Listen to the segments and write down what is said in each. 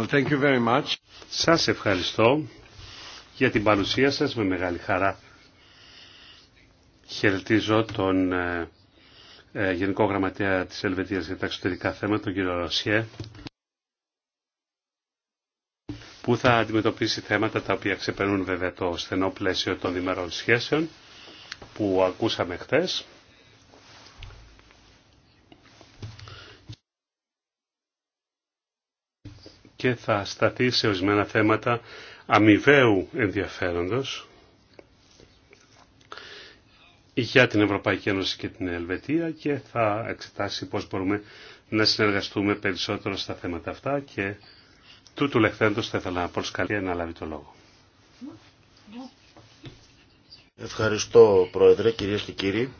Well, thank you very much. Σας ευχαριστώ για την παρουσία σας με μεγάλη χαρά. Χαιρετίζω τον ε, ε, Γενικό Γραμματέα της Ελβετίας για τα εξωτερικά θέματα, τον κύριο Ρωσιέ, που θα αντιμετωπίσει θέματα τα οποία ξεπερνούν βέβαια το στενό πλαίσιο των διμερών σχέσεων που ακούσαμε χθες. και θα σταθεί σε ορισμένα θέματα αμοιβαίου ενδιαφέροντος για την Ευρωπαϊκή Ένωση και την Ελβετία και θα εξετάσει πώς μπορούμε να συνεργαστούμε περισσότερο στα θέματα αυτά και τούτου λεχθέντος θα ήθελα να προσκαλεί να λάβει το λόγο. Ευχαριστώ Πρόεδρε, κυρίες και κύριοι.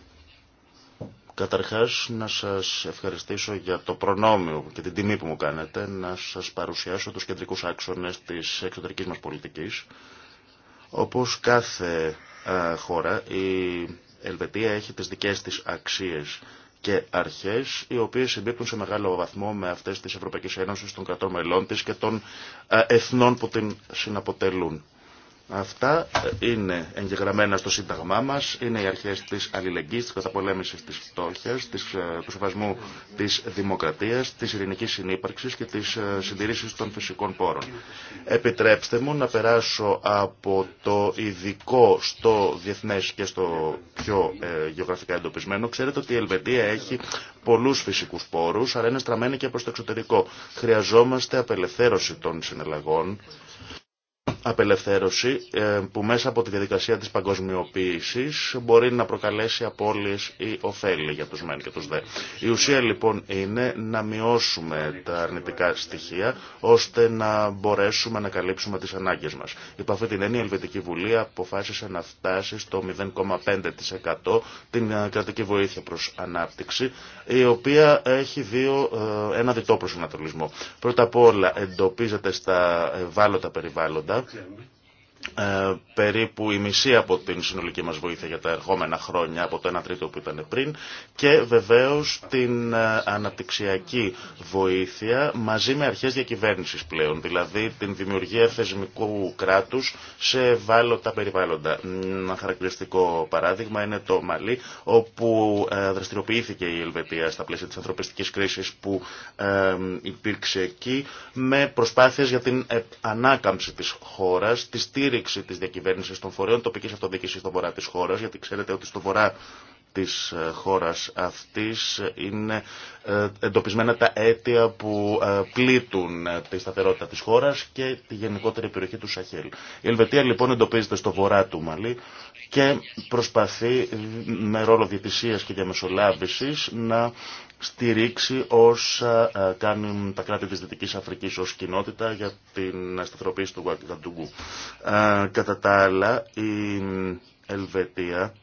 Καταρχάς να σας ευχαριστήσω για το προνόμιο και την τιμή που μου κάνετε να σας παρουσιάσω τους κεντρικούς άξονες της εξωτερικής μας πολιτικής. Όπως κάθε χώρα η Ελβετία έχει τις δικές της αξίες και αρχές οι οποίες συμπίπτουν σε μεγάλο βαθμό με αυτές της Ευρωπαϊκής Ένωσης των κρατών μελών της και των εθνών που την συναποτελούν. Αυτά είναι εγγεγραμμένα στο Σύνταγμά μα, είναι οι αρχέ τη αλληλεγγύη, τη καταπολέμηση τη φτώχεια, ε, του σεβασμού τη δημοκρατία, τη ειρηνική συνύπαρξη και τη ε, συντηρήση των φυσικών πόρων. Επιτρέψτε μου να περάσω από το ειδικό στο διεθνέ και στο πιο ε, γεωγραφικά εντοπισμένο. Ξέρετε ότι η Ελβετία έχει πολλού φυσικού πόρου, αλλά είναι στραμμένη και προ το εξωτερικό. Χρειαζόμαστε απελευθέρωση των συναλλαγών απελευθέρωση ε, που μέσα από τη διαδικασία της παγκοσμιοποίησης μπορεί να προκαλέσει απώλειες ή ωφέλη για τους μεν και τους δε. Η ουσία λοιπόν είναι να μειώσουμε τα αρνητικά στοιχεία ώστε να μπορέσουμε να καλύψουμε τις ανάγκες μας. Υπό αυτή την έννοια η Ελβετική Βουλή αποφάσισε να φτάσει στο 0,5% την ε, κρατική βοήθεια προς ανάπτυξη η οποία έχει δύο, ε, ένα διτό προσανατολισμό. Πρώτα απ' όλα εντοπίζεται στα ευάλωτα περιβάλλοντα ξέρουμε. Ε, περίπου η μισή από την συνολική μας βοήθεια για τα ερχόμενα χρόνια από το 1 τρίτο που ήταν πριν και βεβαίως την ε, αναπτυξιακή βοήθεια μαζί με αρχές διακυβέρνησης πλέον, δηλαδή την δημιουργία θεσμικού κράτους σε ευάλωτα περιβάλλοντα. Ένα χαρακτηριστικό παράδειγμα είναι το Μαλί, όπου ε, δραστηριοποιήθηκε η Ελβετία στα πλαίσια της ανθρωπιστικής κρίσης που υπήρξε εκεί με προσπάθειες για την ανάκαμψη της χώρας, τη στήριξη υποστήριξη τη διακυβέρνηση των φορέων τοπική αυτοδιοίκηση στον βορρά τη χώρα, γιατί ξέρετε ότι στον βορρά τη ε, χώρα αυτή είναι ε, εντοπισμένα τα αίτια που ε, πλήττουν τη σταθερότητα τη χώρα και τη γενικότερη περιοχή του Σαχέλ. Η Ελβετία λοιπόν εντοπίζεται στο βορρά του Μαλή και προσπαθεί με ρόλο διαιτησία και διαμεσολάβηση να στηρίξει όσα ε, ε, κάνουν τα κράτη της Δυτικής Αφρικής ως κοινότητα για την σταθεροποίηση του Ουακαντουγκού. Ε, κατά τα άλλα, η Ελβετία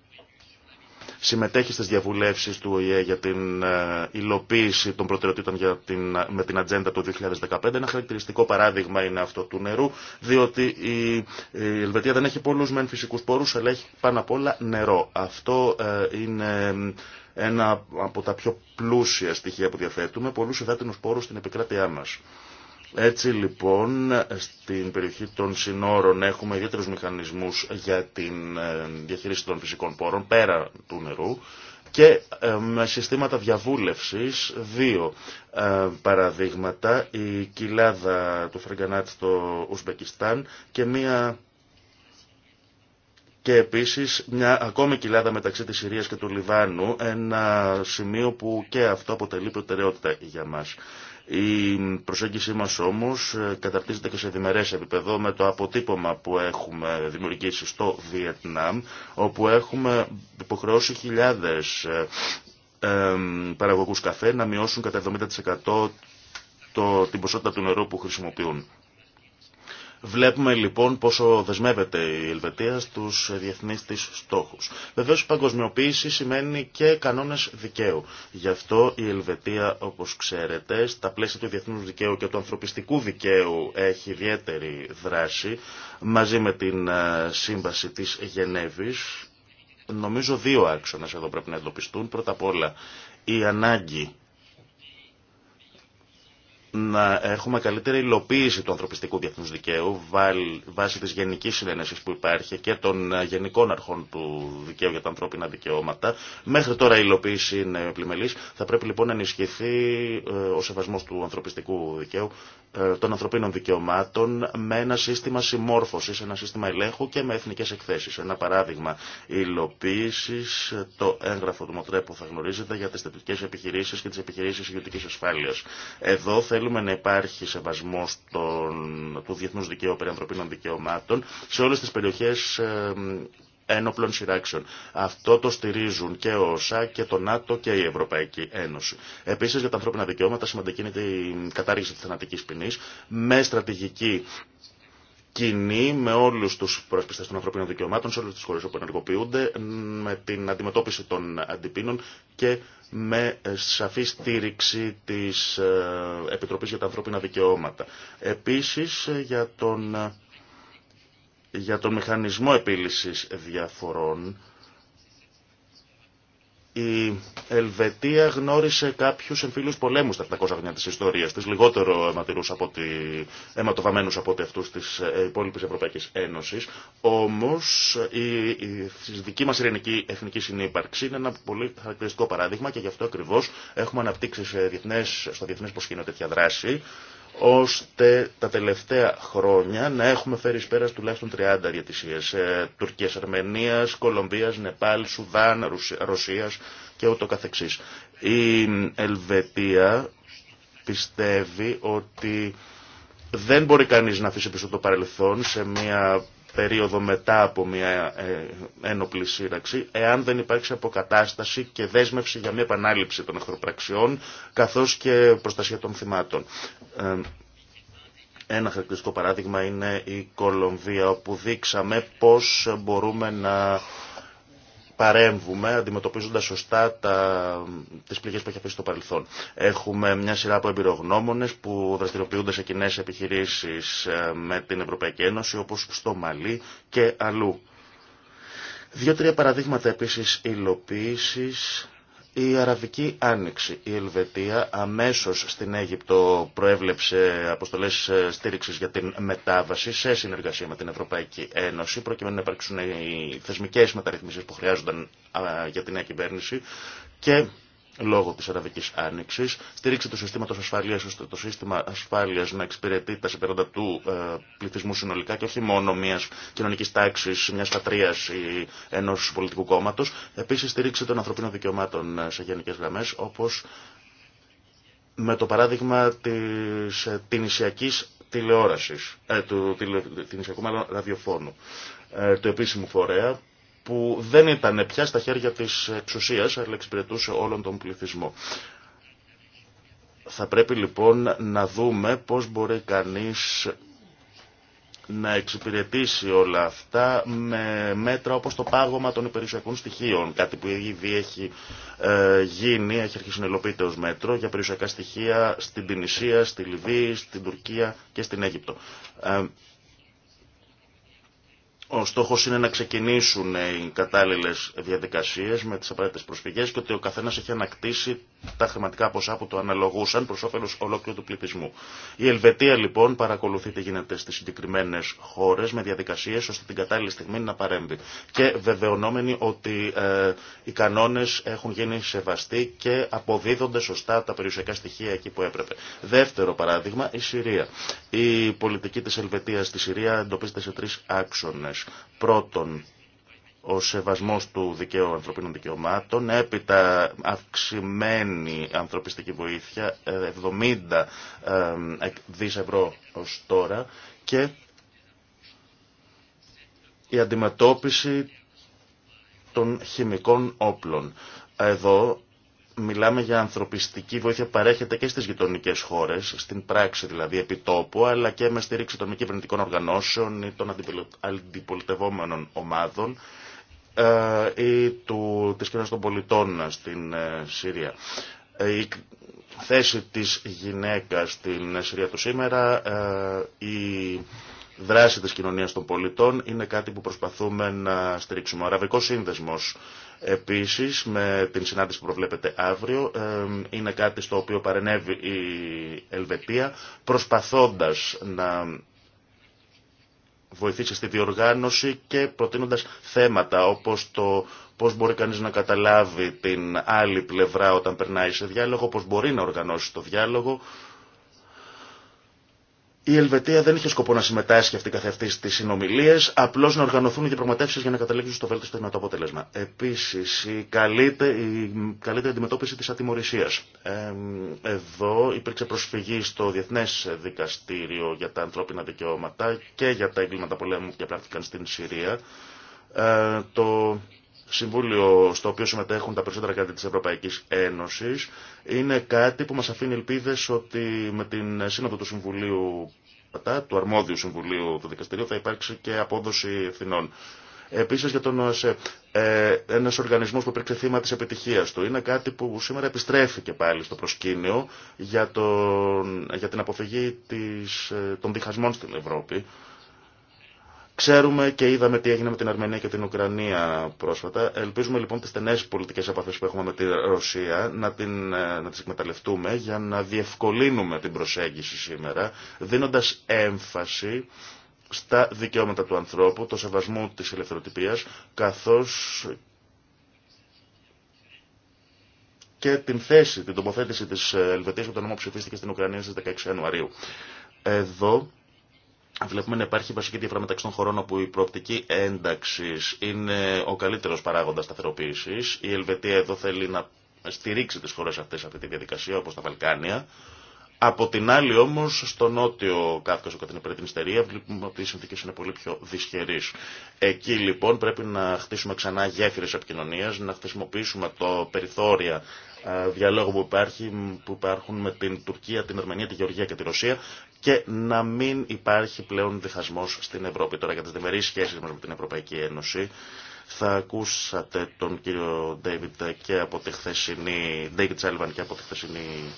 συμμετέχει στις διαβουλεύσεις του ΟΗΕ για την ε, υλοποίηση των προτεραιοτήτων για την, ε, με την ατζέντα του 2015. Ένα χαρακτηριστικό παράδειγμα είναι αυτό του νερού, διότι η, Ελβετία δεν έχει πολλούς μεν φυσικούς πόρους, αλλά έχει πάνω απ' όλα νερό. Αυτό ε, είναι ένα από τα πιο πλούσια στοιχεία που διαθέτουμε, πολλούς υδάτινους πόρους στην επικράτειά μας. Έτσι λοιπόν στην περιοχή των συνόρων έχουμε ιδιαίτερου μηχανισμούς για την ε, διαχείριση των φυσικών πόρων πέρα του νερού και ε, με συστήματα διαβούλευσης δύο ε, παραδείγματα η κοιλάδα του Φραγκανάτ στο Ουσμπεκιστάν και μια και επίσης μια ακόμη κοιλάδα μεταξύ της Συρίας και του Λιβάνου, ένα σημείο που και αυτό αποτελεί προτεραιότητα για μας. Η προσέγγιση μας όμως ε, καταρτίζεται και σε διμερές επίπεδο με το αποτύπωμα που έχουμε δημιουργήσει στο Βιετνάμ, όπου έχουμε υποχρεώσει χιλιάδες ε, ε, παραγωγούς καφέ να μειώσουν κατά 70% το, την ποσότητα του νερού που χρησιμοποιούν. Βλέπουμε λοιπόν πόσο δεσμεύεται η Ελβετία στους διεθνείς της στόχους. Βεβαίως η παγκοσμιοποίηση σημαίνει και κανόνες δικαίου. Γι' αυτό η Ελβετία όπως ξέρετε στα πλαίσια του διεθνούς δικαίου και του ανθρωπιστικού δικαίου έχει ιδιαίτερη δράση μαζί με την ε, σύμβαση της Γενέβης. Νομίζω δύο άξονες εδώ πρέπει να εντοπιστούν. Πρώτα απ' όλα η ανάγκη να έχουμε καλύτερη υλοποίηση του ανθρωπιστικού διεθνούς δικαίου βάσει της γενικής συνένεσης που υπάρχει και των ε, γενικών αρχών του δικαίου για τα ανθρώπινα δικαιώματα. Μέχρι τώρα η υλοποίηση είναι πλημελής. Θα πρέπει λοιπόν να ενισχυθεί ε, ο σεβασμός του ανθρωπιστικού δικαίου ε, των ανθρωπίνων δικαιωμάτων με ένα σύστημα συμμόρφωσης, ένα σύστημα ελέγχου και με εθνικές εκθέσεις. Ένα παράδειγμα υλοποίηση, το έγγραφο του Μοτρέπου θα γνωρίζετε για τις θετικές επιχειρήσεις και τις επιχειρήσεις ιδιωτικής Εδώ θέλουμε να υπάρχει σεβασμό των, του Διεθνού δικαίου περί ανθρωπίνων δικαιωμάτων σε όλε τι περιοχέ ένοπλων σειράξεων. Αυτό το στηρίζουν και ο ΩΣΑ και το ΝΑΤΟ και η Ευρωπαϊκή Ένωση. Επίση για τα ανθρώπινα δικαιώματα σημαντική είναι η κατάργηση τη θανατική ποινή με στρατηγική κοινή με όλους τους προσπιστέ των ανθρωπίνων δικαιωμάτων σε όλες τις χώρες όπου ενεργοποιούνται, με την αντιμετώπιση των αντιπίνων και με σαφή στήριξη της ε, Επιτροπής για τα Ανθρώπινα Δικαιώματα. Επίσης ε, για τον, ε, για τον μηχανισμό επίλυσης διαφορών, η Ελβετία γνώρισε κάποιους εμφύλους πολέμους στα 700 χρόνια της ιστορίας της, λιγότερο αιματηρούς από τη, αιματοβαμένους από ό,τι αυτούς της ε, υπόλοιπης Ευρωπαϊκής Ένωσης. Όμως η, η δική μας ειρηνική εθνική συνύπαρξη είναι ένα πολύ χαρακτηριστικό παράδειγμα και γι' αυτό ακριβώς έχουμε αναπτύξει σε διεθνές, στο διεθνές προσκήνιο τέτοια δράση ώστε τα τελευταία χρόνια να έχουμε φέρει πέρα τουλάχιστον 30 διατησίες ε, Τουρκίας, Αρμενίας, Κολομβίας, Νεπάλ, Σουδάν, Ρωσίας και ούτω καθεξής. Η Ελβετία πιστεύει ότι δεν μπορεί κανείς να αφήσει πίσω το παρελθόν σε μια περίοδο μετά από μια ε, ένοπλη σύραξη, εάν δεν υπάρξει αποκατάσταση και δέσμευση για μια επανάληψη των εχθροπραξιών, καθώς και προστασία των θυμάτων. Ε, ένα χαρακτηριστικό παράδειγμα είναι η Κολομβία, όπου δείξαμε πώς μπορούμε να παρέμβουμε αντιμετωπίζοντας σωστά τα, τις πληγές που έχει αφήσει το παρελθόν. Έχουμε μια σειρά από εμπειρογνώμονες που δραστηριοποιούνται σε κοινέ επιχειρήσεις ε, με την Ευρωπαϊκή Ένωση όπως στο Μαλί και αλλού. Δύο-τρία παραδείγματα επίσης υλοποίησης η Αραβική Άνοιξη. Η Ελβετία αμέσως στην Αίγυπτο προέβλεψε αποστολές ε, στήριξης για την μετάβαση σε συνεργασία με την Ευρωπαϊκή Ένωση προκειμένου να υπάρξουν οι θεσμικές μεταρρυθμίσεις που χρειάζονταν για την νέα κυβέρνηση και λόγω της Αραβικής Άνοιξης, στήριξη του συστήματος ασφαλείας ώστε το σύστημα ασφάλειας να εξυπηρετεί τα συμπεριόντα του ε, πληθυσμού συνολικά και όχι μόνο μιας κοινωνικής τάξης, μιας πατρίας ή ενός πολιτικού κόμματος. Επίσης στήριξη των ανθρωπίνων δικαιωμάτων ε, σε γενικές γραμμές όπως με το παράδειγμα τη ε, τηνησιακή τηλεόρασης, του τηλε, μάλλον ραδιοφώνου, του επίσημου φορέα που δεν ήταν πια στα χέρια της εξουσίας, αλλά εξυπηρετούσε όλον τον πληθυσμό. Θα πρέπει λοιπόν να δούμε πώς μπορεί κανείς να εξυπηρετήσει όλα αυτά με μέτρα όπως το πάγωμα των υπηρεσιακών στοιχείων, κάτι που ήδη έχει ε, γίνει, έχει αρχίσει να υλοποιείται μέτρο για περιουσιακά στοιχεία στην Τινησία, στη Λιβύη, στην Τουρκία και στην Αίγυπτο. Ε, ο στόχο είναι να ξεκινήσουν οι κατάλληλε διαδικασίε με τι απαραίτητε προσφυγές και ότι ο καθένα έχει ανακτήσει τα χρηματικά ποσά που το αναλογούσαν προ όφελος ολόκληρου του πληθυσμού. Η Ελβετία λοιπόν παρακολουθεί τι γίνεται στι συγκεκριμένε χώρες με διαδικασίες ώστε την κατάλληλη στιγμή να παρέμβει. Και βεβαιωνόμενοι ότι ε, οι κανόνες έχουν γίνει σεβαστοί και αποδίδονται σωστά τα περιουσιακά στοιχεία εκεί που έπρεπε. Δεύτερο παράδειγμα, η Συρία. Η πολιτική τη Ελβετίας στη Συρία εντοπίζεται σε τρει άξονε. Πρώτον, ο σεβασμός του δικαίου ανθρωπίνων δικαιωμάτων, έπειτα αυξημένη ανθρωπιστική βοήθεια, 70 ε, δις ευρώ ως τώρα και η αντιμετώπιση των χημικών όπλων. Εδώ μιλάμε για ανθρωπιστική βοήθεια παρέχεται και στις γειτονικές χώρες, στην πράξη δηλαδή επιτόπου, αλλά και με στήριξη των μη κυβερνητικών οργανώσεων ή των αντιπολιτευόμενων ομάδων ε, ή του, της κοινωνίας των πολιτών στην ε, Συρία. Ε, η θέση της γυναίκας στην Συρία του σήμερα, η δράση της κοινωνίας των πολιτών είναι κάτι που προσπαθούμε να στηρίξουμε. Ο Αραβικός Σύνδεσμος επίσης με την συνάντηση που προβλέπεται αύριο είναι κάτι στο οποίο παρενεύει η Ελβετία προσπαθώντας να βοηθήσει στη διοργάνωση και προτείνοντας θέματα όπως το πώς μπορεί κανείς να καταλάβει την άλλη πλευρά όταν περνάει σε διάλογο, πώς μπορεί να οργανώσει το διάλογο, η Ελβετία δεν είχε σκοπό να συμμετάσχει αυτή αυτή στι συνομιλίε, απλώ να οργανωθούν οι διαπραγματεύσει για να καταλήξουν στο βέλτιστο δυνατό αποτέλεσμα. Επίση, η, καλύτερη, αντιμετώπιση τη ατιμορρησία. εδώ υπήρξε προσφυγή στο Διεθνέ Δικαστήριο για τα ανθρώπινα δικαιώματα και για τα εγκλήματα πολέμου που διαπράχθηκαν στην Συρία. Ε, το Συμβούλιο στο οποίο συμμετέχουν τα περισσότερα κράτη της Ευρωπαϊκής Ένωσης είναι κάτι που μας αφήνει ελπίδες ότι με την σύνοδο του Συμβουλίου του αρμόδιου Συμβουλίου του Δικαστηρίου θα υπάρξει και απόδοση ευθυνών. Επίσης για τον ΟΑΣΕ, ε, ένας οργανισμός που υπήρξε θύμα της επιτυχίας του, είναι κάτι που σήμερα επιστρέφει και πάλι στο προσκήνιο για, τον, για την αποφυγή της, ε, των διχασμών στην Ευρώπη Ξέρουμε και είδαμε τι έγινε με την Αρμενία και την Ουκρανία πρόσφατα. Ελπίζουμε λοιπόν τις στενές πολιτικές επαφέ που έχουμε με τη Ρωσία να, την, ε, να τις εκμεταλλευτούμε για να διευκολύνουμε την προσέγγιση σήμερα, δίνοντας έμφαση στα δικαιώματα του ανθρώπου, το σεβασμό της ελευθεροτυπίας, καθώς και την θέση, την τοποθέτηση της Ελβετίας που το νόμο ψηφίστηκε στην Ουκρανία στις 16 Ιανουαρίου. Εδώ Βλέπουμε να υπάρχει βασική διαφορά μεταξύ των χωρών όπου η προοπτική ένταξη είναι ο καλύτερο παράγοντα σταθεροποίηση. Η Ελβετία εδώ θέλει να στηρίξει τι χώρε αυτέ αυτή τη διαδικασία, όπω τα Βαλκάνια. Από την άλλη όμω, στο νότιο Κάφκασο κατά την υπερδινιστερία βλέπουμε ότι οι συνθήκε είναι πολύ πιο δυσχερεί. Εκεί λοιπόν πρέπει να χτίσουμε ξανά γέφυρε επικοινωνία, να χρησιμοποιήσουμε το περιθώρια ε, διαλόγου που, υπάρχει, που υπάρχουν με την Τουρκία, την Αρμενία, τη Γεωργία και τη Ρωσία και να μην υπάρχει πλέον διχασμός στην Ευρώπη. Τώρα για τις διμερείς σχέσεις μας με την Ευρωπαϊκή Ένωση θα ακούσατε τον κύριο David και από τη χθεσινή, David Sullivan και από τη χθεσινή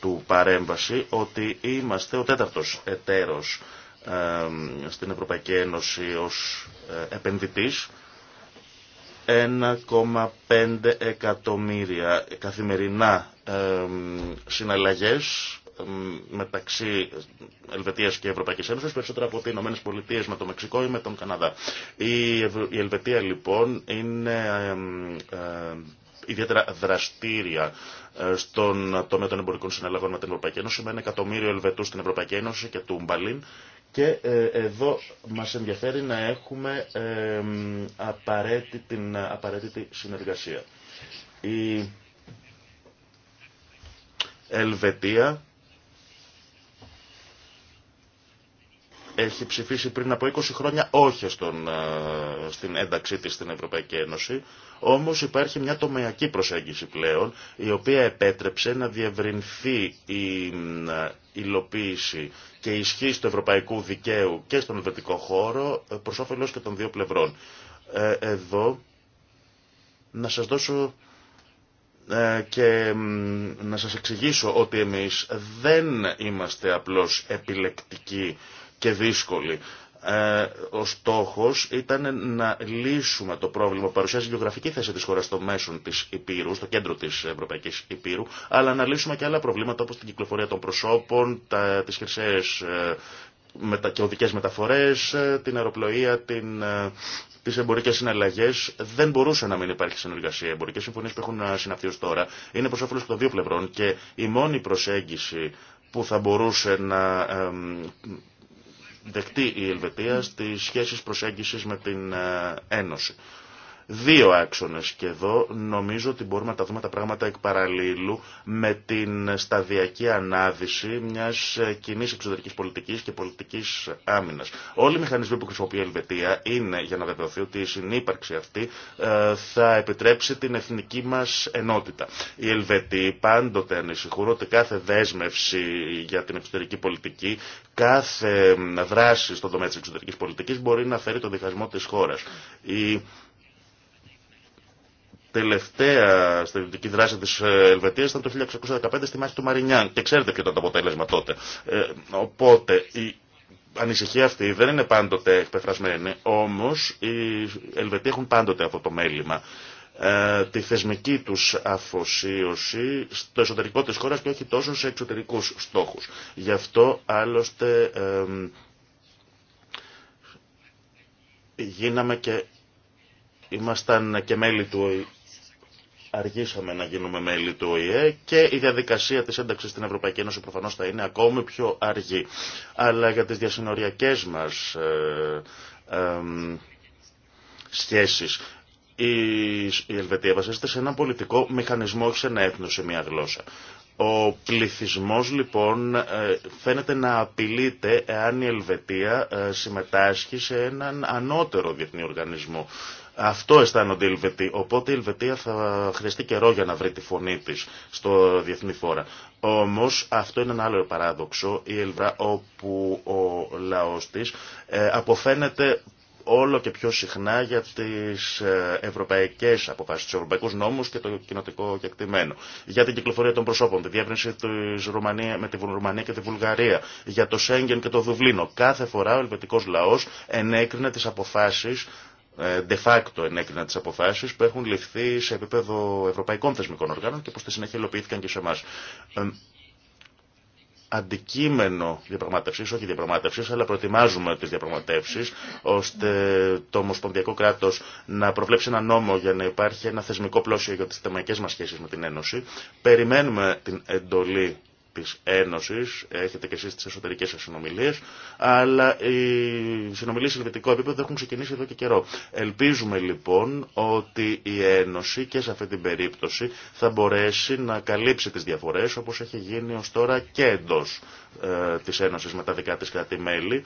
του παρέμβαση ότι είμαστε ο τέταρτος εταίρος ε, στην Ευρωπαϊκή Ένωση ως ε, επενδυτής 1,5 εκατομμύρια καθημερινά συναλλαγές μεταξύ Ελβετίας και Ευρωπαϊκής Ένωσης, περισσότερα από ότι οι Ηνωμένες Πολιτείες με το Μεξικό ή με τον Καναδά. Η Ελβετία λοιπόν είναι ε, ιδιαίτερα δραστήρια ε, στον τομέα των εμπορικών συναλλαγών με την Ευρωπαϊκή Ένωση, με ένα εκατομμύριο Ελβετού στην Ευρωπαϊκή Ένωση και του Μπαλίν και ε, εδώ μας ενδιαφέρει να έχουμε ε, απαραίτητη, συνεργασία. Η Ελβετία έχει ψηφίσει πριν από 20 χρόνια όχι στον, ε, στην ένταξή της στην Ευρωπαϊκή Ένωση, όμως υπάρχει μια τομεακή προσέγγιση πλέον, η οποία επέτρεψε να διευρυνθεί η υλοποίηση και ισχύ του ευρωπαϊκού δικαίου και στον ευρωπαϊκό χώρο ε, προς όφελος και των δύο πλευρών. Ε, εδώ να σας δώσω ε, και να σας εξηγήσω ότι εμείς δεν είμαστε απλώς επιλεκτικοί και δύσκολοι. Ε, ο στόχος ήταν να λύσουμε το πρόβλημα που παρουσιάζει η γεωγραφική θέση της χώρας στο μέσον της Υπήρου, στο κέντρο της Ευρωπαϊκής Υπήρου, αλλά να λύσουμε και άλλα προβλήματα όπως την κυκλοφορία των προσώπων, τα, τις χρυσές ε, και οδικές μεταφορές, ε, την αεροπλοεία, την, τι εμπορικέ συναλλαγέ δεν μπορούσε να μην υπάρχει συνεργασία. Οι εμπορικέ συμφωνίε που έχουν συναυθεί ω τώρα είναι προ όφελο των δύο πλευρών και η μόνη προσέγγιση που θα μπορούσε να Δεχτεί η Ελβετία στις σχέσεις προσέγγισης με την ε, Ένωση δύο άξονες και εδώ νομίζω ότι μπορούμε να τα δούμε τα πράγματα εκ παραλλήλου με την σταδιακή ανάδυση μιας κοινή εξωτερικής πολιτικής και πολιτικής άμυνας. Όλοι οι μηχανισμοί που χρησιμοποιεί η Ελβετία είναι για να βεβαιωθεί ότι η συνύπαρξη αυτή ε, θα επιτρέψει την εθνική μας ενότητα. Οι Ελβετοί πάντοτε ανησυχούν ότι κάθε δέσμευση για την εξωτερική πολιτική, κάθε δράση στον τομέα της εξωτερικής πολιτικής μπορεί να φέρει τον διχασμό της χώρας. Η τελευταία στρατιωτική δράση της ε, Ελβετίας ήταν το 1615 στη μάχη του Μαρινιάν και ξέρετε ποιο ήταν το αποτέλεσμα τότε. Ε, οπότε η ανησυχία αυτή δεν είναι πάντοτε εκπεφρασμένη, όμως οι Ελβετοί έχουν πάντοτε αυτό το μέλημα ε, τη θεσμική τους αφοσίωση στο εσωτερικό της χώρας και όχι τόσο σε εξωτερικούς στόχους. Γι' αυτό άλλωστε γίναμε και ήμασταν και μέλη του αργήσαμε να γίνουμε μέλη του ΟΗΕ και η διαδικασία της ένταξης στην Ευρωπαϊκή Ένωση προφανώς θα είναι ακόμη πιο αργή. Αλλά για τις διασυνοριακές μας ε, ε, ε σχέσεις η Ελβετία βασίζεται σε έναν πολιτικό μηχανισμό, όχι σε ένα έθνο, σε μια γλώσσα. Ο πληθυσμός λοιπόν ε, φαίνεται να απειλείται εάν η Ελβετία συμμετάσχει σε έναν ανώτερο διεθνή οργανισμό αυτό αισθάνονται οι Ελβετοί. Οπότε η Ελβετία θα χρειαστεί καιρό για να βρει τη φωνή τη στο διεθνή φόρα. Όμω αυτό είναι ένα άλλο παράδοξο. Η Ελβρά όπου ο λαό τη ε, αποφαίνεται όλο και πιο συχνά για τις ε, ευρωπαϊκές αποφάσεις, του ευρωπαϊκούς νόμους και το κοινοτικό κεκτημένο. Για την κυκλοφορία των προσώπων, τη διεύρυνση της Ρουμανία, με τη Ρουμανία και τη Βουλγαρία, για το Σέγγεν και το Δουβλίνο. Κάθε φορά ο ελβετικός λαός ενέκρινε τις αποφάσεις ε, de facto ενέκριναν τι αποφάσει που έχουν ληφθεί σε επίπεδο ευρωπαϊκών θεσμικών οργάνων και που στη συνέχεια υλοποιήθηκαν και σε εμά. Ε, αντικείμενο διαπραγματεύσεις, όχι διαπραγματεύσει, αλλά προετοιμάζουμε τι διαπραγματεύσει ώστε το Ομοσπονδιακό κράτο να προβλέψει ένα νόμο για να υπάρχει ένα θεσμικό πλώσιο για τι θεμαϊκέ μα σχέσει με την Ένωση. Περιμένουμε την εντολή της Ένωσης, έχετε και εσείς τις εσωτερικές σας συνομιλίες, αλλά οι συνομιλίες σε ελβετικό επίπεδο έχουν ξεκινήσει εδώ και καιρό. Ελπίζουμε λοιπόν ότι η Ένωση και σε αυτή την περίπτωση θα μπορέσει να καλύψει τις διαφορές όπως έχει γίνει ως τώρα και εντός ε, της Ένωσης με τα δικά της κράτη-μέλη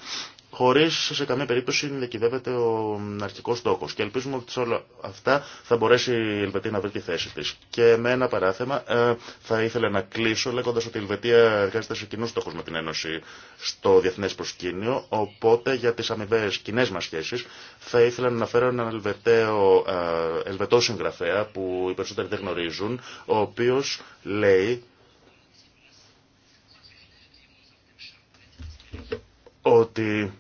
χωρί σε καμία περίπτωση να κυδεύεται ο αρχικό στόχο. Και ελπίζουμε ότι σε όλα αυτά θα μπορέσει η Ελβετία να βρει τη θέση τη. Και με ένα παράθεμα ε, θα ήθελα να κλείσω λέγοντα ότι η Ελβετία εργάζεται σε κοινού στόχου με την Ένωση στο διεθνέ προσκήνιο. Οπότε για τι αμοιβαίε κοινέ μα σχέσει θα ήθελα να αναφέρω έναν ε, Ελβετό συγγραφέα που οι περισσότεροι δεν γνωρίζουν, ο οποίο λέει ότι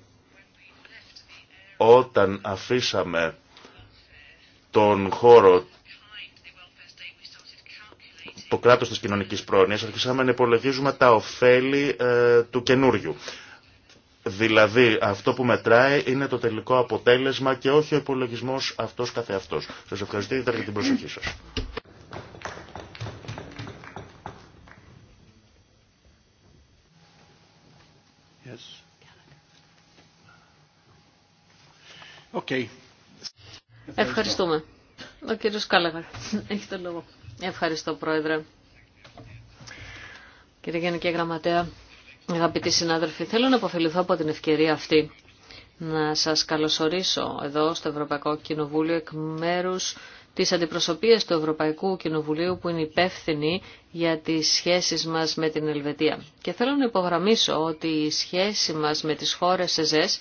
όταν αφήσαμε τον χώρο το κράτος της κοινωνικής πρόνοιας, αρχίσαμε να υπολογίζουμε τα ωφέλη ε, του καινούριου. Δηλαδή, αυτό που μετράει είναι το τελικό αποτέλεσμα και όχι ο υπολογισμός αυτός καθεαυτός. Σας ευχαριστώ για την προσοχή σας. Ευχαριστούμε. Ο κύριος Κάλεγαρ έχει το λόγο. Ευχαριστώ πρόεδρε. Κύριε Γενική Γραμματέα, αγαπητοί συνάδελφοι, θέλω να αποφεληθώ από την ευκαιρία αυτή να σας καλωσορίσω εδώ στο Ευρωπαϊκό Κοινοβούλιο εκ μέρους της αντιπροσωπείας του Ευρωπαϊκού Κοινοβουλίου που είναι υπεύθυνη για τις σχέσεις μας με την Ελβετία. Και θέλω να υπογραμμίσω ότι η σχέση μας με τις χώρες ΕΖΕΣ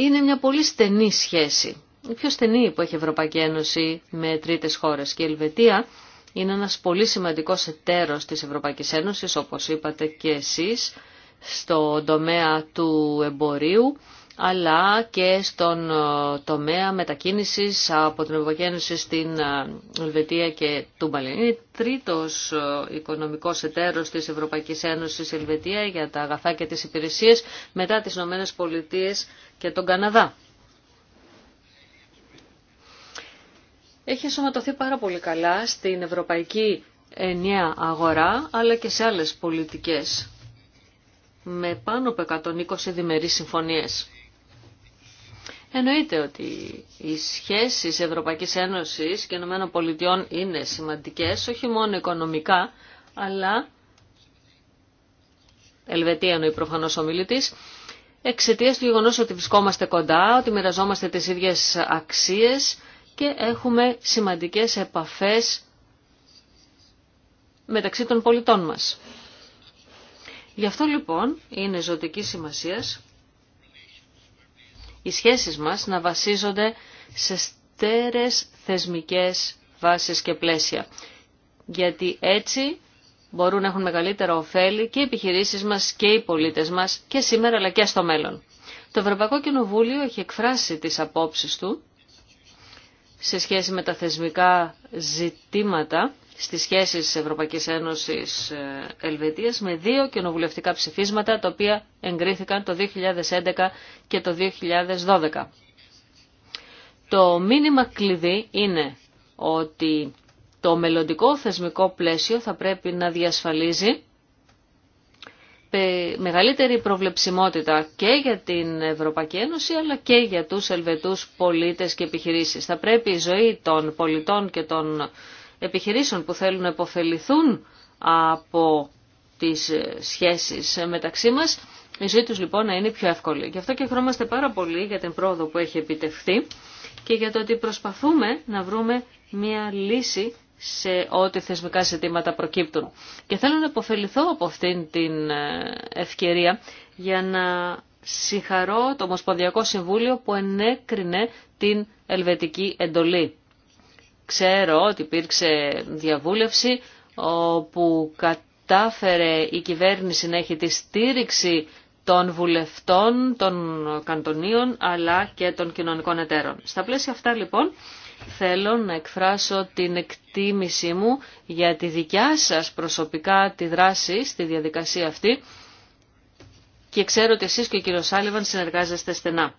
είναι μια πολύ στενή σχέση. Η πιο στενή που έχει η Ευρωπαϊκή Ένωση με τρίτες χώρες και η Ελβετία είναι ένας πολύ σημαντικός εταίρος της Ευρωπαϊκής Ένωσης, όπως είπατε και εσείς, στον τομέα του εμπορίου αλλά και στον ε, τομέα μετακίνησης από την Ευρωπαϊκή Ένωση στην ε, Ελβετία και Τούμπαλιν. Είναι τρίτος ε, οικονομικός εταίρος της Ευρωπαϊκής Ένωσης Ελβετία για τα αγαθά και τις υπηρεσίες μετά τις Ηνωμένες Πολιτείες και τον Καναδά. Έχει ενσωματωθεί πάρα πολύ καλά στην Ευρωπαϊκή Ενιαία Αγορά αλλά και σε άλλες πολιτικές με πάνω από 120 διμερείς συμφωνίες. Εννοείται ότι οι σχέσεις Ευρωπαϊκής Ένωσης και ΗΠΑ είναι σημαντικές, όχι μόνο οικονομικά, αλλά Ελβετία εννοεί προφανώς ο μιλητής, εξαιτίας του γεγονός ότι βρισκόμαστε κοντά, ότι μοιραζόμαστε τις ίδιες αξίες και έχουμε σημαντικές επαφές μεταξύ των πολιτών μας. Γι' αυτό λοιπόν είναι ζωτική σημασίας οι σχέσεις μας να βασίζονται σε στέρες θεσμικές βάσεις και πλαίσια. Γιατί έτσι μπορούν να έχουν μεγαλύτερα ωφέλη και οι επιχειρήσεις μας και οι πολίτες μας και σήμερα αλλά και στο μέλλον. Το Ευρωπαϊκό Κοινοβούλιο έχει εκφράσει τις απόψεις του σε σχέση με τα θεσμικά ζητήματα στις σχέσεις Ευρωπαϊκής Ένωσης ε, Ελβετίας με δύο κοινοβουλευτικά ψηφίσματα τα οποία εγκρίθηκαν το 2011 και το 2012. Το μήνυμα κλειδί είναι ότι το μελλοντικό θεσμικό πλαίσιο θα πρέπει να διασφαλίζει μεγαλύτερη προβλεψιμότητα και για την Ευρωπαϊκή Ένωση αλλά και για τους Ελβετούς πολίτες και επιχειρήσεις. Θα πρέπει η ζωή των πολιτών και των επιχειρήσεων που θέλουν να υποφεληθούν από τις ε, σχέσεις ε, μεταξύ μας, η ζωή τους λοιπόν να είναι πιο εύκολη. Γι' αυτό και χρώμαστε πάρα πολύ για την πρόοδο που έχει επιτευχθεί και για το ότι προσπαθούμε να βρούμε μια λύση σε ό,τι θεσμικά ζητήματα προκύπτουν. Και θέλω να υποφεληθώ από αυτήν την ε, ευκαιρία για να συγχαρώ το Ομοσπονδιακό Συμβούλιο που ενέκρινε την ελβετική εντολή Ξέρω ότι υπήρξε διαβούλευση όπου κατάφερε η κυβέρνηση να έχει τη στήριξη των βουλευτών, των καντονίων αλλά και των κοινωνικών εταίρων. Στα πλαίσια αυτά λοιπόν θέλω να εκφράσω την εκτίμησή μου για τη δικιά σας προσωπικά τη δράση στη διαδικασία αυτή και ξέρω ότι εσείς και ο κύριος Σάλιβαν συνεργάζεστε στενά.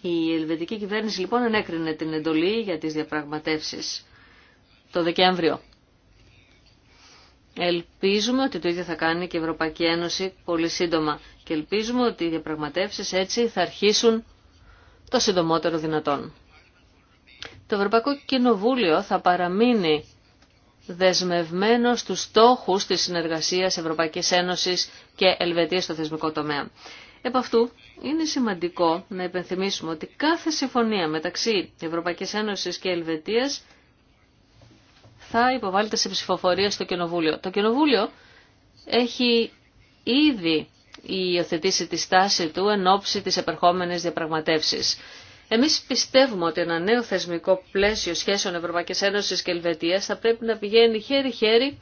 Η ελβετική κυβέρνηση λοιπόν ενέκρινε την εντολή για τις διαπραγματεύσεις το Δεκέμβριο. Ελπίζουμε ότι το ίδιο θα κάνει και η Ευρωπαϊκή Ένωση πολύ σύντομα και ελπίζουμε ότι οι διαπραγματεύσεις έτσι θα αρχίσουν το συντομότερο δυνατόν. Το Ευρωπαϊκό Κοινοβούλιο θα παραμείνει δεσμευμένο στους στόχους της συνεργασίας Ευρωπαϊκής Ένωσης και Ελβετίας στο θεσμικό τομέα. Επ' αυτού είναι σημαντικό να υπενθυμίσουμε ότι κάθε συμφωνία μεταξύ Ευρωπαϊκής Ένωσης και Ελβετίας θα υποβάλλεται σε ψηφοφορία στο Κοινοβούλιο. Το Κοινοβούλιο έχει ήδη υιοθετήσει τη στάση του εν ώψη της επερχόμενης διαπραγματεύσης. Εμείς πιστεύουμε ότι ένα νέο θεσμικό πλαίσιο σχέσεων Ευρωπαϊκής Ένωσης και Ελβετίας θα πρέπει να πηγαίνει χέρι-χέρι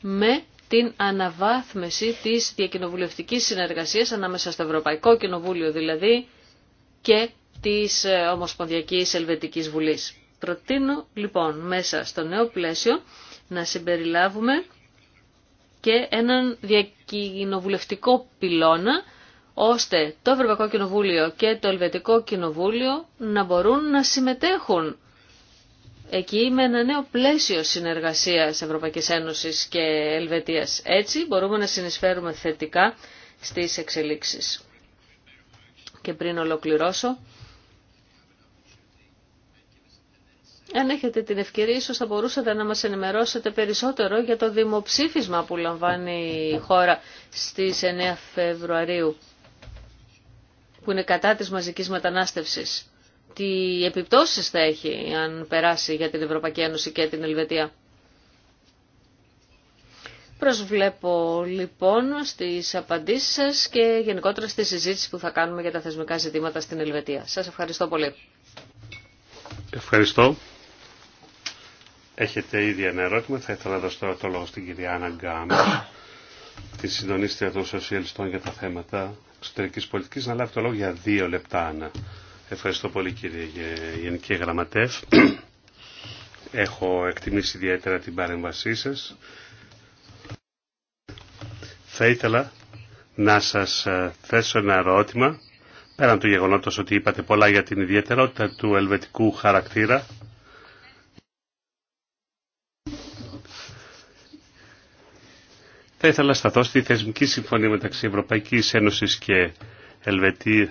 με την αναβάθμιση της διακοινοβουλευτικής συνεργασίας ανάμεσα στο Ευρωπαϊκό Κοινοβούλιο δηλαδή και της ε, Ομοσπονδιακής Ελβετικής Βουλής. Προτείνω λοιπόν μέσα στο νέο πλαίσιο να συμπεριλάβουμε και έναν διακοινοβουλευτικό πυλώνα ώστε το Ευρωπαϊκό Κοινοβούλιο και το Ελβετικό Κοινοβούλιο να μπορούν να συμμετέχουν εκεί με ένα νέο πλαίσιο συνεργασίας Ευρωπαϊκής Ένωσης και Ελβετίας. Έτσι μπορούμε να συνεισφέρουμε θετικά στις εξελίξεις. Και πριν ολοκληρώσω, αν έχετε την ευκαιρία ίσως θα μπορούσατε να μας ενημερώσετε περισσότερο για το δημοψήφισμα που λαμβάνει η χώρα στις 9 Φεβρουαρίου που είναι κατά της μαζικής μετανάστευσης τι επιπτώσεις θα έχει αν περάσει για την Ευρωπαϊκή Ένωση και την Ελβετία. Προσβλέπω λοιπόν στις απαντήσεις σας και γενικότερα στη συζήτηση που θα κάνουμε για τα θεσμικά ζητήματα στην Ελβετία. Σας ευχαριστώ πολύ. Ευχαριστώ. Έχετε ήδη ένα ερώτημα. Θα ήθελα να δώσω τώρα το λόγο στην κυρία Άννα Γκάμα, τη συντονίστρια των σοσιαλιστών για τα θέματα εξωτερικής πολιτικής, να λάβει το λόγο για δύο λεπτά, Άννα. Ευχαριστώ πολύ κύριε Γενική Γραμματεύ. Έχω εκτιμήσει ιδιαίτερα την παρέμβασή σας. Θα ήθελα να σας ε, θέσω ένα ερώτημα, πέραν του γεγονότος ότι είπατε πολλά για την ιδιαιτερότητα του ελβετικού χαρακτήρα. Θα ήθελα να σταθώ στη θεσμική συμφωνία μεταξύ Ευρωπαϊκής Ένωσης και Ελβετίας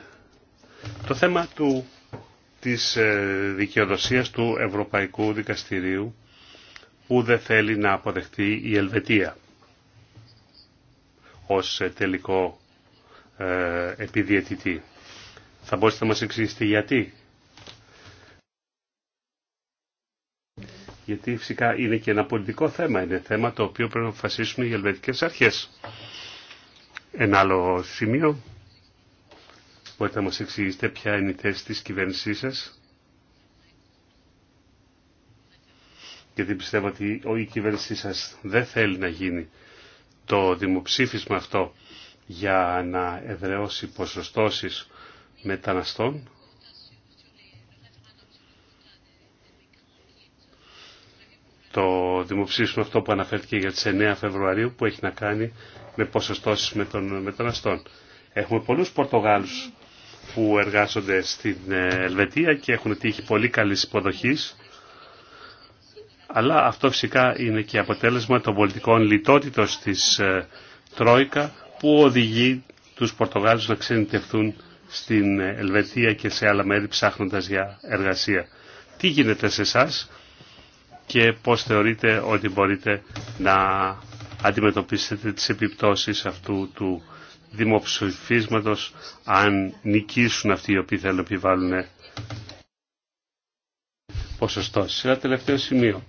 το θέμα του, της ε, δικαιοδοσίας του Ευρωπαϊκού Δικαστηρίου που δεν θέλει να αποδεχτεί η Ελβετία ως ε, τελικό ε, επιδιαιτητή. Θα μπορούσατε να μας εξηγήσετε γιατί. Γιατί φυσικά είναι και ένα πολιτικό θέμα, είναι θέμα το οποίο πρέπει να αποφασίσουν οι ελβετικές αρχές. Ένα άλλο σημείο Μπορείτε να μας εξηγήσετε ποια είναι η θέση της κυβέρνησής σας. Γιατί πιστεύω ότι η κυβέρνησή σας δεν θέλει να γίνει το δημοψήφισμα αυτό για να εδραιώσει ποσοστώσεις μεταναστών. Το δημοψήφισμα αυτό που αναφέρθηκε για τις 9 Φεβρουαρίου που έχει να κάνει με ποσοστώσεις με των μεταναστών. Έχουμε πολλούς Πορτογάλους που εργάζονται στην ε, Ελβετία και έχουν τύχει πολύ καλή υποδοχή, Αλλά αυτό φυσικά είναι και αποτέλεσμα των πολιτικών λιτότητος της ε, Τρόικα που οδηγεί τους Πορτογάλους να ξενιτευτούν στην ε, Ελβετία και σε άλλα μέρη ψάχνοντας για εργασία. Τι γίνεται σε εσά και πώς θεωρείτε ότι μπορείτε να αντιμετωπίσετε τις επιπτώσεις αυτού του δημοψηφίσματος αν νικήσουν αυτοί οι οποίοι θέλουν να επιβάλλουν ποσοστό. Σε ένα τελευταίο σημείο.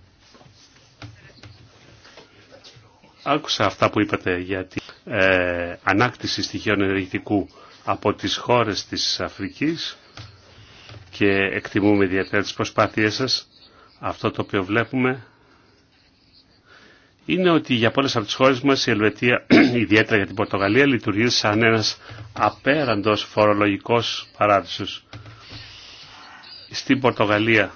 Άκουσα αυτά που είπατε για την ε, ανάκτηση στοιχείων ενεργητικού από τις χώρες της Αφρικής και εκτιμούμε ιδιαίτερα τις προσπάθειές σας. Αυτό το οποίο βλέπουμε είναι ότι για πολλές από τις χώρες μας η Ελβετία, ιδιαίτερα για την Πορτογαλία, λειτουργεί σαν ένας απέραντος φορολογικός παράδεισος. Στην Πορτογαλία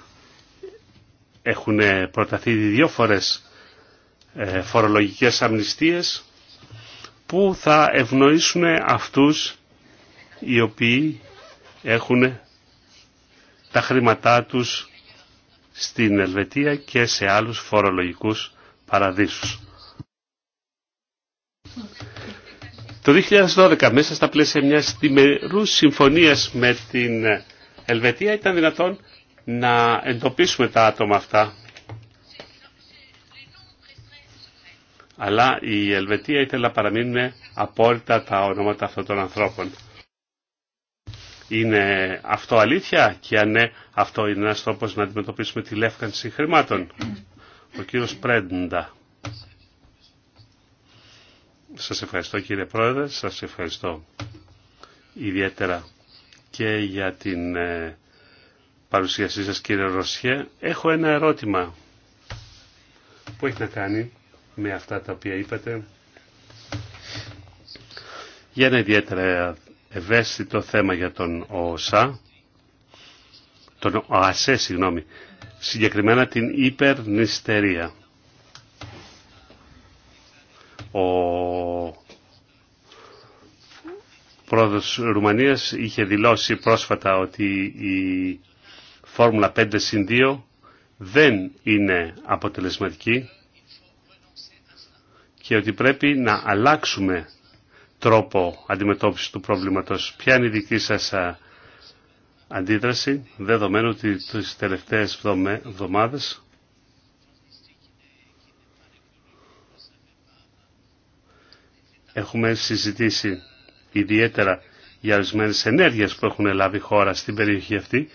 έχουν προταθεί δύο φορές ε, φορολογικές αμνηστίες που θα ευνοήσουν αυτούς οι οποίοι έχουν τα χρήματά τους στην Ελβετία και σε άλλους φορολογικούς παραδείσους. Το 2012 μέσα στα πλαίσια μια διμερούς συμφωνίας με την Ελβετία ήταν δυνατόν να εντοπίσουμε τα άτομα αυτά. Αλλά η Ελβετία ήθελε να παραμείνουν απόλυτα τα ονόματα αυτών των ανθρώπων. Είναι αυτό αλήθεια και αν ναι, αυτό είναι ένας τρόπος να αντιμετωπίσουμε τη λεύκανση χρημάτων. Ο κύριος Πρέντα. Σας ευχαριστώ κύριε Πρόεδρε, σας ευχαριστώ ιδιαίτερα και για την ε, παρουσίασή σας κύριε Ρωσιέ. Έχω ένα ερώτημα που έχει να κάνει με αυτά τα οποία είπατε για ένα ιδιαίτερα ευαίσθητο θέμα για τον ΟΣΑ, τον ΟΑΣΕ, συγγνώμη, συγκεκριμένα την υπερνηστερία. Ο πρόεδρος Ρουμανίας είχε δηλώσει πρόσφατα ότι η Φόρμουλα 5 συν 2 δεν είναι αποτελεσματική και ότι πρέπει να αλλάξουμε τρόπο αντιμετώπισης του προβλήματος. Ποια είναι η δική σας αντίδραση, δεδομένου ότι τις τελευταίες εβδομάδες έχουμε συζητήσει ιδιαίτερα για ορισμένε ενέργειες που έχουν λάβει χώρα στην περιοχή αυτή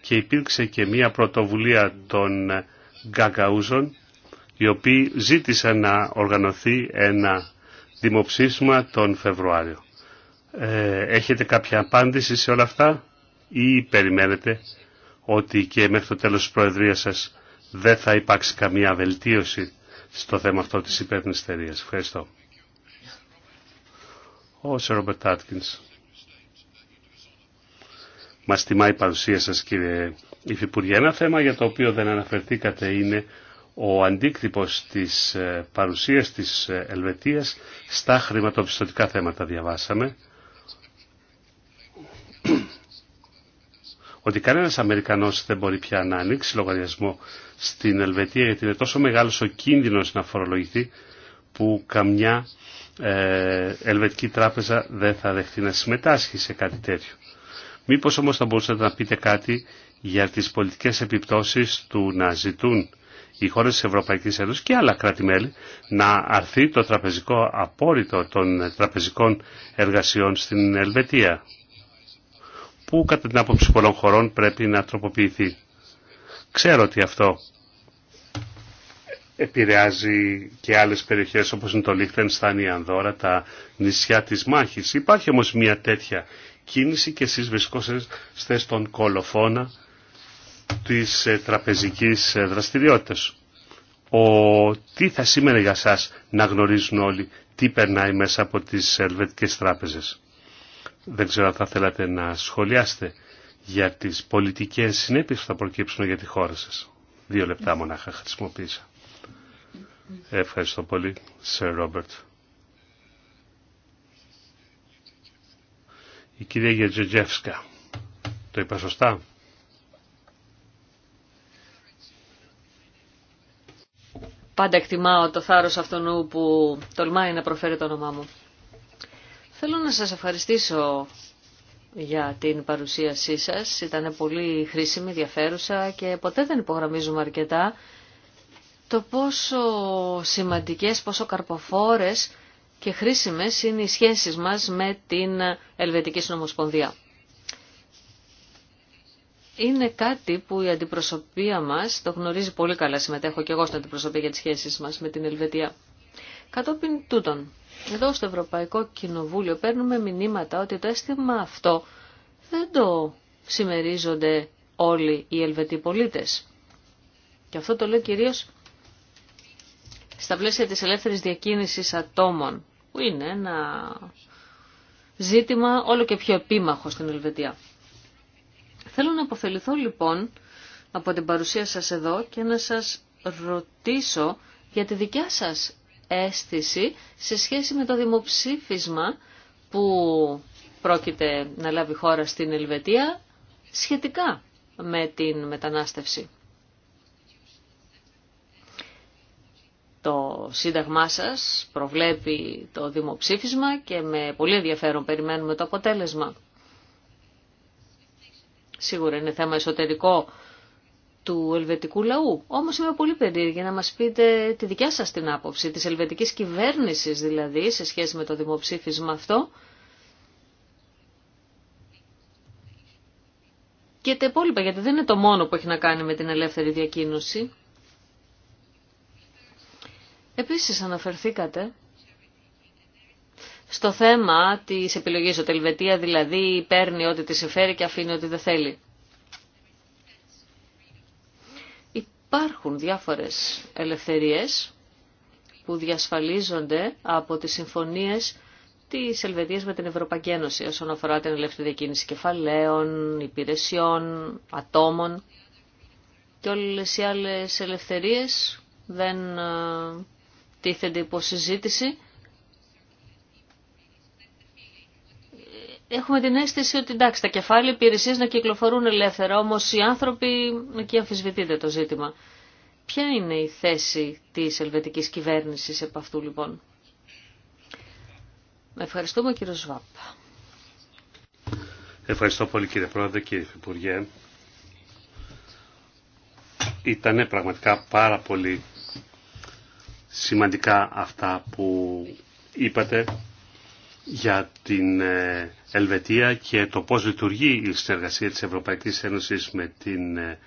και υπήρξε και μια πρωτοβουλία των Γκαγκαούζων οι οποίοι ζήτησαν να οργανωθεί ένα δημοψήφισμα τον Φεβρουάριο. Ε, έχετε κάποια απάντηση σε όλα αυτά? ή περιμένετε ότι και μέχρι το τέλος της Προεδρίας σας δεν θα υπάρξει καμία βελτίωση στο θέμα αυτό της υπερνηστερίας. Ευχαριστώ. Ο Σερ Ρόμπερτ Άτκινς. Μας τιμά η παρουσία σας κύριε Υφυπουργέ. Ένα θέμα για το οποίο δεν αναφερθήκατε είναι ο αντίκτυπος της ε, παρουσίας της ε, Ελβετίας στα χρηματοπιστωτικά θέματα διαβάσαμε. ότι κανένας Αμερικανός δεν μπορεί πια να ανοίξει λογαριασμό στην Ελβετία γιατί είναι τόσο μεγάλος ο κίνδυνος να φορολογηθεί που καμιά ε, ελβετική τράπεζα δεν θα δεχτεί να συμμετάσχει σε κάτι τέτοιο. Μήπως όμως θα μπορούσατε να πείτε κάτι για τις πολιτικές επιπτώσεις του να ζητούν οι χώρε τη Ευρωπαϊκή Ένωση και άλλα κράτη-μέλη να αρθεί το τραπεζικό απόρριτο των τραπεζικών εργασιών στην Ελβετία που κατά την άποψη πολλών χωρών πρέπει να τροποποιηθεί. Ξέρω ότι αυτό επηρεάζει και άλλες περιοχές όπως είναι το Λίχτενστάν, η Ανδόρα, τα νησιά της Μάχης. Υπάρχει όμως μια τέτοια κίνηση και εσείς βρισκόσαστε στον κολοφόνα της ε, τραπεζικής ε, δραστηριότητας. Ο, τι θα σήμαινε για σας να γνωρίζουν όλοι τι περνάει μέσα από τις ελβετικές τράπεζες. Δεν ξέρω αν θα θέλατε να σχολιάσετε για τις πολιτικές συνέπειες που θα προκύψουν για τη χώρα σας. Δύο λεπτά μονάχα χρησιμοποίησα. Ευχαριστώ πολύ, Sir Robert. Η κυρία Γετζετζεύσκα. Το είπα σωστά. Πάντα εκτιμάω το θάρρος αυτού που τολμάει να προφέρει το όνομά μου. Θέλω να σας ευχαριστήσω για την παρουσίασή σας. Ήταν πολύ χρήσιμη, ενδιαφέρουσα και ποτέ δεν υπογραμμίζουμε αρκετά το πόσο σημαντικές, πόσο καρποφόρες και χρήσιμες είναι οι σχέσεις μας με την Ελβετική Συνομοσπονδία. Είναι κάτι που η αντιπροσωπεία μας το γνωρίζει πολύ καλά. Συμμετέχω και εγώ στην αντιπροσωπεία για τις σχέσεις μας με την Ελβετία. Κατόπιν τούτων, εδώ στο Ευρωπαϊκό Κοινοβούλιο παίρνουμε μηνύματα ότι το αίσθημα αυτό δεν το συμμερίζονται όλοι οι Ελβετοί πολίτες. Και αυτό το λέω κυρίως στα πλαίσια της ελεύθερης διακίνησης ατόμων, που είναι ένα ζήτημα όλο και πιο επίμαχο στην Ελβετία. Θέλω να αποφεληθώ λοιπόν από την παρουσία σας εδώ και να σας ρωτήσω για τη δικιά σας αίσθηση σε σχέση με το δημοψήφισμα που πρόκειται να λάβει χώρα στην Ελβετία σχετικά με την μετανάστευση. Το Σύνταγμά σας προβλέπει το δημοψήφισμα και με πολύ ενδιαφέρον περιμένουμε το αποτέλεσμα. Σίγουρα είναι θέμα εσωτερικό του ελβετικού λαού. Όμως είμαι πολύ περίεργη να μας πείτε τη δικιά σας την άποψη, τη ελβετική κυβέρνηση, δηλαδή, σε σχέση με το δημοψήφισμα αυτό. Και τα υπόλοιπα, γιατί δεν είναι το μόνο που έχει να κάνει με την ελεύθερη διακίνηση. Επίσης αναφερθήκατε στο θέμα της επιλογής. Ότι η Ελβετία δηλαδή παίρνει ό,τι τη συμφέρει και αφήνει ό,τι δεν θέλει. υπάρχουν διάφορες ελευθερίες που διασφαλίζονται από τις συμφωνίες της Ελβετίας με την Ευρωπαϊκή Ένωση όσον αφορά την ελεύθερη διακίνηση κεφαλαίων, υπηρεσιών, ατόμων και όλες οι άλλες ελευθερίες δεν ε, τίθενται υπό συζήτηση έχουμε την αίσθηση ότι εντάξει τα κεφάλαια υπηρεσίες να κυκλοφορούν ελεύθερα, όμως οι άνθρωποι εκεί αμφισβητείται το ζήτημα. Ποια είναι η θέση της ελβετικής κυβέρνησης επ' αυτού λοιπόν. Ευχαριστούμε κύριο Σβάπ. Ευχαριστώ πολύ κύριε Πρόεδρε, κύριε Υπουργέ. Ήταν πραγματικά πάρα πολύ σημαντικά αυτά που είπατε για την ε, Ελβετία και το πώς λειτουργεί η συνεργασία της Ευρωπαϊκής Ένωσης με την ε,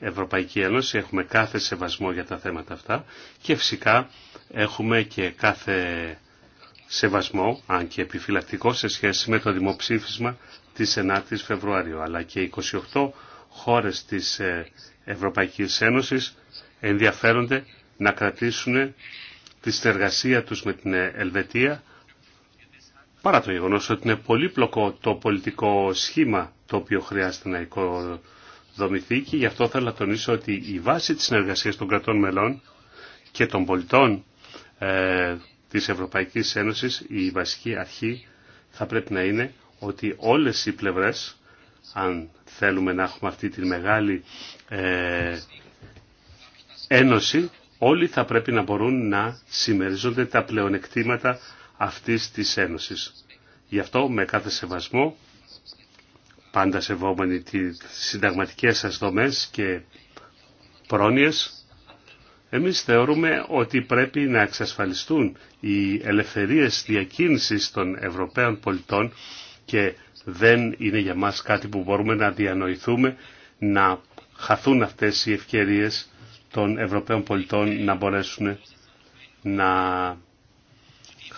Ευρωπαϊκή Ένωση. Έχουμε κάθε σεβασμό για τα θέματα αυτά και φυσικά έχουμε και κάθε σεβασμό, αν και επιφυλακτικό, σε σχέση με το δημοψήφισμα της 9ης Φεβρουαρίου. Αλλά και 28 χώρες της ε, Ευρωπαϊκής Ένωσης ενδιαφέρονται να κρατήσουν τη συνεργασία τους με την Ελβετία παρά το γεγονός ότι είναι πολύπλοκο το πολιτικό σχήμα το οποίο χρειάζεται να οικοδομηθεί και γι' αυτό θέλω να τονίσω ότι η βάση της συνεργασίας των κρατών μελών και των πολιτών ε, της Ευρωπαϊκής Ένωσης, η βασική αρχή θα πρέπει να είναι ότι όλες οι πλευρές, αν θέλουμε να έχουμε αυτή τη μεγάλη ε, ένωση, όλοι θα πρέπει να μπορούν να συμμεριζόνται τα πλεονεκτήματα αυτής της Ένωσης. Γι' αυτό με κάθε σεβασμό, πάντα σεβόμενοι τις συνταγματικές σας δομές και πρόνοιες, εμείς θεωρούμε ότι πρέπει να εξασφαλιστούν οι ελευθερίες διακίνησης των Ευρωπαίων πολιτών και δεν είναι για μας κάτι που μπορούμε να διανοηθούμε να χαθούν αυτές οι ευκαιρίες των Ευρωπαίων πολιτών να μπορέσουν να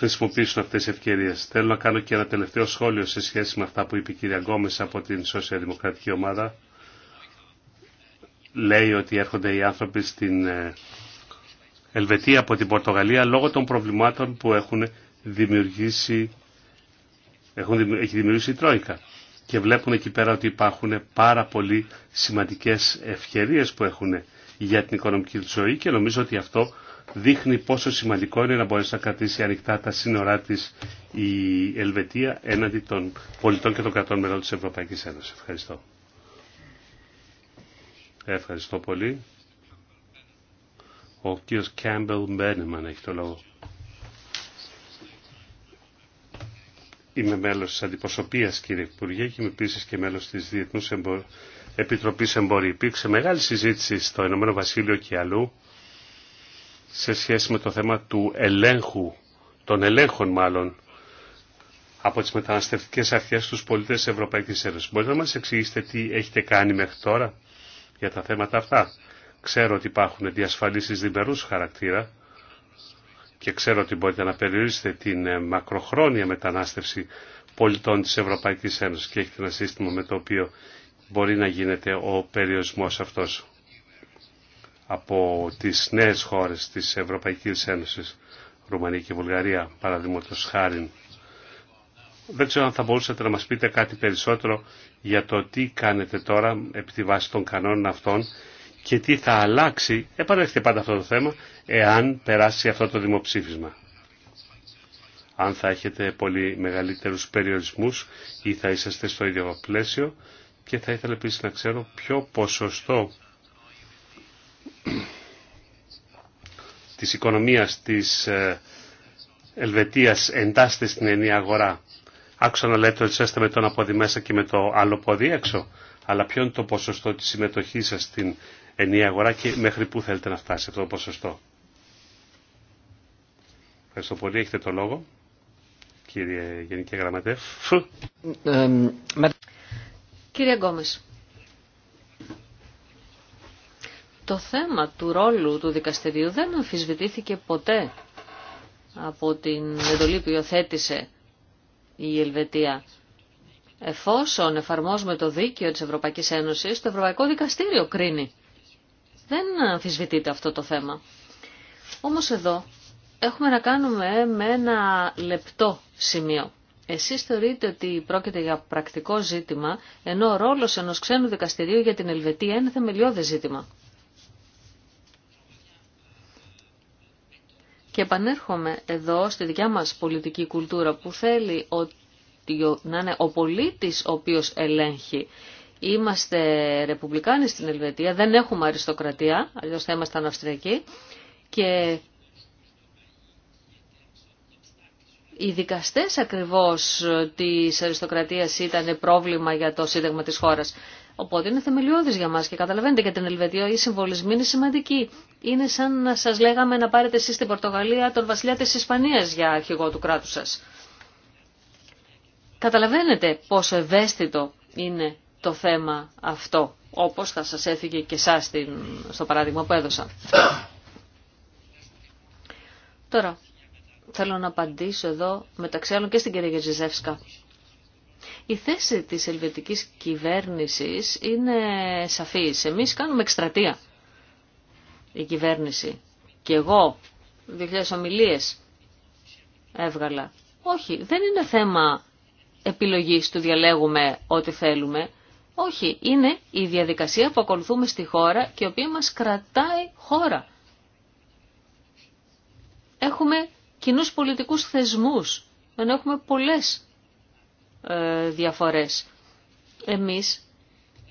χρησιμοποιήσουν αυτές τις ευκαιρίες. Θέλω να κάνω και ένα τελευταίο σχόλιο σε σχέση με αυτά που είπε η κυρία Γκόμε από την Σοσιαλδημοκρατική Ομάδα. Λέει ότι έρχονται οι άνθρωποι στην ε, Ελβετία από την Πορτογαλία λόγω των προβλημάτων που έχουν δημιουργήσει, έχουν, έχει δημιουργήσει η Τρόικα. Και βλέπουν εκεί πέρα ότι υπάρχουν πάρα πολύ σημαντικές ευκαιρίες που έχουν για την οικονομική ζωή και νομίζω ότι αυτό δείχνει πόσο σημαντικό είναι να μπορέσει να κρατήσει ανοιχτά τα σύνορά της η Ελβετία έναντι των πολιτών και των κρατών μελών της Ευρωπαϊκής Ένωσης. Ευχαριστώ. Ευχαριστώ πολύ. Ο κ. Κάμπελ Μπένεμαν έχει το λόγο. Είμαι μέλος της αντιπροσωπείας κύριε Υπουργέ και είμαι επίση και μέλος της Διεθνούς Επιτροπής Εμπορίου. Υπήρξε μεγάλη συζήτηση στο Ηνωμένο Βασίλειο και αλλού σε σχέση με το θέμα του ελέγχου, των ελέγχων μάλλον, από τις μεταναστευτικές αρχές στους πολίτες της Ευρωπαϊκής Ένωσης. Μπορείτε να μας εξηγήσετε τι έχετε κάνει μέχρι τώρα για τα θέματα αυτά. Ξέρω ότι υπάρχουν διασφαλίσεις διμερούς χαρακτήρα και ξέρω ότι μπορείτε να περιορίσετε την ε, μακροχρόνια μετανάστευση πολιτών της Ευρωπαϊκής Ένωσης και έχετε ένα σύστημα με το οποίο μπορεί να γίνεται ο περιορισμός αυτός από τις νέες χώρες της Ευρωπαϊκής Ένωσης, Ρουμανία και Βουλγαρία, παραδείγματος χάρη. Δεν ξέρω αν θα μπορούσατε να μας πείτε κάτι περισσότερο για το τι κάνετε τώρα επί τη βάση των κανόνων αυτών και τι θα αλλάξει, επανέρχεται πάντα αυτό το θέμα, εάν περάσει αυτό το δημοψήφισμα. Αν θα έχετε πολύ μεγαλύτερους περιορισμούς ή θα είσαστε στο ίδιο πλαίσιο και θα ήθελα επίσης να ξέρω ποιο ποσοστό της οικονομίας της ε, Ελβετίας εντάσσεται στην ενία αγορά. Άκουσα να λέτε ότι είστε με τον πόδι μέσα και με το άλλο πόδι έξω. Αλλά ποιο είναι το ποσοστό της συμμετοχής σας στην ενία αγορά και μέχρι πού θέλετε να φτάσει αυτό το ποσοστό. Ευχαριστώ πολύ. Έχετε το λόγο. Κύριε Γενική Γραμματέα. Κύριε Γκόμες, Το θέμα του ρόλου του δικαστηρίου δεν αμφισβητήθηκε ποτέ από την εντολή που υιοθέτησε η Ελβετία. Εφόσον εφαρμόζουμε το δίκαιο της Ευρωπαϊκής Ένωσης, το Ευρωπαϊκό Δικαστήριο κρίνει. Δεν αμφισβητείται αυτό το θέμα. Όμως εδώ έχουμε να κάνουμε με ένα λεπτό σημείο. Εσείς θεωρείτε ότι πρόκειται για πρακτικό ζήτημα, ενώ ο ρόλος ενός ξένου δικαστηρίου για την Ελβετία είναι θεμελιώδες ζήτημα. Και επανέρχομαι εδώ στη δικιά μας πολιτική κουλτούρα που θέλει ότι να είναι ο πολίτης ο οποίος ελέγχει. Είμαστε ρεπουμπλικάνοι στην Ελβετία, δεν έχουμε αριστοκρατία, αλλιώς θα ήμασταν αυστριακοί. Και οι δικαστές ακριβώς της αριστοκρατίας ήταν πρόβλημα για το σύνταγμα της χώρας. Οπότε είναι θεμελιώδης για μας και καταλαβαίνετε για την Ελβετία οι συμβολισμοί είναι σημαντικοί είναι σαν να σας λέγαμε να πάρετε εσείς στην Πορτογαλία τον βασιλιά της Ισπανίας για αρχηγό του κράτους σας. Καταλαβαίνετε πόσο ευαίσθητο είναι το θέμα αυτό, όπως θα σας έφυγε και εσάς στο παράδειγμα που έδωσα. Τώρα, θέλω να απαντήσω εδώ μεταξύ άλλων και στην κυρία Γερζιζεύσκα. Η θέση της ελβετικής κυβέρνησης είναι σαφής. Εμείς κάνουμε εκστρατεία η κυβέρνηση. Και εγώ 2.000 ομιλίες έβγαλα. Όχι, δεν είναι θέμα επιλογής του διαλέγουμε ό,τι θέλουμε. Όχι, είναι η διαδικασία που ακολουθούμε στη χώρα και η οποία μας κρατάει χώρα. Έχουμε κοινούς πολιτικούς θεσμούς, ενώ έχουμε πολλές ε, διαφορές. Εμείς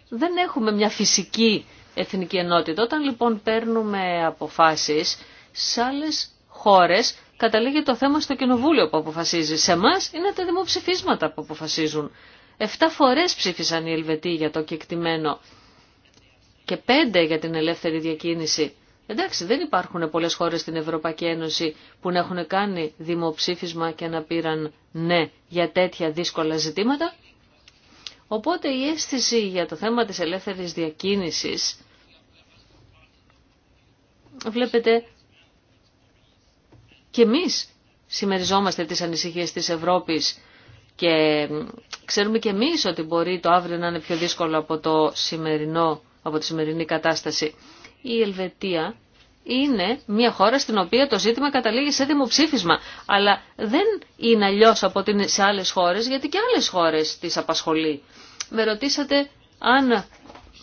δεν έχουμε μια φυσική εθνική ενότητα. Όταν λοιπόν παίρνουμε αποφάσεις σε άλλε χώρες καταλήγει το θέμα στο κοινοβούλιο που αποφασίζει. Σε εμά είναι τα δημοψηφίσματα που αποφασίζουν. Εφτά φορές ψήφισαν οι Ελβετοί για το κεκτημένο και πέντε για την ελεύθερη διακίνηση. Εντάξει, δεν υπάρχουν πολλές χώρες στην Ευρωπαϊκή Ένωση που να έχουν κάνει δημοψήφισμα και να πήραν ναι για τέτοια δύσκολα ζητήματα. Οπότε η αίσθηση για το θέμα της ελεύθερης διακίνησης, βλέπετε, και εμείς συμμεριζόμαστε τις ανησυχίες της Ευρώπης και ξέρουμε και εμείς ότι μπορεί το αύριο να είναι πιο δύσκολο από, το σημερινό, από τη σημερινή κατάσταση. Η Ελβετία είναι μια χώρα στην οποία το ζήτημα καταλήγει σε δημοψήφισμα. Αλλά δεν είναι αλλιώ από ότι είναι σε άλλες χώρε, γιατί και άλλες χώρε τι απασχολεί. Με ρωτήσατε αν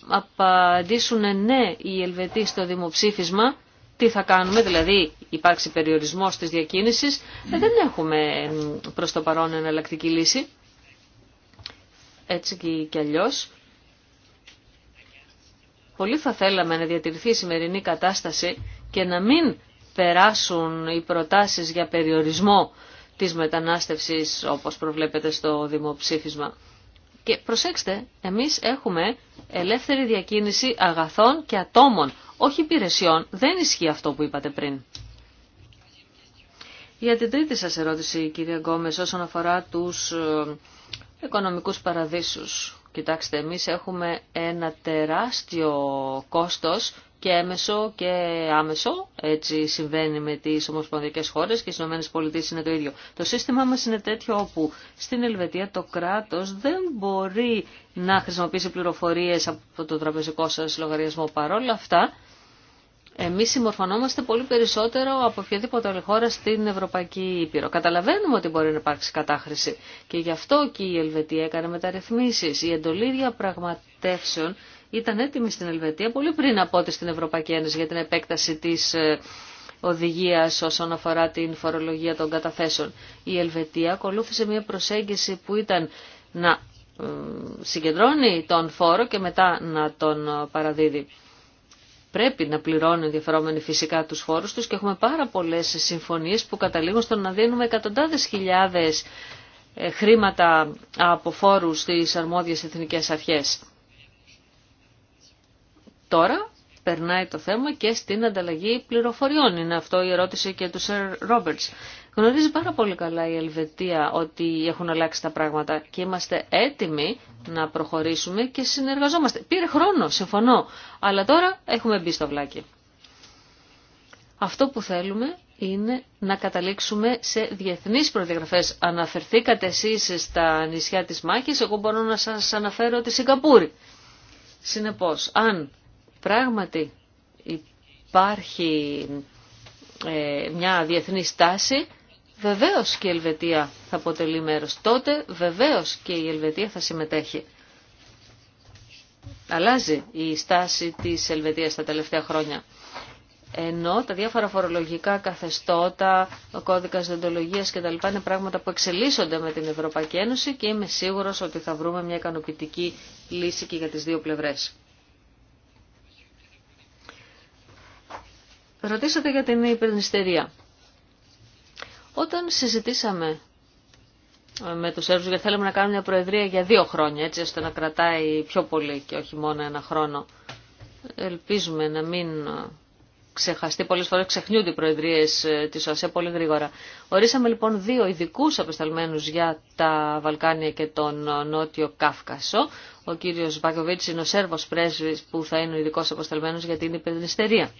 απαντήσουν ναι οι Ελβετοί στο δημοψήφισμα, τι θα κάνουμε, δηλαδή υπάρξει περιορισμός της διακίνησης, ε, δεν έχουμε προς το παρόν εναλλακτική λύση. Έτσι και αλλιώς Πολύ θα θέλαμε να διατηρηθεί η σημερινή κατάσταση και να μην περάσουν οι προτάσεις για περιορισμό της μετανάστευσης όπως προβλέπετε στο δημοψήφισμα. Και προσέξτε, εμείς έχουμε ελεύθερη διακίνηση αγαθών και ατόμων, όχι υπηρεσιών. Δεν ισχύει αυτό που είπατε πριν. Για την τρίτη σας ερώτηση, κυρία Γκόμες, όσον αφορά τους ε, οικονομικούς παραδείσους. Κοιτάξτε, εμείς έχουμε ένα τεράστιο κόστος και έμεσο και άμεσο. Έτσι συμβαίνει με τις ομοσπονδιακές χώρες και στις ΗΠΑ είναι το ίδιο. Το σύστημά μας είναι τέτοιο όπου στην Ελβετία το κράτος δεν μπορεί να χρησιμοποιήσει πληροφορίες από το τραπεζικό σας λογαριασμό. Παρόλα αυτά Εμεί συμμορφωνόμαστε πολύ περισσότερο από οποιαδήποτε άλλη χώρα στην Ευρωπαϊκή Ήπειρο. Καταλαβαίνουμε ότι μπορεί να υπάρξει κατάχρηση και γι' αυτό και η Ελβετία έκανε μεταρρυθμίσει. Η εντολή διαπραγματεύσεων ήταν έτοιμη στην Ελβετία πολύ πριν από ό,τι στην Ευρωπαϊκή Ένωση για την επέκταση τη ε, οδηγία όσον αφορά την φορολογία των καταθέσεων. Η Ελβετία ακολούθησε μια προσέγγιση που ήταν να ε, συγκεντρώνει τον φόρο και μετά να τον παραδίδει πρέπει να πληρώνουν ενδιαφερόμενοι φυσικά τους φόρους τους και έχουμε πάρα πολλές συμφωνίες που καταλήγουν στο να δίνουμε εκατοντάδες χιλιάδες ε, χρήματα από φόρους στις αρμόδιες εθνικές αρχές. Τώρα περνάει το θέμα και στην ανταλλαγή πληροφοριών. Είναι αυτό η ερώτηση και του Σερ Roberts. Γνωρίζει πάρα πολύ καλά η Ελβετία ότι έχουν αλλάξει τα πράγματα και είμαστε έτοιμοι να προχωρήσουμε και συνεργαζόμαστε. Πήρε χρόνο, συμφωνώ, αλλά τώρα έχουμε μπει στο βλάκι. Αυτό που θέλουμε είναι να καταλήξουμε σε διεθνείς προδιαγραφές. Αναφερθήκατε εσείς στα νησιά της Μάχης, εγώ μπορώ να σας αναφέρω τη Σιγκαπούρη. Συνεπώς, αν πράγματι υπάρχει ε, μια διεθνή στάση, βεβαίως και η Ελβετία θα αποτελεί μέρος. Τότε βεβαίως και η Ελβετία θα συμμετέχει. Αλλάζει η στάση της Ελβετίας τα τελευταία χρόνια. Ενώ τα διάφορα φορολογικά καθεστώτα, ο κώδικας δεντολογίας και τα είναι πράγματα που εξελίσσονται με την Ευρωπαϊκή Ένωση και είμαι σίγουρος ότι θα βρούμε μια ικανοποιητική λύση και για τις δύο πλευρές. Ρωτήσατε για την υπερνηστερία. Όταν συζητήσαμε ε, με τους Σέρβους, γιατί θέλαμε να κάνουμε μια προεδρία για δύο χρόνια, έτσι ώστε να κρατάει πιο πολύ και όχι μόνο ένα χρόνο. Ελπίζουμε να μην ε, ξεχαστεί, πολλές φορές ξεχνιούνται οι προεδρίες ε, της ΟΑΣΕ πολύ γρήγορα. Ορίσαμε λοιπόν δύο ειδικού απεσταλμένους για τα Βαλκάνια και τον Νότιο Κάφκασο. Ο κύριος Μπακοβίτς είναι ο Σέρβος πρέσβης που θα είναι ο ειδικό απεσταλμένος για την υπερδυνιστερία.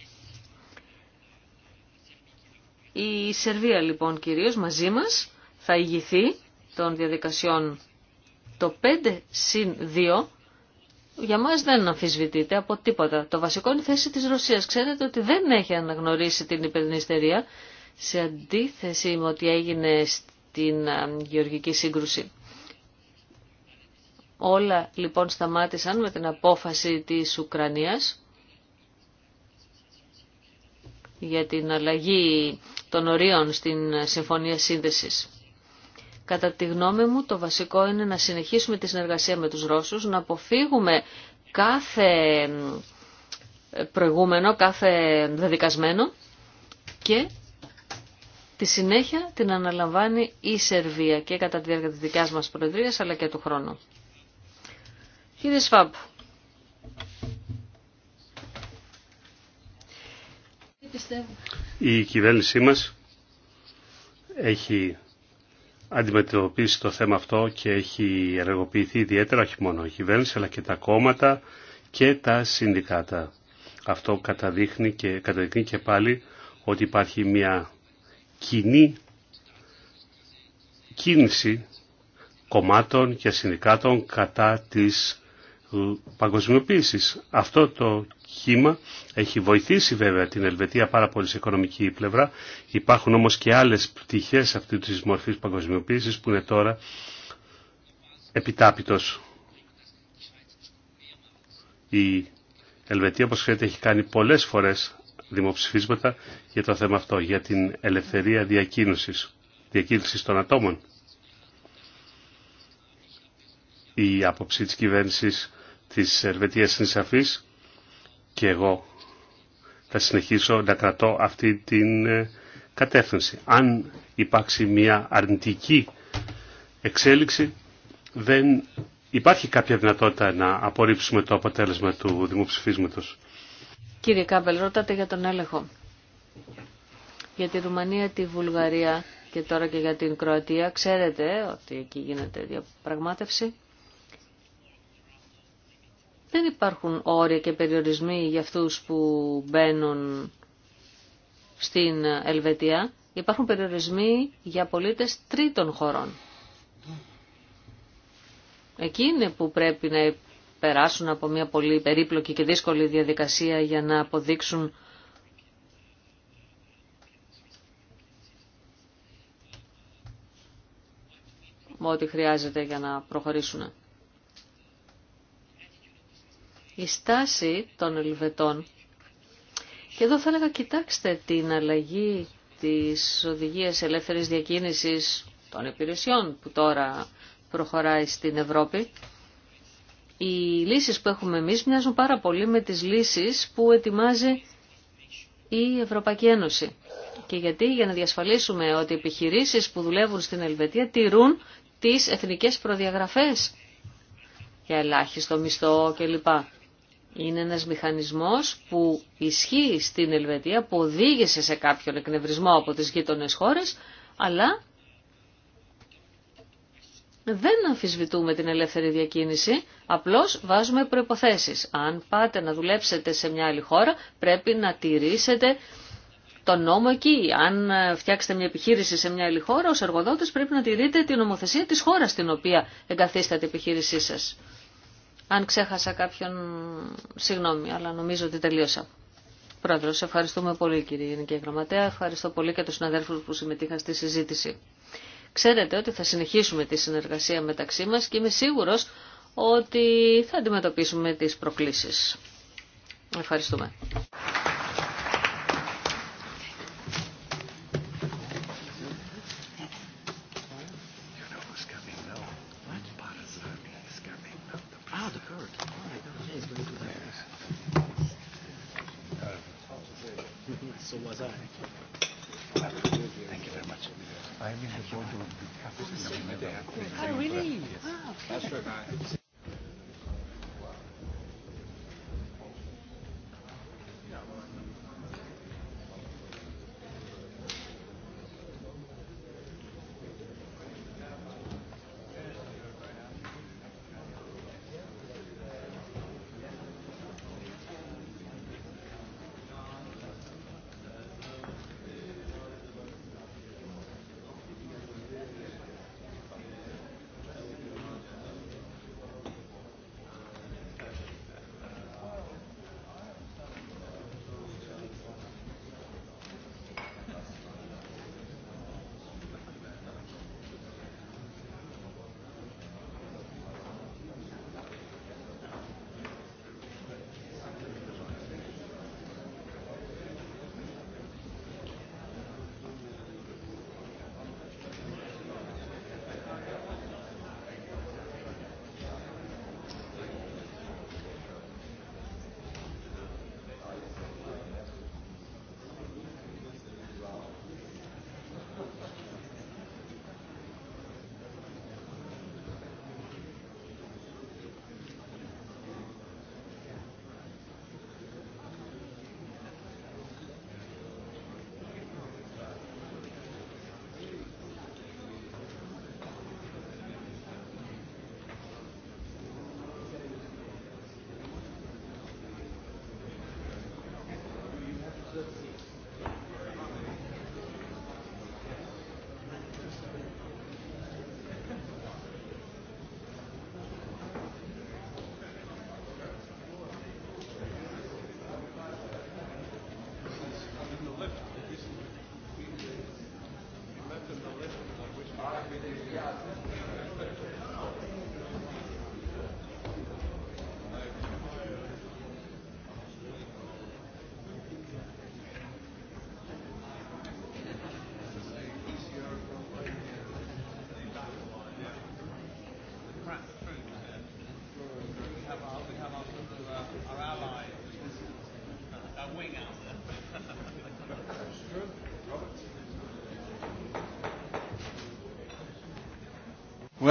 Η Σερβία λοιπόν κυρίως μαζί μας θα ηγηθεί των διαδικασιών το 5 συν 2 για μας δεν αμφισβητείται από τίποτα. Το βασικό είναι η θέση της Ρωσίας. Ξέρετε ότι δεν έχει αναγνωρίσει την υπερνηστερία σε αντίθεση με ό,τι έγινε στην γεωργική σύγκρουση. Όλα λοιπόν σταμάτησαν με την απόφαση της Ουκρανίας για την αλλαγή των ορίων στην Συμφωνία Σύνδεσης. Κατά τη γνώμη μου το βασικό είναι να συνεχίσουμε τη συνεργασία με τους Ρώσους, να αποφύγουμε κάθε προηγούμενο, κάθε δεδικασμένο και τη συνέχεια την αναλαμβάνει η Σερβία και κατά τη διάρκεια της δικιάς μας προεδρίας αλλά και του χρόνου. Κύριε Σφαμπ, πιστεύω. Η κυβέρνησή μας έχει αντιμετωπίσει το θέμα αυτό και έχει ενεργοποιηθεί ιδιαίτερα όχι μόνο η κυβέρνηση αλλά και τα κόμματα και τα συνδικάτα. Αυτό καταδείχνει και, καταδείχνει και πάλι ότι υπάρχει μια κοινή κίνηση κομμάτων και συνδικάτων κατά της παγκοσμιοποίησης. Αυτό το χίμα Έχει βοηθήσει βέβαια την Ελβετία πάρα πολύ σε οικονομική πλευρά. Υπάρχουν όμως και άλλες πτυχές αυτή της μορφής παγκοσμιοποίησης που είναι τώρα επιτάπητος. Η Ελβετία όπως ξέρετε έχει κάνει πολλές φορές δημοψηφίσματα για το θέμα αυτό, για την ελευθερία διακίνησης, διακίνησης των ατόμων. Η άποψη της κυβέρνησης της Ελβετίας είναι σαφής και εγώ θα συνεχίσω να κρατώ αυτή την ε, κατεύθυνση. Αν υπάρξει μια αρνητική εξέλιξη, δεν υπάρχει κάποια δυνατότητα να απορρίψουμε το αποτέλεσμα του δημοψηφίσματος. Κύριε Κάμπελ, ρώτατε για τον έλεγχο. Για τη Ρουμανία, τη Βουλγαρία και τώρα και για την Κροατία, ξέρετε ότι εκεί γίνεται διαπραγμάτευση. Δεν υπάρχουν όρια και περιορισμοί για αυτούς που μπαίνουν στην Ελβετία. Υπάρχουν περιορισμοί για πολίτες τρίτων χωρών. Εκεί είναι που πρέπει να περάσουν από μια πολύ περίπλοκη και δύσκολη διαδικασία για να αποδείξουν ό,τι χρειάζεται για να προχωρήσουν η στάση των Ελβετών. Και εδώ θα έλεγα κοιτάξτε την αλλαγή της οδηγίας ελεύθερης διακίνησης των υπηρεσιών που τώρα προχωράει στην Ευρώπη. Οι λύσεις που έχουμε εμείς μοιάζουν πάρα πολύ με τις λύσεις που ετοιμάζει η Ευρωπαϊκή Ένωση. Και γιατί, για να διασφαλίσουμε ότι οι επιχειρήσεις που δουλεύουν στην Ελβετία τηρούν τις εθνικές προδιαγραφές για ελάχιστο μισθό κλπ. Είναι ένας μηχανισμός που ισχύει στην Ελβετία, που οδήγησε σε κάποιον εκνευρισμό από τις γείτονες χώρες, αλλά δεν αμφισβητούμε την ελεύθερη διακίνηση, απλώς βάζουμε προϋποθέσεις. Αν πάτε να δουλέψετε σε μια άλλη χώρα, πρέπει να τηρήσετε τον νόμο εκεί. Αν φτιάξετε μια επιχείρηση σε μια άλλη χώρα, ως εργοδότης πρέπει να τηρείτε την νομοθεσία της χώρας στην οποία εγκαθίσταται η επιχείρησή σας. Αν ξέχασα κάποιον, συγγνώμη, αλλά νομίζω ότι τελείωσα. Πρόεδρο, ευχαριστούμε πολύ κύριε Γενική Γραμματέα, ευχαριστώ πολύ και τους συναδέλφους που συμμετείχαν στη συζήτηση. Ξέρετε ότι θα συνεχίσουμε τη συνεργασία μεταξύ μας και είμαι σίγουρος ότι θα αντιμετωπίσουμε τις προκλήσεις. Ευχαριστούμε.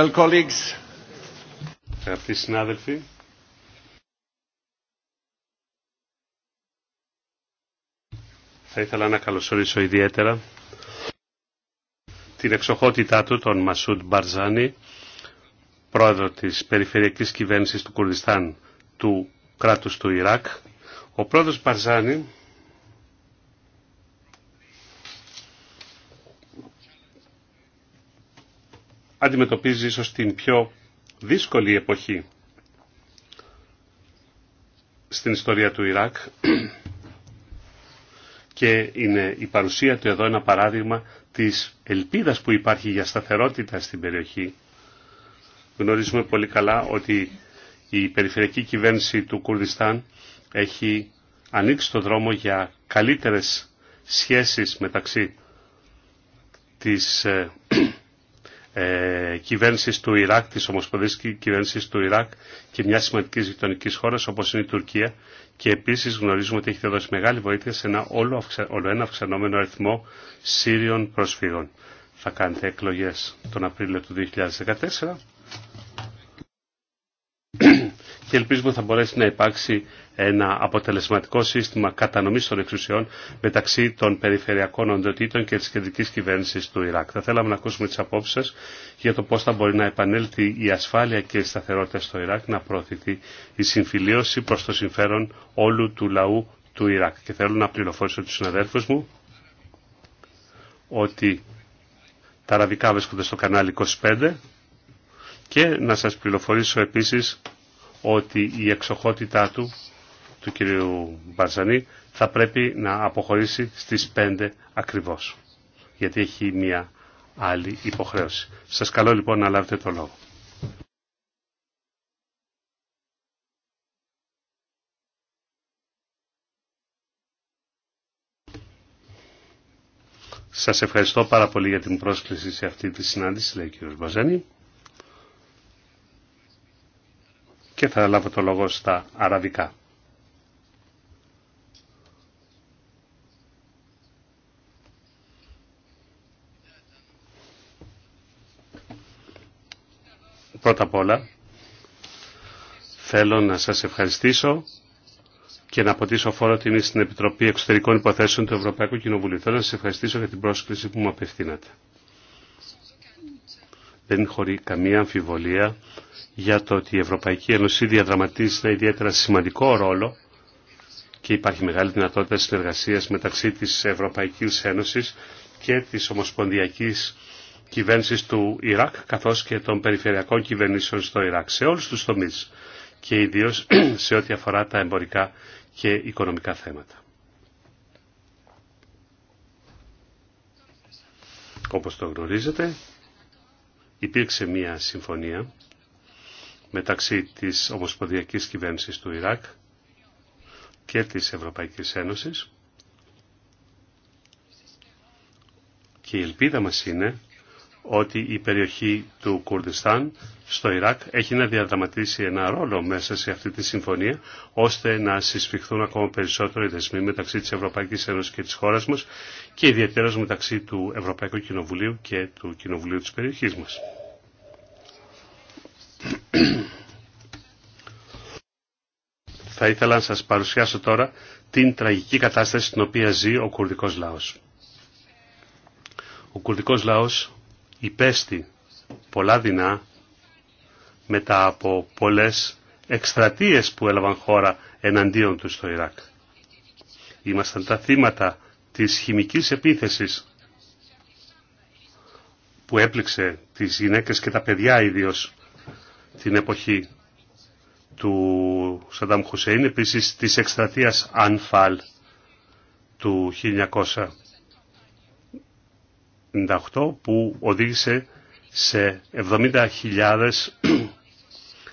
Well, colleagues. συνάδελφοι, θα ήθελα να καλωσορίσω ιδιαίτερα την εξοχότητά του, τον Μασούντ Μπαρζάνη, πρόεδρο της Περιφερειακής Κυβέρνησης του Κουρδιστάν του κράτους του Ιράκ. Ο πρόεδρος Μπαρζάνη αντιμετωπίζει ίσως την πιο δύσκολη εποχή στην ιστορία του Ιράκ και είναι η παρουσία του εδώ ένα παράδειγμα της ελπίδας που υπάρχει για σταθερότητα στην περιοχή. Γνωρίζουμε πολύ καλά ότι η περιφερειακή κυβέρνηση του Κουρδιστάν έχει ανοίξει το δρόμο για καλύτερες σχέσεις μεταξύ της ε, ε, κυβέρνηση του Ιράκ, της ομοσπονδιακή κυβέρνησης του Ιράκ και μια σημαντική γειτονική χώρα όπω είναι η Τουρκία και επίσης γνωρίζουμε ότι έχετε δώσει μεγάλη βοήθεια σε ένα όλο, ένα αυξανόμενο αριθμό Σύριων προσφύγων. Θα κάνετε εκλογές τον Απρίλιο του 2014 και ελπίζουμε θα μπορέσει να υπάρξει ένα αποτελεσματικό σύστημα κατανομής των εξουσιών μεταξύ των περιφερειακών οντοτήτων και της κεντρικής κυβέρνησης του Ιράκ. Θα θέλαμε να ακούσουμε τις απόψεις σας για το πώς θα μπορεί να επανέλθει η ασφάλεια και η σταθερότητα στο Ιράκ, να προωθηθεί η συμφιλίωση προς το συμφέρον όλου του λαού του Ιράκ. Και θέλω να πληροφορήσω τους συναδέλφους μου ότι τα αραβικά βρίσκονται στο κανάλι 25 και να σας πληροφορήσω επίσης ότι η εξοχότητά του του κυρίου Μπαρζανή θα πρέπει να αποχωρήσει στις 5 ακριβώς. Γιατί έχει μια άλλη υποχρέωση. Σας καλώ λοιπόν να λάβετε το λόγο. Σας ευχαριστώ πάρα πολύ για την πρόσκληση σε αυτή τη συνάντηση, λέει ο κύριος Μπαζένη. Και θα λάβω το λόγο στα αραβικά. Πρώτα απ' όλα θέλω να σας ευχαριστήσω και να αποτίσω φόρο την στην Επιτροπή Εξωτερικών Υποθέσεων του Ευρωπαϊκού Κοινοβουλίου. Θέλω να σας ευχαριστήσω για την πρόσκληση που μου απευθύνατε. Δεν χωρεί καμία αμφιβολία για το ότι η Ευρωπαϊκή Ένωση διαδραματίζει ένα ιδιαίτερα σημαντικό ρόλο και υπάρχει μεγάλη δυνατότητα συνεργασίας μεταξύ της Ευρωπαϊκής Ένωσης και της Ομοσπονδιακής κυβέρνησης του Ιράκ καθώς και των περιφερειακών κυβερνήσεων στο Ιράκ σε όλους τους τομείς και ιδίως σε ό,τι αφορά τα εμπορικά και οικονομικά θέματα. Όπως το γνωρίζετε, υπήρξε μία συμφωνία μεταξύ της Ομοσπονδιακής Κυβέρνησης του Ιράκ και της Ευρωπαϊκής Ένωσης και η ελπίδα μας είναι ότι η περιοχή του Κουρδιστάν στο Ιράκ έχει να διαδραματίσει ένα ρόλο μέσα σε αυτή τη συμφωνία ώστε να συσφιχθούν ακόμα περισσότερο οι δεσμοί μεταξύ της Ευρωπαϊκής Ένωσης και της χώρας μας και ιδιαίτερα μεταξύ του Ευρωπαϊκού Κοινοβουλίου και του Κοινοβουλίου της περιοχής μας. Θα ήθελα να σας παρουσιάσω τώρα την τραγική κατάσταση στην οποία ζει ο κουρδικός λαός. Ο κουρδικός λαός υπέστη πολλά δεινά μετά από πολλές εκστρατείες που έλαβαν χώρα εναντίον του στο Ιράκ. Ήμασταν τα θύματα της χημικής επίθεσης που έπληξε τις γυναίκες και τα παιδιά ιδίως την εποχή του Σαντάμ Χουσέιν, επίσης της εκστρατείας Ανφάλ του 1900 που οδήγησε σε 70.000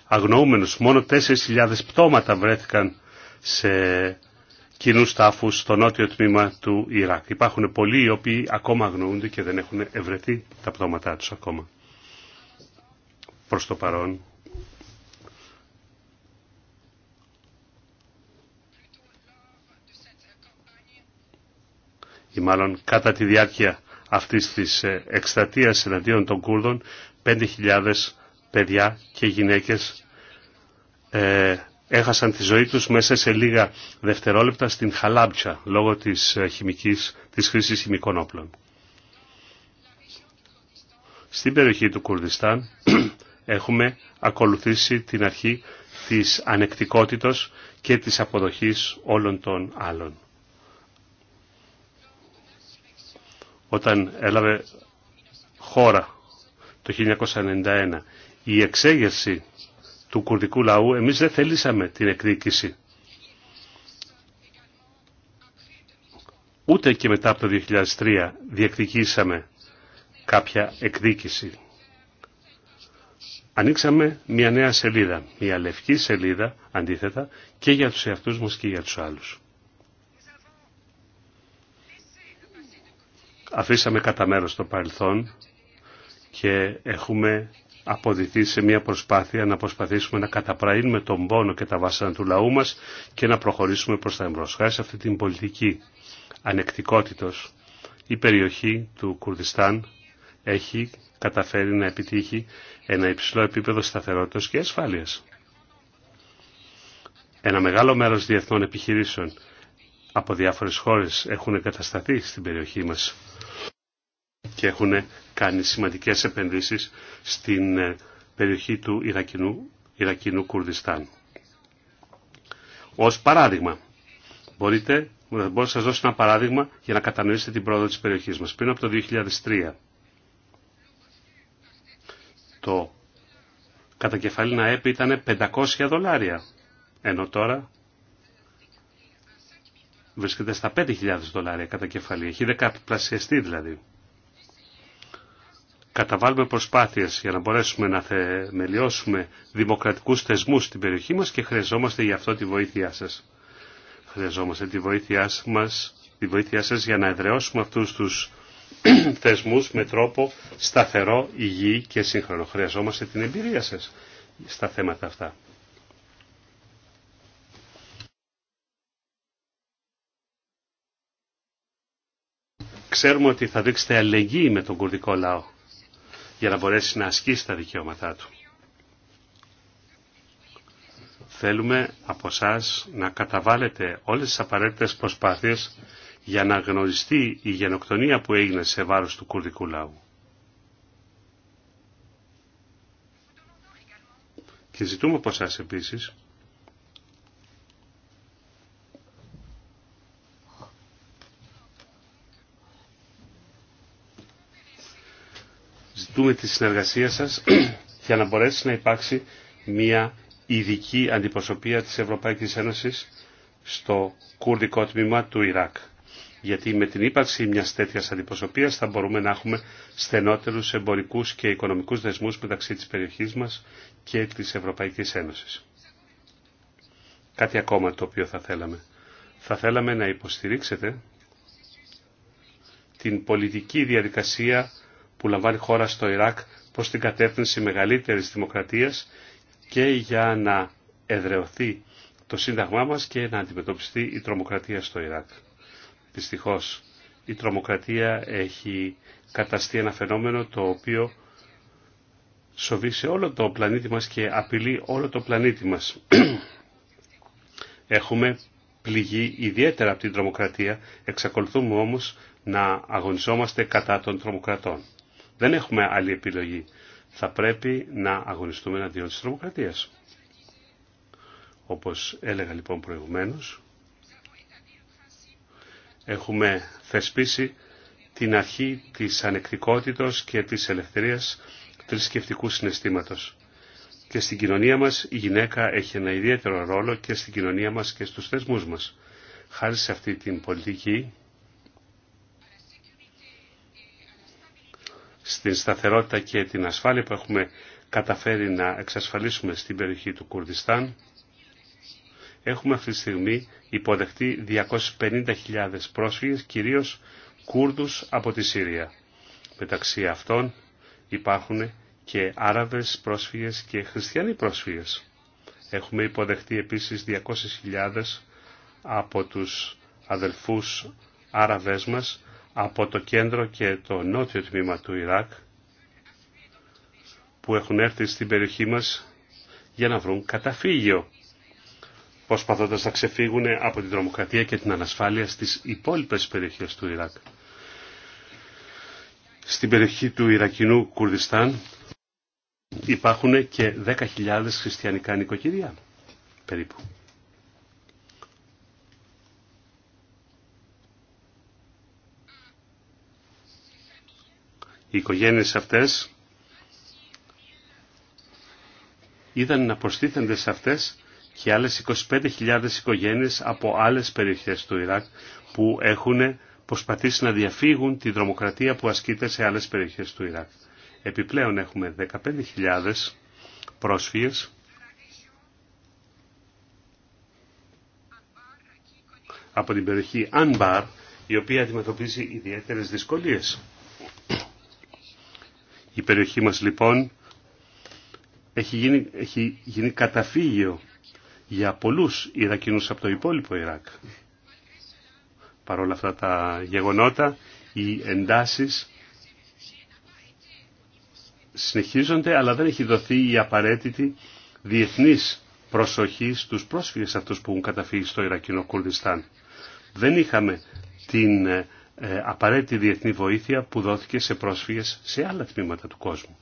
αγνοούμενους. Μόνο 4.000 πτώματα βρέθηκαν σε κοινούς τάφους στο νότιο τμήμα του Ιράκ. Υπάρχουν πολλοί οι οποίοι ακόμα αγνοούνται και δεν έχουν ευρεθεί τα πτώματά τους ακόμα. Προς το παρόν. Ή μάλλον κατά τη διάρκεια αυτής της ε, εκστατείας εναντίον των Κούρδων 5.000 παιδιά και γυναίκες ε, έχασαν τη ζωή τους μέσα σε λίγα δευτερόλεπτα στην Χαλάμπτσα λόγω της, ε, χημικής, της χρήσης χημικών όπλων. Στην περιοχή του Κουρδιστάν έχουμε ακολουθήσει την αρχή της ανεκτικότητος και της αποδοχής όλων των άλλων. όταν έλαβε χώρα το 1991 η εξέγερση του κουρδικού λαού, εμείς δεν θελήσαμε την εκδίκηση. Ούτε και μετά από το 2003 διεκδικήσαμε κάποια εκδίκηση. Ανοίξαμε μια νέα σελίδα, μια λευκή σελίδα αντίθετα και για τους εαυτούς μας και για τους άλλους. αφήσαμε κατά μέρο το παρελθόν και έχουμε αποδηθεί σε μια προσπάθεια να προσπαθήσουμε να καταπραίνουμε τον πόνο και τα βάσανα του λαού μας και να προχωρήσουμε προς τα εμπρός. σε αυτή την πολιτική ανεκτικότητος η περιοχή του Κουρδιστάν έχει καταφέρει να επιτύχει ένα υψηλό επίπεδο σταθερότητας και ασφάλειας. Ένα μεγάλο μέρος διεθνών επιχειρήσεων από διάφορες χώρες έχουν εγκατασταθεί στην περιοχή μας και έχουν κάνει σημαντικές επενδύσεις στην ε, περιοχή του Ιρακινού, Κουρδιστάν. Ως παράδειγμα, μπορείτε, μπορώ να σας δώσω ένα παράδειγμα για να κατανοήσετε την πρόοδο της περιοχής μας. Πριν από το 2003, το κατακεφαλήνα έπειτα ήταν 500 δολάρια, ενώ τώρα βρίσκεται στα 5.000 δολάρια κατά κεφαλή. Έχει δεκαπλασιαστεί δηλαδή καταβάλουμε προσπάθειες για να μπορέσουμε να θεμελιώσουμε δημοκρατικούς θεσμούς στην περιοχή μας και χρειαζόμαστε γι' αυτό τη βοήθειά σας. Χρειαζόμαστε τη βοήθειά, μας, τη βοήθειά σας για να εδραιώσουμε αυτούς τους θεσμούς με τρόπο σταθερό, υγιή και σύγχρονο. Χρειαζόμαστε την εμπειρία σας στα θέματα αυτά. Ξέρουμε ότι θα δείξετε αλληλεγγύη με τον κουρδικό λαό για να μπορέσει να ασκήσει τα δικαιώματά του. Θέλουμε από εσά να καταβάλλετε όλες τις απαραίτητες προσπάθειες για να γνωριστεί η γενοκτονία που έγινε σε βάρος του κουρδικού λαού. Και ζητούμε από εσά επίσης ζητούμε τη συνεργασία σας για να μπορέσει να υπάρξει μια ειδική αντιπροσωπεία της Ευρωπαϊκής Ένωσης στο κουρδικό τμήμα του Ιράκ. Γιατί με την ύπαρξη μιας τέτοιας αντιπροσωπείας θα μπορούμε να έχουμε στενότερους εμπορικούς και οικονομικούς δεσμούς μεταξύ της περιοχής μας και της Ευρωπαϊκής Ένωσης. Κάτι ακόμα το οποίο θα θέλαμε. Θα θέλαμε να υποστηρίξετε την πολιτική διαδικασία που λαμβάνει χώρα στο Ιράκ προς την κατεύθυνση μεγαλύτερης δημοκρατίας και για να εδρεωθεί το Σύνταγμά μας και να αντιμετωπιστεί η τρομοκρατία στο Ιράκ. Δυστυχώς, η τρομοκρατία έχει καταστεί ένα φαινόμενο το οποίο σοβεί σε όλο το πλανήτη μας και απειλεί όλο το πλανήτη μας. Έχουμε πληγεί ιδιαίτερα από την τρομοκρατία, εξακολουθούμε όμως να αγωνιζόμαστε κατά των τρομοκρατών. Δεν έχουμε άλλη επιλογή. Θα πρέπει να αγωνιστούμε εναντίον της τρομοκρατίας. Όπως έλεγα λοιπόν προηγουμένως, έχουμε θεσπίσει την αρχή της ανεκτικότητος και της ελευθερίας θρησκευτικού συναισθήματος. Και στην κοινωνία μας η γυναίκα έχει ένα ιδιαίτερο ρόλο και στην κοινωνία μας και στους θεσμούς μας. Χάρη σε αυτή την πολιτική στην σταθερότητα και την ασφάλεια που έχουμε καταφέρει να εξασφαλίσουμε στην περιοχή του Κουρδιστάν. Έχουμε αυτή τη στιγμή υποδεχτεί 250.000 πρόσφυγες, κυρίως Κούρδους από τη Συρία. Μεταξύ αυτών υπάρχουν και Άραβες πρόσφυγες και Χριστιανοί πρόσφυγες. Έχουμε υποδεχτεί επίσης 200.000 από τους αδελφούς Άραβες μας από το κέντρο και το νότιο τμήμα του Ιράκ που έχουν έρθει στην περιοχή μας για να βρουν καταφύγιο προσπαθώντας να ξεφύγουν από την τρομοκρατία και την ανασφάλεια στις υπόλοιπες περιοχές του Ιράκ. Στην περιοχή του Ιρακινού Κουρδιστάν υπάρχουν και 10.000 χριστιανικά νοικοκυριά περίπου. Οι οικογένειες αυτές είδαν να προστίθενται σε αυτές και άλλες 25.000 οικογένειες από άλλες περιοχές του Ιράκ που έχουν προσπαθήσει να διαφύγουν τη δρομοκρατία που ασκείται σε άλλες περιοχές του Ιράκ. Επιπλέον έχουμε 15.000 πρόσφυγες από την περιοχή Ανμπάρ η οποία αντιμετωπίζει ιδιαίτερες δυσκολίες. Η περιοχή μας λοιπόν έχει γίνει, έχει γίνει καταφύγιο για πολλούς Ιρακινούς από το υπόλοιπο Ιράκ. Παρ' όλα αυτά τα γεγονότα, οι εντάσεις συνεχίζονται, αλλά δεν έχει δοθεί η απαραίτητη διεθνής προσοχή στους πρόσφυγες αυτούς που έχουν καταφύγει στο Ιρακινό Κουρδιστάν. Δεν είχαμε την ε, ε, απαραίτητη διεθνή βοήθεια που δόθηκε σε πρόσφυγες σε άλλα τμήματα του κόσμου.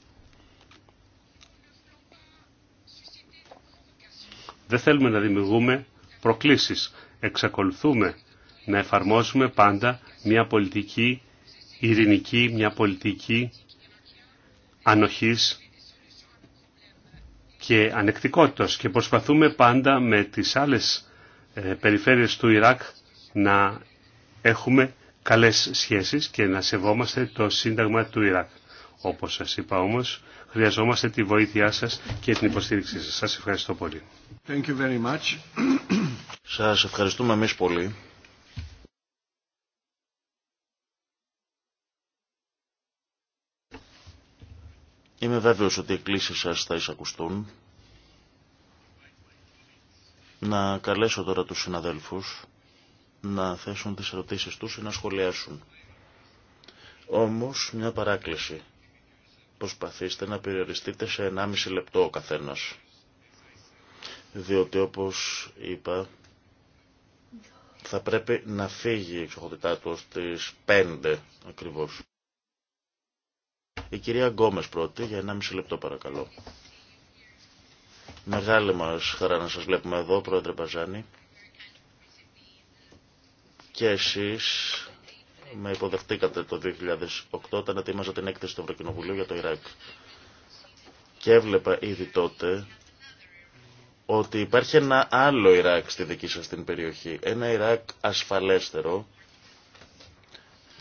Δεν θέλουμε να δημιουργούμε προκλήσεις. Εξακολουθούμε να εφαρμόσουμε πάντα μια πολιτική ειρηνική, μια πολιτική ανοχής και ανεκτικότητας και προσπαθούμε πάντα με τις άλλες ε, περιφέρειες του Ιράκ να έχουμε καλές σχέσεις και να σεβόμαστε το Σύνταγμα του Ιράκ. Όπως σας είπα όμως, χρειαζόμαστε τη βοήθειά σας και την υποστήριξή σας. Σας ευχαριστώ πολύ. Thank you very much. Σας ευχαριστούμε εμείς πολύ. Είμαι βέβαιος ότι οι κλήσεις σας θα εισακουστούν. Να καλέσω τώρα τους συναδέλφους να θέσουν τις ερωτήσεις τους ή να σχολιάσουν. Όμως, μια παράκληση. Προσπαθήστε να περιοριστείτε σε 1,5 λεπτό ο καθένας. Διότι, όπως είπα, θα πρέπει να φύγει η εξοχότητά του στις 5 ακριβώς. Η κυρία Γκόμες πρώτη, για 1,5 λεπτό παρακαλώ. Μεγάλη μας χαρά να σας βλέπουμε εδώ, πρόεδρε Μπαζάνη. Και εσείς με υποδεχτήκατε το 2008 όταν ετοίμαζα την έκθεση του Ευρωκοινοβουλίου για το Ιράκ. Και έβλεπα ήδη τότε ότι υπάρχει ένα άλλο Ιράκ στη δική σας την περιοχή. Ένα Ιράκ ασφαλέστερο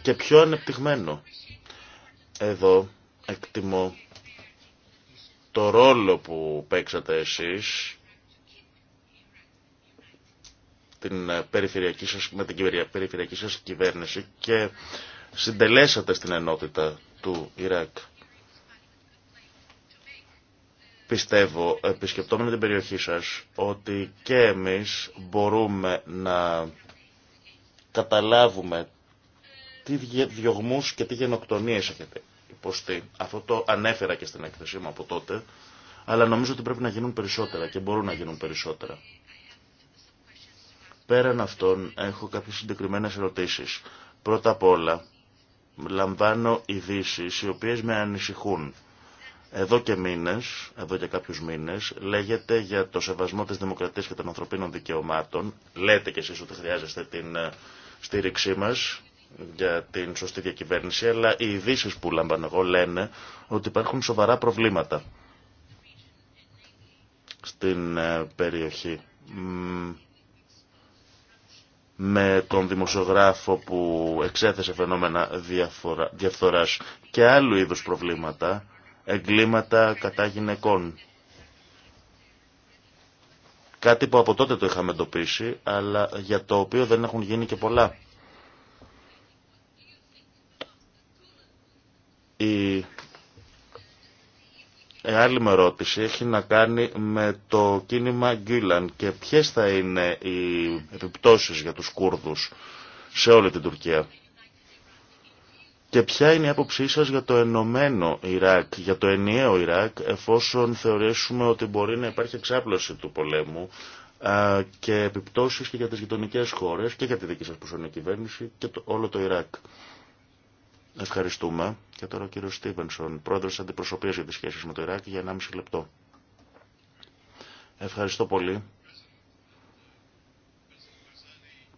και πιο ανεπτυγμένο. Εδώ εκτιμώ το ρόλο που παίξατε εσείς την ε, περιφερειακή σας, με την περιφερειακή σας κυβέρνηση και συντελέσατε στην ενότητα του Ιράκ. Πιστεύω, επισκεπτόμενοι την περιοχή σας, ότι και εμείς μπορούμε να καταλάβουμε τι διωγμούς και τι γενοκτονίες έχετε υποστεί. Αυτό το ανέφερα και στην έκθεσή μου από τότε, αλλά νομίζω ότι πρέπει να γίνουν περισσότερα και μπορούν να γίνουν περισσότερα. Πέραν αυτών έχω κάποιες συγκεκριμένες ερωτήσεις. Πρώτα απ' όλα, λαμβάνω ειδήσει οι οποίες με ανησυχούν. Εδώ και μήνες, εδώ και κάποιους μήνες, λέγεται για το σεβασμό της δημοκρατίας και των ανθρωπίνων δικαιωμάτων. Λέτε κι εσείς ότι χρειάζεστε την ε, στήριξή μας για την σωστή διακυβέρνηση, αλλά οι ειδήσει που λαμβάνω εγώ λένε ότι υπάρχουν σοβαρά προβλήματα στην ε, περιοχή με τον δημοσιογράφο που εξέθεσε φαινόμενα διαφθορά διαφθοράς και άλλου είδους προβλήματα, εγκλήματα κατά γυναικών. Κάτι που από τότε το είχαμε εντοπίσει, αλλά για το οποίο δεν έχουν γίνει και πολλά. Η η ε, άλλη με ερώτηση έχει να κάνει με το κίνημα Γκίλαν και ποιες θα είναι οι επιπτώσεις για τους Κούρδους σε όλη την Τουρκία. Και ποια είναι η άποψή σας για το ενωμένο Ιράκ, για το ενιαίο Ιράκ, εφόσον θεωρήσουμε ότι μπορεί να υπάρχει εξάπλωση του πολέμου και επιπτώσεις και για τις γειτονικές χώρες και για τη δική σας προσωπική κυβέρνηση και όλο το Ιράκ. Ευχαριστούμε. Και τώρα ο κύριο Στίβενσον, πρόεδρο τη Αντιπροσωπεία για τι σχέσει με το Ιράκ, για 1,5 λεπτό. Ευχαριστώ πολύ.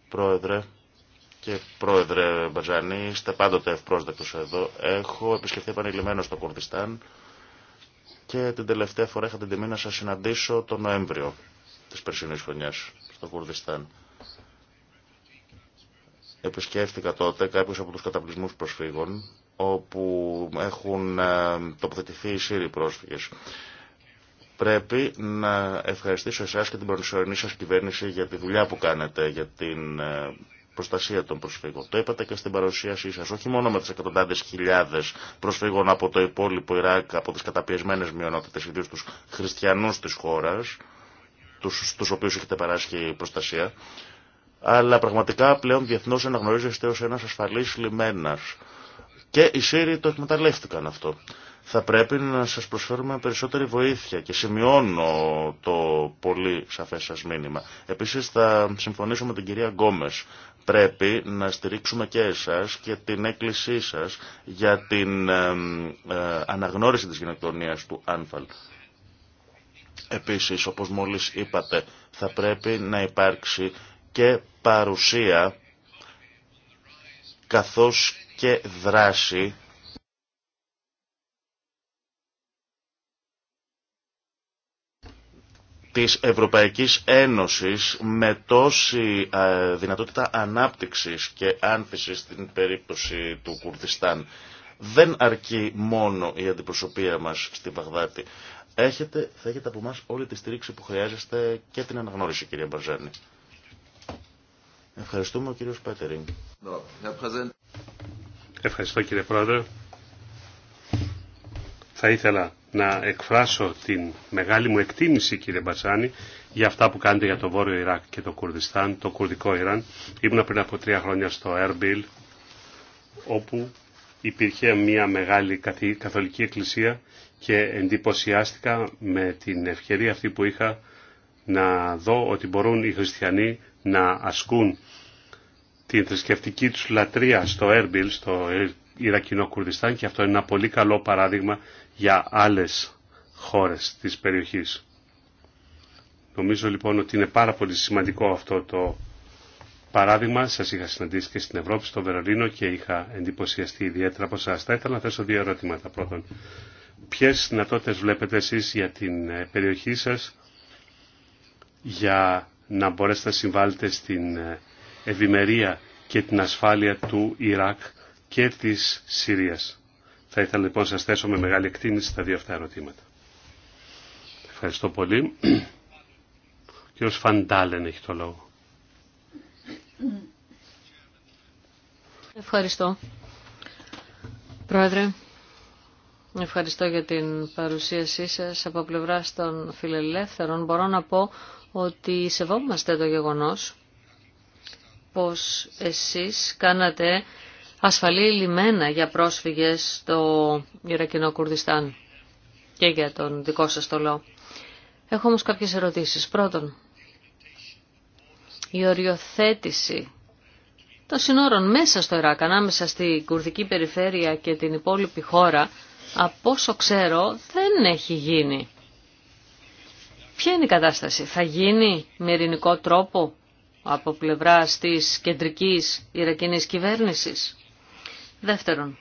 Πρόεδρε και πρόεδρε Μπατζανή, είστε πάντοτε ευπρόσδεκτο εδώ. Έχω επισκεφθεί επανειλημμένο στο Κουρδιστάν και την τελευταία φορά είχα την τιμή να σα συναντήσω τον Νοέμβριο τη περσινή χρονιά στο Κουρδιστάν. Επισκέφτηκα τότε κάποιους από τους καταπλησμούς προσφύγων όπου έχουν ε, τοποθετηθεί οι Σύριοι πρόσφυγες. Πρέπει να ευχαριστήσω εσάς και την προσωρινή σας κυβέρνηση για τη δουλειά που κάνετε για την ε, προστασία των προσφύγων. Το είπατε και στην παρουσίασή σας, όχι μόνο με τις εκατοντάδες χιλιάδες προσφύγων από το υπόλοιπο Ιράκ, από τις καταπιεσμένες μειονότητες, ιδίως τους χριστιανούς της χώρας, τους, στους οποίους έχετε παράσχει προστασία, αλλά πραγματικά πλέον διεθνώς αναγνωρίζεστε ως ένας ασφαλής λιμένας και οι Σύριοι το εκμεταλλεύτηκαν αυτό. Θα πρέπει να σας προσφέρουμε περισσότερη βοήθεια και σημειώνω το πολύ σαφές σας μήνυμα. Επίσης θα συμφωνήσω με την κυρία Γκόμες. Πρέπει να στηρίξουμε και εσάς και την έκκλησή σας για την ε, αναγνώριση της γενοκτονίας του Άνφαλ. Επίσης, όπως μόλις είπατε, θα πρέπει να υπάρξει και παρουσία καθώς και δράση της Ευρωπαϊκής Ένωσης με τόση δυνατότητα ανάπτυξης και άνθησης στην περίπτωση του Κουρδιστάν. Δεν αρκεί μόνο η αντιπροσωπεία μας στη Βαγδάτη. Έχετε, θα έχετε από μας όλη τη στήριξη που χρειάζεστε και την αναγνώριση, κυρία Μπαρζάνη. Ευχαριστούμε, ο κύριος Πέτερινγκ. Ευχαριστώ κύριε Πρόεδρε. Θα ήθελα να εκφράσω την μεγάλη μου εκτίμηση κύριε Μπατσάνη για αυτά που κάνετε για το Βόρειο Ιράκ και το Κουρδιστάν, το κουρδικό Ιράν. Ήμουν πριν από τρία χρόνια στο Έρμπιλ όπου υπήρχε μια μεγάλη καθολική εκκλησία και εντυπωσιάστηκα με την ευκαιρία αυτή που είχα να δω ότι μπορούν οι χριστιανοί να ασκούν την θρησκευτική τους λατρεία στο Έρμπιλ, στο Ιρακινό Κουρδιστάν και αυτό είναι ένα πολύ καλό παράδειγμα για άλλες χώρες της περιοχής. Νομίζω λοιπόν ότι είναι πάρα πολύ σημαντικό αυτό το παράδειγμα. Σας είχα συναντήσει και στην Ευρώπη, στο Βερολίνο και είχα εντυπωσιαστεί ιδιαίτερα από εσάς. Θα ήθελα να θέσω δύο ερωτήματα. Πρώτον, ποιες δυνατότητε βλέπετε εσείς για την ε, περιοχή σας για να μπορέσετε να συμβάλλετε στην ε, ευημερία και την ασφάλεια του Ιράκ και της Συρίας. Θα ήθελα λοιπόν να σας θέσω με μεγάλη εκτίμηση τα δύο αυτά ερωτήματα. Ευχαριστώ πολύ. Ο Φαντάλεν έχει το λόγο. Ευχαριστώ. Πρόεδρε, ευχαριστώ για την παρουσίασή σας από πλευράς των φιλελεύθερων. Μπορώ να πω ότι σεβόμαστε το γεγονός πως εσείς κάνατε ασφαλή λιμένα για πρόσφυγες στο Ιρακινό Κουρδιστάν και για τον δικό σας το λόγο. Έχω όμως κάποιες ερωτήσεις. Πρώτον, η οριοθέτηση των συνόρων μέσα στο Ιράκ, ανάμεσα στη κουρδική περιφέρεια και την υπόλοιπη χώρα, από όσο ξέρω δεν έχει γίνει. Ποια είναι η κατάσταση, θα γίνει με ειρηνικό τρόπο από πλευράς της κεντρικής Ιρακινής κυβέρνησης. Δεύτερον,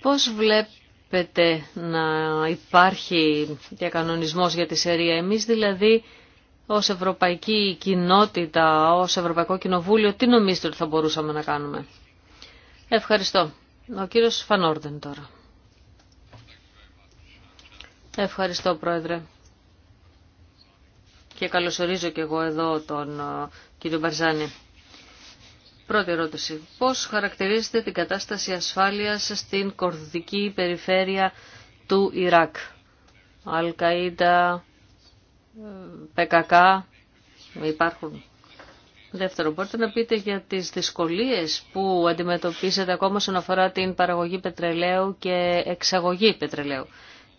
πώς βλέπετε να υπάρχει διακανονισμός για τη Σερία. Εμείς δηλαδή ως Ευρωπαϊκή Κοινότητα, ως Ευρωπαϊκό Κοινοβούλιο, τι νομίζετε ότι θα μπορούσαμε να κάνουμε. Ευχαριστώ. Ο κύριος Φανόρδεν τώρα. Ευχαριστώ Πρόεδρε. Και καλωσορίζω και εγώ εδώ τον ε, κύριο Μπαρζάνη. Πρώτη ερώτηση. Πώς χαρακτηρίζετε την κατάσταση ασφάλειας στην κορδική περιφέρεια του Ιράκ. Αλκαΐντα, ε, ΠΚΚ, υπάρχουν. Δεύτερο, μπορείτε να πείτε για τις δυσκολίες που αντιμετωπίζετε ακόμα όσον αφορά την παραγωγή πετρελαίου και εξαγωγή πετρελαίου.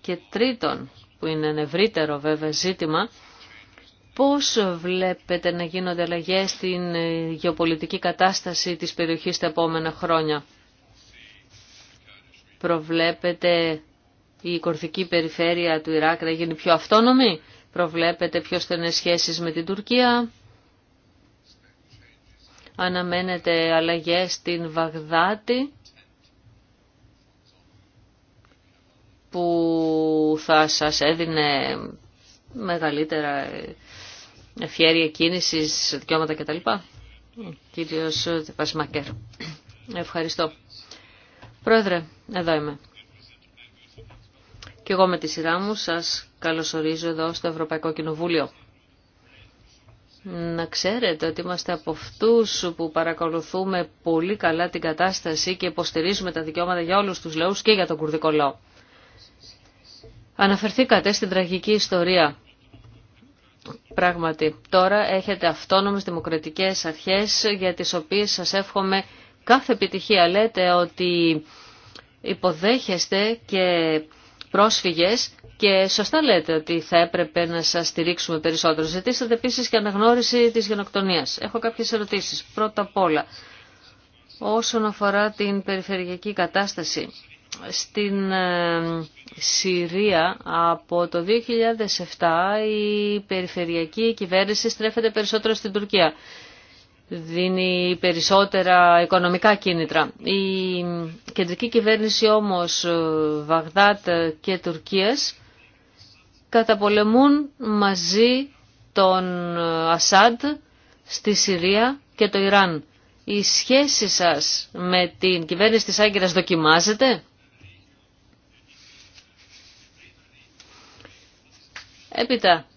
Και τρίτον, που είναι ένα ευρύτερο βέβαια ζήτημα, πώς βλέπετε να γίνονται αλλαγέ στην ε, γεωπολιτική κατάσταση της περιοχής τα επόμενα χρόνια. Προβλέπετε η κορδική περιφέρεια του Ιράκ να γίνει πιο αυτόνομη. Προβλέπετε πιο στενές σχέσεις με την Τουρκία. Αναμένετε αλλαγές στην Βαγδάτη που θα σας έδινε μεγαλύτερα ευχαίρεια κίνησης, δικαιώματα κτλ. Κύριος Πασμακέρ. Ευχαριστώ. Πρόεδρε, εδώ είμαι. Και εγώ με τη σειρά μου σας καλωσορίζω εδώ στο Ευρωπαϊκό Κοινοβούλιο. Να ξέρετε ότι είμαστε από αυτού που παρακολουθούμε πολύ καλά την κατάσταση και υποστηρίζουμε τα δικαιώματα για όλους τους λαούς και για τον κουρδικό λαό. Αναφερθήκατε στην τραγική ιστορία. Πράγματι, τώρα έχετε αυτόνομες δημοκρατικές αρχές για τις οποίες σας εύχομαι κάθε επιτυχία. Λέτε ότι υποδέχεστε και πρόσφυγες και σωστά λέτε ότι θα έπρεπε να σας στηρίξουμε περισσότερο. Ζητήσατε επίσης και αναγνώριση της γενοκτονίας. Έχω κάποιες ερωτήσεις. Πρώτα απ' όλα, όσον αφορά την περιφερειακή κατάσταση, στην ε, Συρία από το 2007 η περιφερειακή κυβέρνηση στρέφεται περισσότερο στην Τουρκία. Δίνει περισσότερα οικονομικά κίνητρα. Η κεντρική κυβέρνηση όμως ε, Βαγδάτ και Τουρκίας καταπολεμούν μαζί τον ε, Ασάντ στη Συρία και το Ιράν. Η σχέση σας με την κυβέρνηση της Άγκυρας δοκιμάζεται. Έπειτα,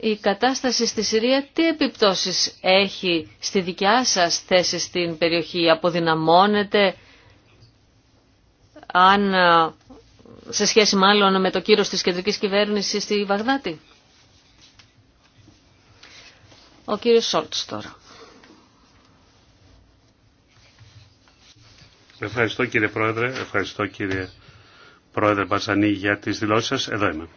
η κατάσταση στη Συρία τι επιπτώσεις έχει στη δικιά σας θέση στην περιοχή. Αποδυναμώνεται αν, ε, σε σχέση μάλλον με το κύρος της κεντρικής κυβέρνησης στη Βαγδάτη. Ο κύριος Σόλτς τώρα. Ευχαριστώ κύριε Πρόεδρε, ευχαριστώ κύριε Πρόεδρε Μπαζανή για τις δηλώσεις σας. Εδώ είμαι.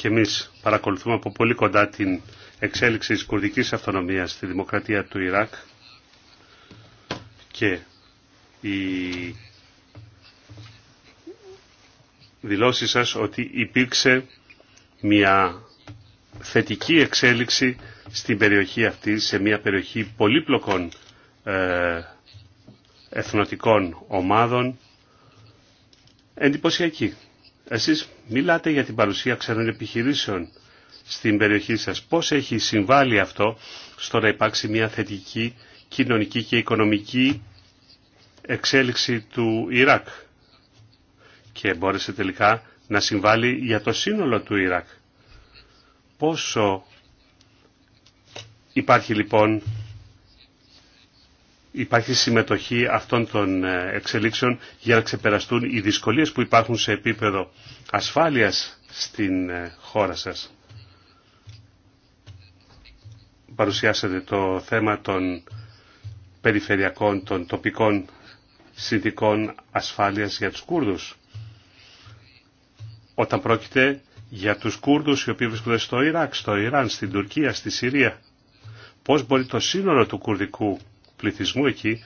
και εμείς παρακολουθούμε από πολύ κοντά την εξέλιξη της κουρδικής αυτονομίας στη δημοκρατία του Ιράκ και η δηλώσει σας ότι υπήρξε μια θετική εξέλιξη στην περιοχή αυτή, σε μια περιοχή πολύπλοκων ε, εθνοτικών ομάδων, εντυπωσιακή. Εσείς μιλάτε για την παρουσία ξένων επιχειρήσεων στην περιοχή σας. Πώς έχει συμβάλει αυτό στο να υπάρξει μια θετική κοινωνική και οικονομική εξέλιξη του Ιράκ και μπόρεσε τελικά να συμβάλει για το σύνολο του Ιράκ. Πόσο υπάρχει λοιπόν υπάρχει συμμετοχή αυτών των ε, εξελίξεων για να ξεπεραστούν οι δυσκολίες που υπάρχουν σε επίπεδο ασφάλειας στην ε, χώρα σας. Παρουσιάσατε το θέμα των περιφερειακών, των τοπικών συνθήκων ασφάλειας για τους Κούρδους. Όταν πρόκειται για τους Κούρδους οι οποίοι βρίσκονται στο Ιράκ, στο Ιράν, στην Τουρκία, στη Συρία, πώς μπορεί το σύνολο του κουρδικού πληθυσμού εκεί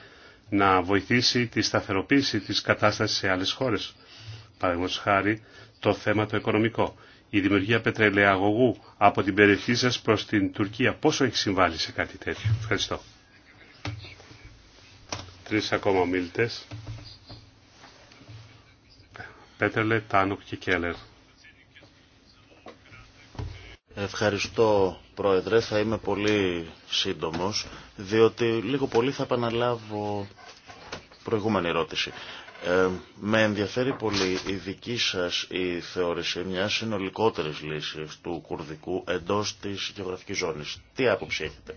να βοηθήσει τη σταθεροποίηση της κατάστασης σε άλλες χώρες. Παραδείγματος χάρη το θέμα το οικονομικό. Η δημιουργία πετρελαιαγωγού από την περιοχή σας προς την Τουρκία. Πόσο έχει συμβάλει σε κάτι τέτοιο. Ευχαριστώ. Τρεις ακόμα ομίλητες. Πέτρελε, Τάνοκ και Κέλλερ. Ευχαριστώ Πρόεδρε, θα είμαι πολύ σύντομος, διότι λίγο πολύ θα επαναλάβω προηγούμενη ερώτηση. Ε, με ενδιαφέρει πολύ η δική σας η θεώρηση μιας συνολικότερης λύσης του κουρδικού εντός της γεωγραφικής ζώνης. Τι άποψη έχετε.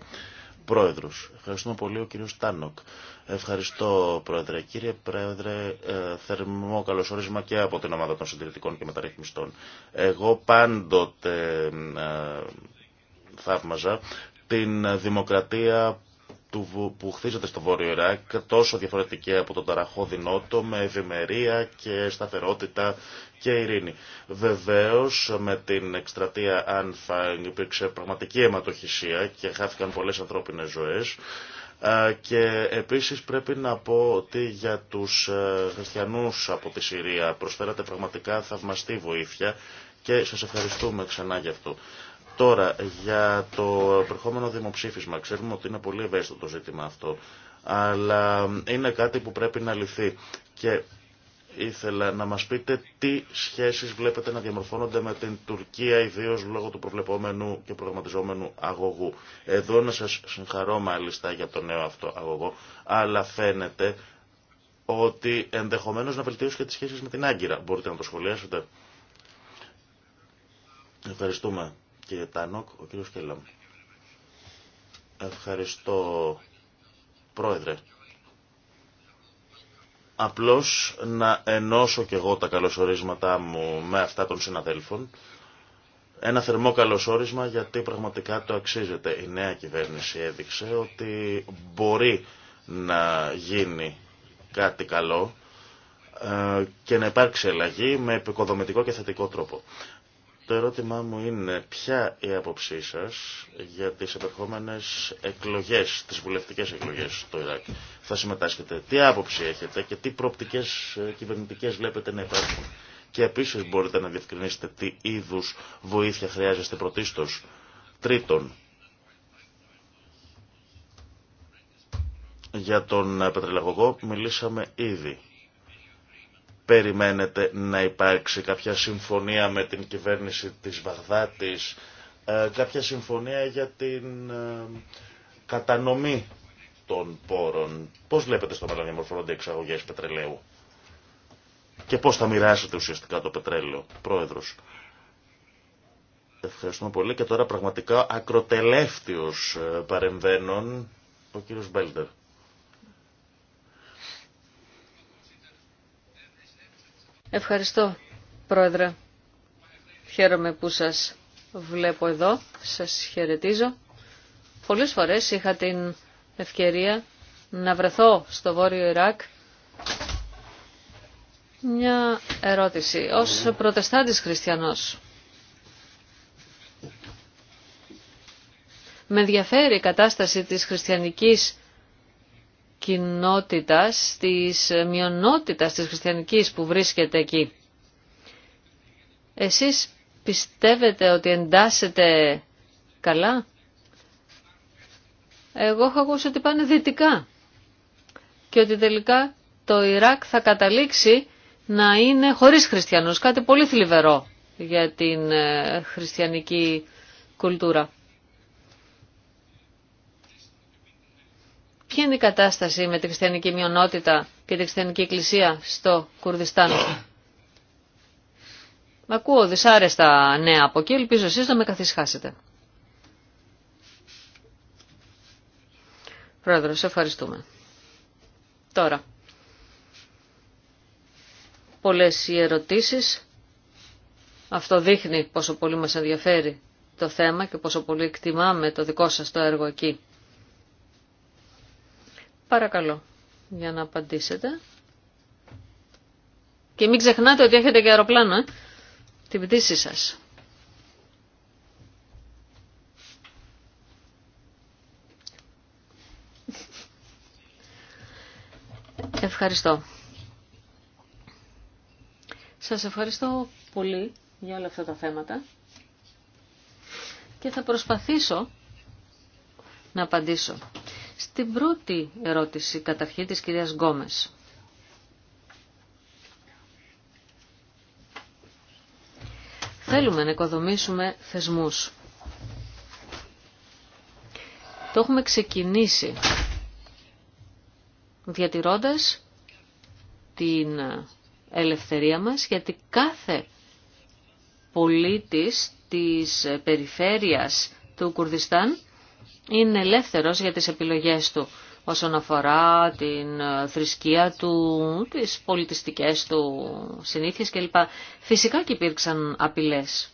Πρόεδρος. Ευχαριστούμε πολύ ο κύριος Τάνοκ. Ευχαριστώ Πρόεδρε. Κύριε Πρόεδρε, ε, θερμό καλωσόρισμα και από την ομάδα των συντηρητικών και μεταρρυθμιστών. Εγώ πάντοτε ε, θαύμαζα την δημοκρατία που χτίζεται στο Βόρειο Ιράκ τόσο διαφορετική από τον ταραχώδη Νότο με ευημερία και σταθερότητα και ειρήνη. Βεβαίω με την εκστρατεία Άνφα υπήρξε πραγματική αιματοχυσία και χάθηκαν πολλές ανθρώπινες ζωές και επίσης πρέπει να πω ότι για τους ε, χριστιανούς από τη Συρία προσφέρατε πραγματικά θαυμαστή βοήθεια και σας ευχαριστούμε ξανά γι' αυτό. Τώρα, για το προηγούμενο δημοψήφισμα, ξέρουμε ότι είναι πολύ ευαίσθητο το ζήτημα αυτό, αλλά είναι κάτι που πρέπει να λυθεί. Και ήθελα να μας πείτε τι σχέσεις βλέπετε να διαμορφώνονται με την Τουρκία, ιδίω λόγω του προβλεπόμενου και προγραμματιζόμενου αγωγού. Εδώ να σας συγχαρώ μάλιστα για το νέο αυτό αγωγό, αλλά φαίνεται ότι ενδεχομένως να βελτιώσει και τις σχέσεις με την Άγκυρα. Μπορείτε να το σχολιάσετε. Ευχαριστούμε κύριε Τάνοκ, ο κύριος Κελάμ. Ευχαριστώ, πρόεδρε. Απλώς να ενώσω και εγώ τα καλωσορίσματά μου με αυτά των συναδέλφων. Ένα θερμό καλωσόρισμα γιατί πραγματικά το αξίζεται. Η νέα κυβέρνηση έδειξε ότι μπορεί να γίνει κάτι καλό ε, και να υπάρξει αλλαγή με επικοδομητικό και θετικό τρόπο. Το ερώτημά μου είναι ποια η άποψή σας για τις επερχόμενες εκλογές, τις βουλευτικές εκλογές στο Ιράκ. Θα συμμετάσχετε. Τι άποψη έχετε και τι προοπτικές ε, κυβερνητικές βλέπετε να υπάρχουν. Και επίσης μπορείτε να διευκρινίσετε τι είδους βοήθεια χρειάζεστε πρωτίστως. Τρίτον, για τον ε, πετρελαγωγό μιλήσαμε ήδη περιμένετε να υπάρξει κάποια συμφωνία με την κυβέρνηση της Βαγδάτης, ε, κάποια συμφωνία για την ε, κατανομή των πόρων. Πώς βλέπετε στο μέλλον διαμορφώνονται οι εξαγωγές πετρελαίου και πώς θα μοιράσετε ουσιαστικά το πετρέλαιο, Πρόεδρος. Ευχαριστούμε πολύ και τώρα πραγματικά ακροτελεύτιος ε, παρεμβαίνων ο κύριος Μπέλτερ. Ευχαριστώ, Πρόεδρε. Χαίρομαι που σας βλέπω εδώ. Σας χαιρετίζω. Πολλές φορές είχα την ευκαιρία να βρεθώ στο Βόρειο Ιράκ. Μια ερώτηση. Ως προτεστάντης χριστιανός, με ενδιαφέρει η κατάσταση της χριστιανικής κοινότητας, της μειονότητας της χριστιανικής που βρίσκεται εκεί. Εσείς πιστεύετε ότι εντάσσετε καλά. Εγώ έχω ακούσει ότι πάνε δυτικά και ότι τελικά το Ιράκ θα καταλήξει να είναι χωρίς χριστιανούς. Κάτι πολύ θλιβερό για την ε, χριστιανική κουλτούρα. ποια είναι η κατάσταση με την χριστιανική μειονότητα και την χριστιανική εκκλησία στο Κουρδιστάν. Μ' ακούω δυσάρεστα νέα από εκεί, ελπίζω εσείς να με καθισχάσετε. Πρόεδρο, σε ευχαριστούμε. Τώρα, πολλές οι ερωτήσεις. Αυτό δείχνει πόσο πολύ μας ενδιαφέρει το θέμα και πόσο πολύ εκτιμάμε το δικό σας το έργο εκεί. Παρακαλώ, για να απαντήσετε. Και μην ξεχνάτε ότι έχετε και αεροπλάνο, ε? την πτήση σας. Ευχαριστώ. Σας ευχαριστώ πολύ για όλα αυτά τα θέματα και θα προσπαθήσω να απαντήσω. Στην πρώτη ερώτηση καταρχήν της κυρίας Γκόμες. Θέλουμε να οικοδομήσουμε θεσμούς. Το έχουμε ξεκινήσει διατηρώντας την ελευθερία μας γιατί κάθε πολίτης της περιφέρειας του Κουρδιστάν είναι ελεύθερος για τις επιλογές του όσον αφορά την ε, θρησκεία του, τις πολιτιστικές του συνήθειες κλπ. Φυσικά και υπήρξαν απειλές.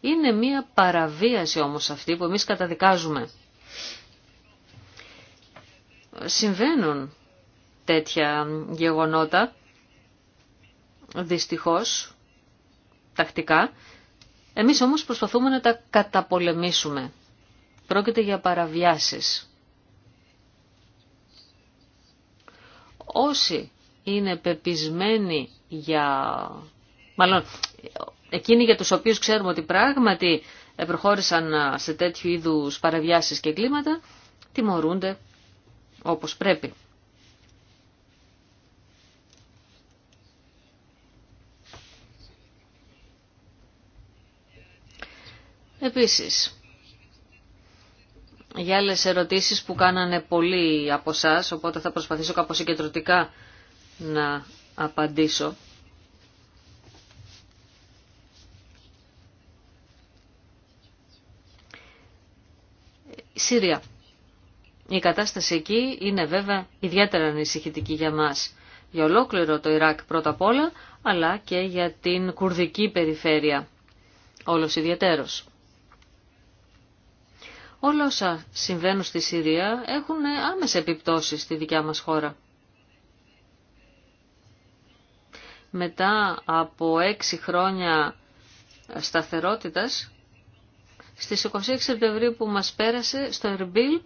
Είναι μία παραβίαση όμως αυτή που εμείς καταδικάζουμε. Συμβαίνουν τέτοια γεγονότα, δυστυχώς, τακτικά. Εμείς όμως προσπαθούμε να τα καταπολεμήσουμε. Πρόκειται για παραβιάσεις. Όσοι είναι πεπισμένοι για... Μάλλον, εκείνοι για τους οποίους ξέρουμε ότι πράγματι προχώρησαν σε τέτοιου είδους παραβιάσεις και κλίματα, τιμωρούνται όπως πρέπει. Επίσης, για άλλε ερωτήσεις που κάνανε πολλοί από εσά, οπότε θα προσπαθήσω κάπως συγκεντρωτικά να απαντήσω. Σύρια. Η κατάσταση εκεί είναι βέβαια ιδιαίτερα ανησυχητική για μας. Για ολόκληρο το Ιράκ πρώτα απ' όλα, αλλά και για την κουρδική περιφέρεια. Όλος ιδιαίτερος. Όλα όσα συμβαίνουν στη Συρία έχουν άμεσα επιπτώσεις στη δικιά μας χώρα. Μετά από έξι χρόνια σταθερότητας, στις 26 Σεπτεμβρίου που μας πέρασε στο Ερμπίλ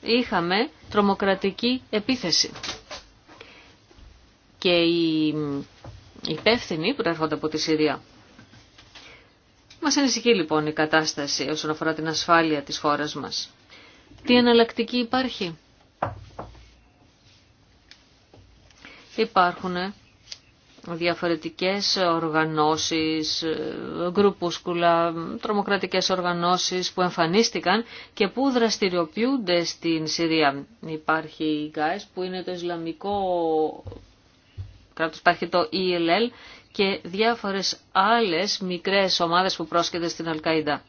είχαμε τρομοκρατική επίθεση. Και οι υπεύθυνοι που έρχονται από τη Συρία μας ανησυχεί λοιπόν η κατάσταση όσον αφορά την ασφάλεια της χώρας μας. Τι εναλλακτική υπάρχει. Υπάρχουν ε, διαφορετικές οργανώσεις, ε, γκρουπούσκουλα, τρομοκρατικές οργανώσεις που εμφανίστηκαν και που δραστηριοποιούνται στην Συρία. Υπάρχει η ΓΑΕΣ που είναι το Ισλαμικό κράτος, υπάρχει το ELL και διάφορες άλλες μικρές ομάδες που πρόσκειται στην Αλκαϊδά.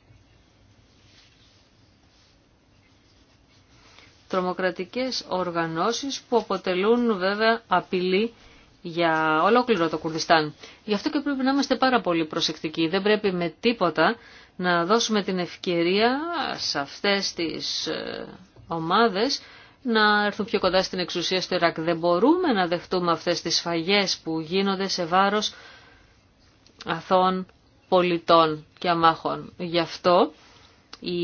Τρομοκρατικές οργανώσεις που αποτελούν βέβαια απειλή για ολόκληρο το Κουρδιστάν. Γι' αυτό και πρέπει να είμαστε πάρα πολύ προσεκτικοί. Δεν πρέπει με τίποτα να δώσουμε την ευκαιρία σε αυτές τις ε, ομάδες να έρθουν πιο κοντά στην εξουσία στο Ιράκ. Δεν μπορούμε να δεχτούμε αυτές τις φαγές που γίνονται σε βάρος αθών πολιτών και αμάχων. Γι' αυτό η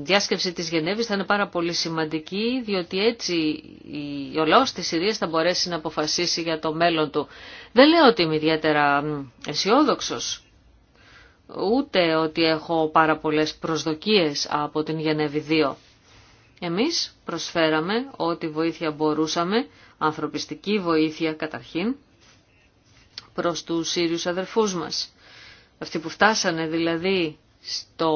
διάσκεψη της Γενέβης θα είναι πάρα πολύ σημαντική, διότι έτσι ο λαός της Συρίας θα μπορέσει να αποφασίσει για το μέλλον του. Δεν λέω ότι είμαι ιδιαίτερα αισιόδοξο. ούτε ότι έχω πάρα πολλές προσδοκίες από την Γενέβη 2. Εμείς προσφέραμε ό,τι βοήθεια μπορούσαμε, ανθρωπιστική βοήθεια καταρχήν, προς τους Σύριους αδερφούς μας. Αυτοί που φτάσανε δηλαδή στο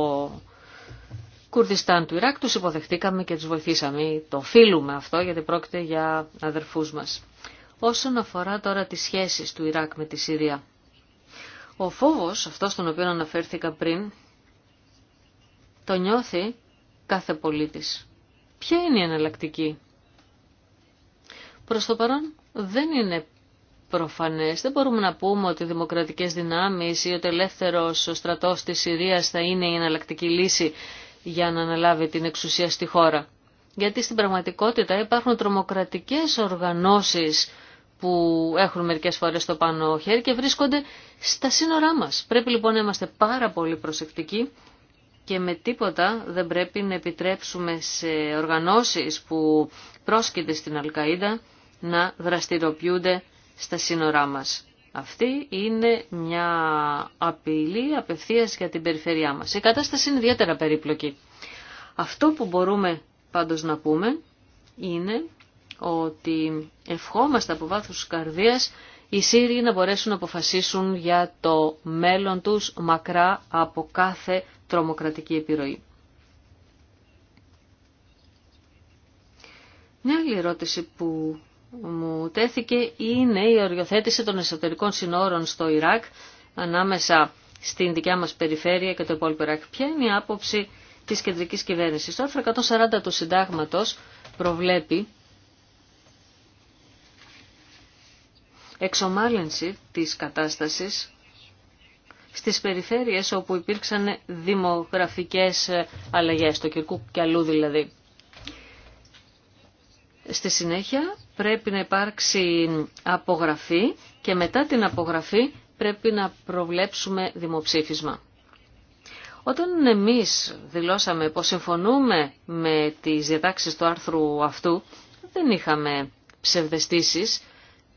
Κουρδιστάν του Ιράκ τους υποδεχτήκαμε και τους βοηθήσαμε. Το οφείλουμε αυτό γιατί πρόκειται για αδερφούς μας. Όσον αφορά τώρα τις σχέσεις του Ιράκ με τη Συρία. Ο φόβος, αυτός τον οποίο αναφέρθηκα πριν, το νιώθει κάθε πολίτης. Ποια είναι η εναλλακτική. Προς το παρόν δεν είναι προφανές. Δεν μπορούμε να πούμε ότι οι δημοκρατικές δυνάμεις ή ότι ελεύθερος ο στρατός της Συρίας θα είναι η εναλλακτική λύση για να αναλάβει την εξουσία στη χώρα. Γιατί στην πραγματικότητα υπάρχουν τρομοκρατικές οργανώσεις που έχουν μερικές φορές το πάνω χέρι και βρίσκονται στα σύνορά μας. Πρέπει λοιπόν να είμαστε πάρα πολύ προσεκτικοί και με τίποτα δεν πρέπει να επιτρέψουμε σε οργανώσεις που πρόσκειται στην Αλκαΐδα να δραστηριοποιούνται στα σύνορά μας. Αυτή είναι μια απειλή απευθείας για την περιφερειά μας. Η κατάσταση είναι ιδιαίτερα περίπλοκη. Αυτό που μπορούμε πάντως να πούμε είναι ότι ευχόμαστε από βάθους καρδίας οι Σύριοι να μπορέσουν να αποφασίσουν για το μέλλον τους μακρά από κάθε τρομοκρατική επιρροή. Μια άλλη ερώτηση που μου τέθηκε είναι η οριοθέτηση των εσωτερικών συνόρων στο Ιράκ ανάμεσα στην δικιά μας περιφέρεια και το υπόλοιπο Ιράκ. Ποια είναι η άποψη της κεντρικής κυβέρνησης. Το άρθρο 140 του συντάγματος προβλέπει εξομάλυνση της κατάστασης στις περιφέρειες όπου υπήρξαν δημογραφικές αλλαγές, το Κυρκού και αλλού δηλαδή. Στη συνέχεια πρέπει να υπάρξει απογραφή και μετά την απογραφή πρέπει να προβλέψουμε δημοψήφισμα. Όταν εμείς δηλώσαμε πως συμφωνούμε με τις διατάξεις του άρθρου αυτού, δεν είχαμε ψευδεστήσεις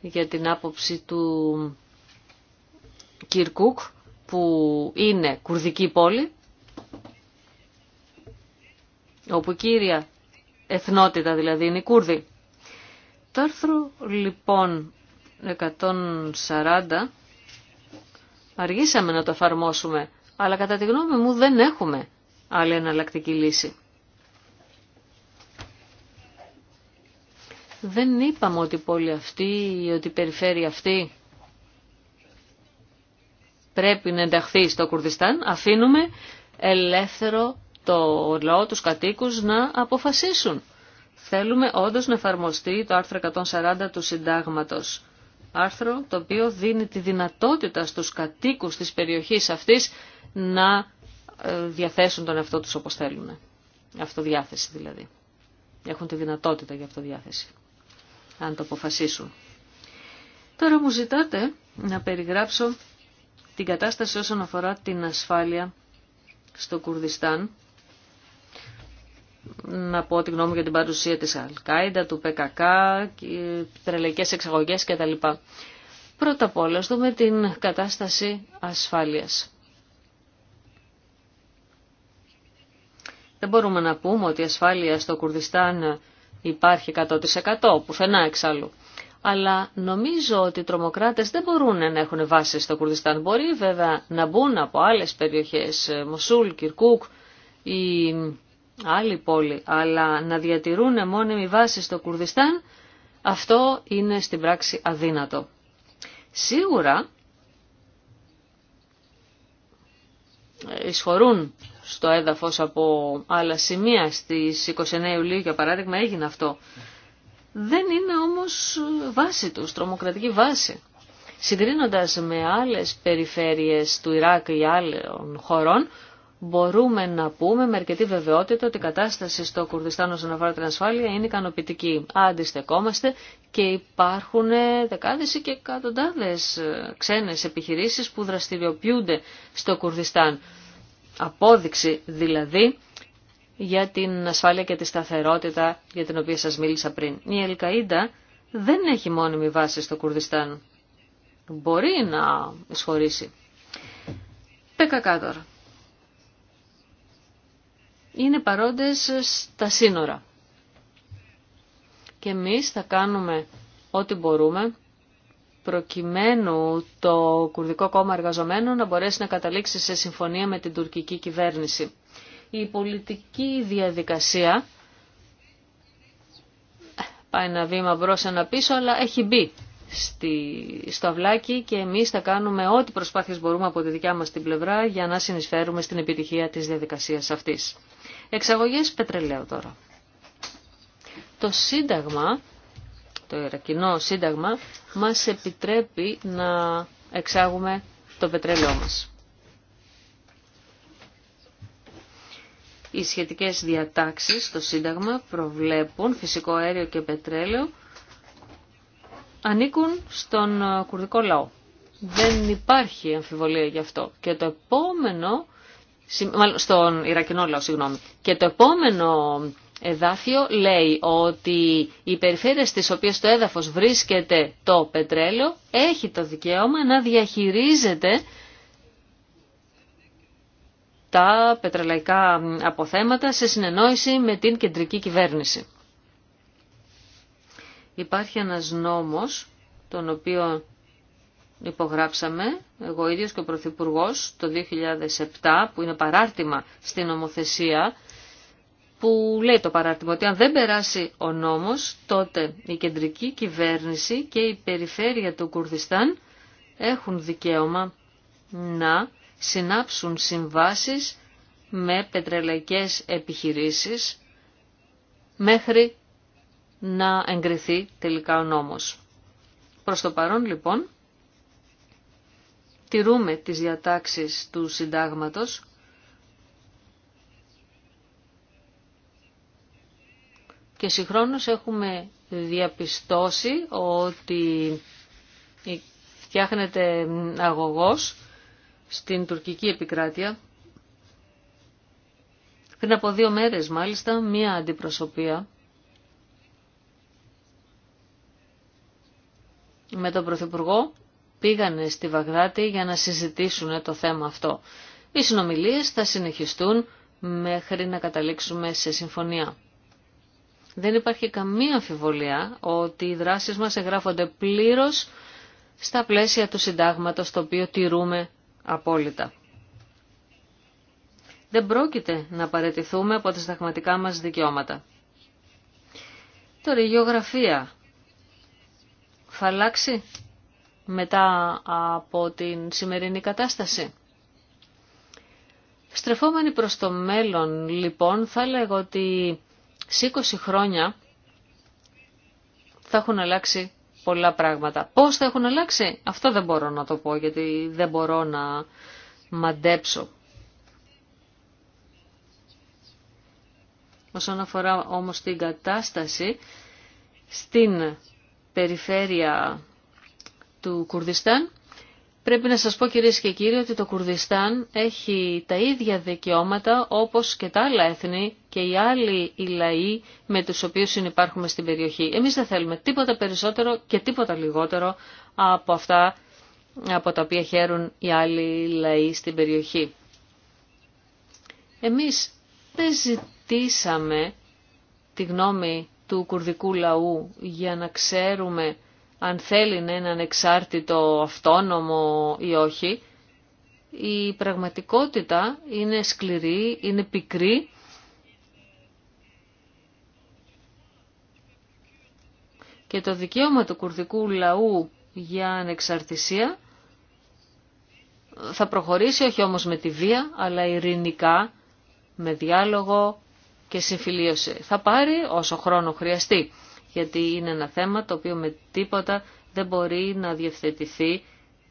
για την άποψη του Κυρκούκ, που είναι κουρδική πόλη, όπου κύρια εθνότητα δηλαδή είναι οι Κούρδοι. Το άρθρο λοιπόν 140 αργήσαμε να το εφαρμόσουμε, αλλά κατά τη γνώμη μου δεν έχουμε άλλη εναλλακτική λύση. Δεν είπαμε ότι η πόλη αυτή ή ότι η περιφέρεια αυτή πρέπει να ενταχθεί στο Κουρδιστάν. Αφήνουμε ελεύθερο το λαό, τους κατοίκους να αποφασίσουν. Θέλουμε όντω να εφαρμοστεί το άρθρο 140 του συντάγματο, Άρθρο το οποίο δίνει τη δυνατότητα στους κατοίκους της περιοχής αυτής να ε, διαθέσουν τον εαυτό τους όπω θέλουν. Αυτοδιάθεση δηλαδή. Έχουν τη δυνατότητα για αυτοδιάθεση, αν το αποφασίσουν. Τώρα μου ζητάτε να περιγράψω την κατάσταση όσον αφορά την ασφάλεια στο Κουρδιστάν να πω τη γνώμη για την παρουσία της Αλκάιντα, του ΠΚΚ, τρελαϊκές εξαγωγές κτλ. Πρώτα απ' όλα, δούμε την κατάσταση ασφάλειας. Δεν μπορούμε να πούμε ότι η ασφάλεια στο Κουρδιστάν υπάρχει 100% πουθενά εξάλλου. Αλλά νομίζω ότι οι τρομοκράτες δεν μπορούν να έχουν βάση στο Κουρδιστάν. Μπορεί βέβαια να μπουν από άλλες περιοχές, Μοσούλ, Κυρκούκ ή άλλη πόλη, αλλά να διατηρούν μόνιμη βάση στο Κουρδιστάν, αυτό είναι στην πράξη αδύνατο. Σίγουρα εισχωρούν στο έδαφος από άλλα σημεία στις 29 Ιουλίου για παράδειγμα έγινε αυτό. Δεν είναι όμως βάση τους, τρομοκρατική βάση. Συγκρίνοντας με άλλες περιφέρειες του Ιράκ ή άλλων χωρών, μπορούμε να πούμε με αρκετή βεβαιότητα ότι η κατάσταση στο Κουρδιστάν όσον αφορά την ασφάλεια είναι ικανοποιητική. Αντιστεκόμαστε και υπάρχουν δεκάδες και εκατοντάδες ε, ξένες επιχειρήσεις που δραστηριοποιούνται στο Κουρδιστάν. Απόδειξη δηλαδή για την ασφάλεια και τη σταθερότητα για την οποία σας μίλησα πριν. Η Ελκαΐντα δεν έχει μόνιμη βάση στο Κουρδιστάν. Μπορεί να εισχωρήσει. Πεκακά τώρα είναι παρόντες στα σύνορα. Και εμείς θα κάνουμε ό,τι μπορούμε προκειμένου το Κουρδικό Κόμμα Εργαζομένων να μπορέσει να καταλήξει σε συμφωνία με την τουρκική κυβέρνηση. Η πολιτική διαδικασία πάει ένα βήμα μπρος ένα πίσω, αλλά έχει μπει στη, στο αυλάκι και εμείς θα κάνουμε ό,τι προσπάθειες μπορούμε από τη δικιά μας την πλευρά για να συνεισφέρουμε στην επιτυχία της διαδικασίας αυτής. Εξαγωγές πετρελαίου τώρα. Το Σύνταγμα, το Ιρακινό Σύνταγμα, μας επιτρέπει να εξάγουμε το πετρέλαιό μας. Οι σχετικές διατάξεις στο Σύνταγμα προβλέπουν φυσικό αέριο και πετρέλαιο ανήκουν στον κουρδικό λαό. Δεν υπάρχει αμφιβολία γι' αυτό. Και το επόμενο στον Ιρακινό λαό, συγγνώμη. Και το επόμενο εδάφιο λέει ότι οι περιφέρειες στις οποίες το έδαφος βρίσκεται το πετρέλαιο έχει το δικαίωμα να διαχειρίζεται τα πετρελαϊκά αποθέματα σε συνεννόηση με την κεντρική κυβέρνηση. Υπάρχει ένας νόμος, τον οποίο υπογράψαμε, εγώ ίδιος και ο Πρωθυπουργό το 2007, που είναι παράρτημα στην νομοθεσία, που λέει το παράρτημα ότι αν δεν περάσει ο νόμος, τότε η κεντρική κυβέρνηση και η περιφέρεια του Κουρδιστάν έχουν δικαίωμα να συνάψουν συμβάσεις με πετρελαϊκές επιχειρήσεις μέχρι να εγκριθεί τελικά ο νόμος. Προς το παρόν λοιπόν τηρούμε τις διατάξεις του συντάγματος και συγχρόνως έχουμε διαπιστώσει ότι φτιάχνεται αγωγός στην τουρκική επικράτεια. Πριν από δύο μέρες μάλιστα μία αντιπροσωπεία με τον Πρωθυπουργό πήγανε στη Βαγδάτη για να συζητήσουν το θέμα αυτό. Οι συνομιλίες θα συνεχιστούν μέχρι να καταλήξουμε σε συμφωνία. Δεν υπάρχει καμία αμφιβολία ότι οι δράσεις μας εγγράφονται πλήρως στα πλαίσια του συντάγματος το οποίο τηρούμε απόλυτα. Δεν πρόκειται να παρετηθούμε από τα σταγματικά μας δικαιώματα. Τώρα η γεωγραφία θα αλλάξει μετά από την σημερινή κατάσταση. Στρεφόμενοι προς το μέλλον, λοιπόν, θα λέγω ότι σε 20 χρόνια θα έχουν αλλάξει πολλά πράγματα. Πώς θα έχουν αλλάξει, αυτό δεν μπορώ να το πω, γιατί δεν μπορώ να μαντέψω. Όσον αφορά όμως την κατάσταση, στην περιφέρεια του Κουρδιστάν. Πρέπει να σας πω κυρίες και κύριοι ότι το Κουρδιστάν έχει τα ίδια δικαιώματα όπως και τα άλλα έθνη και οι άλλοι οι λαοί με τους οποίους συνεπάρχουμε στην περιοχή. Εμείς δεν θέλουμε τίποτα περισσότερο και τίποτα λιγότερο από αυτά από τα οποία χαίρουν οι άλλοι λαοί στην περιοχή. Εμείς δεν ζητήσαμε τη γνώμη του κουρδικού λαού για να ξέρουμε αν θέλει να είναι ανεξάρτητο, αυτόνομο ή όχι, η πραγματικότητα είναι σκληρή, είναι πικρή και το δικαίωμα του κουρδικού λαού για ανεξαρτησία θα προχωρήσει όχι όμως με τη βία, αλλά ειρηνικά, με διάλογο και συμφιλίωση. Θα πάρει όσο χρόνο χρειαστεί γιατί είναι ένα θέμα το οποίο με τίποτα δεν μπορεί να διευθετηθεί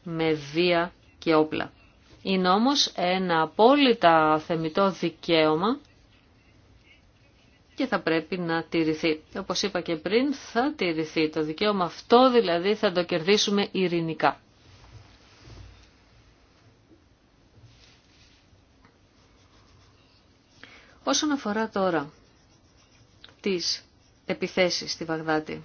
με βία και όπλα. Είναι όμως ένα απόλυτα θεμητό δικαίωμα και θα πρέπει να τηρηθεί. Όπως είπα και πριν, θα τηρηθεί. Το δικαίωμα αυτό δηλαδή θα το κερδίσουμε ειρηνικά. Όσον αφορά τώρα τις επιθέσεις στη Βαγδάτη.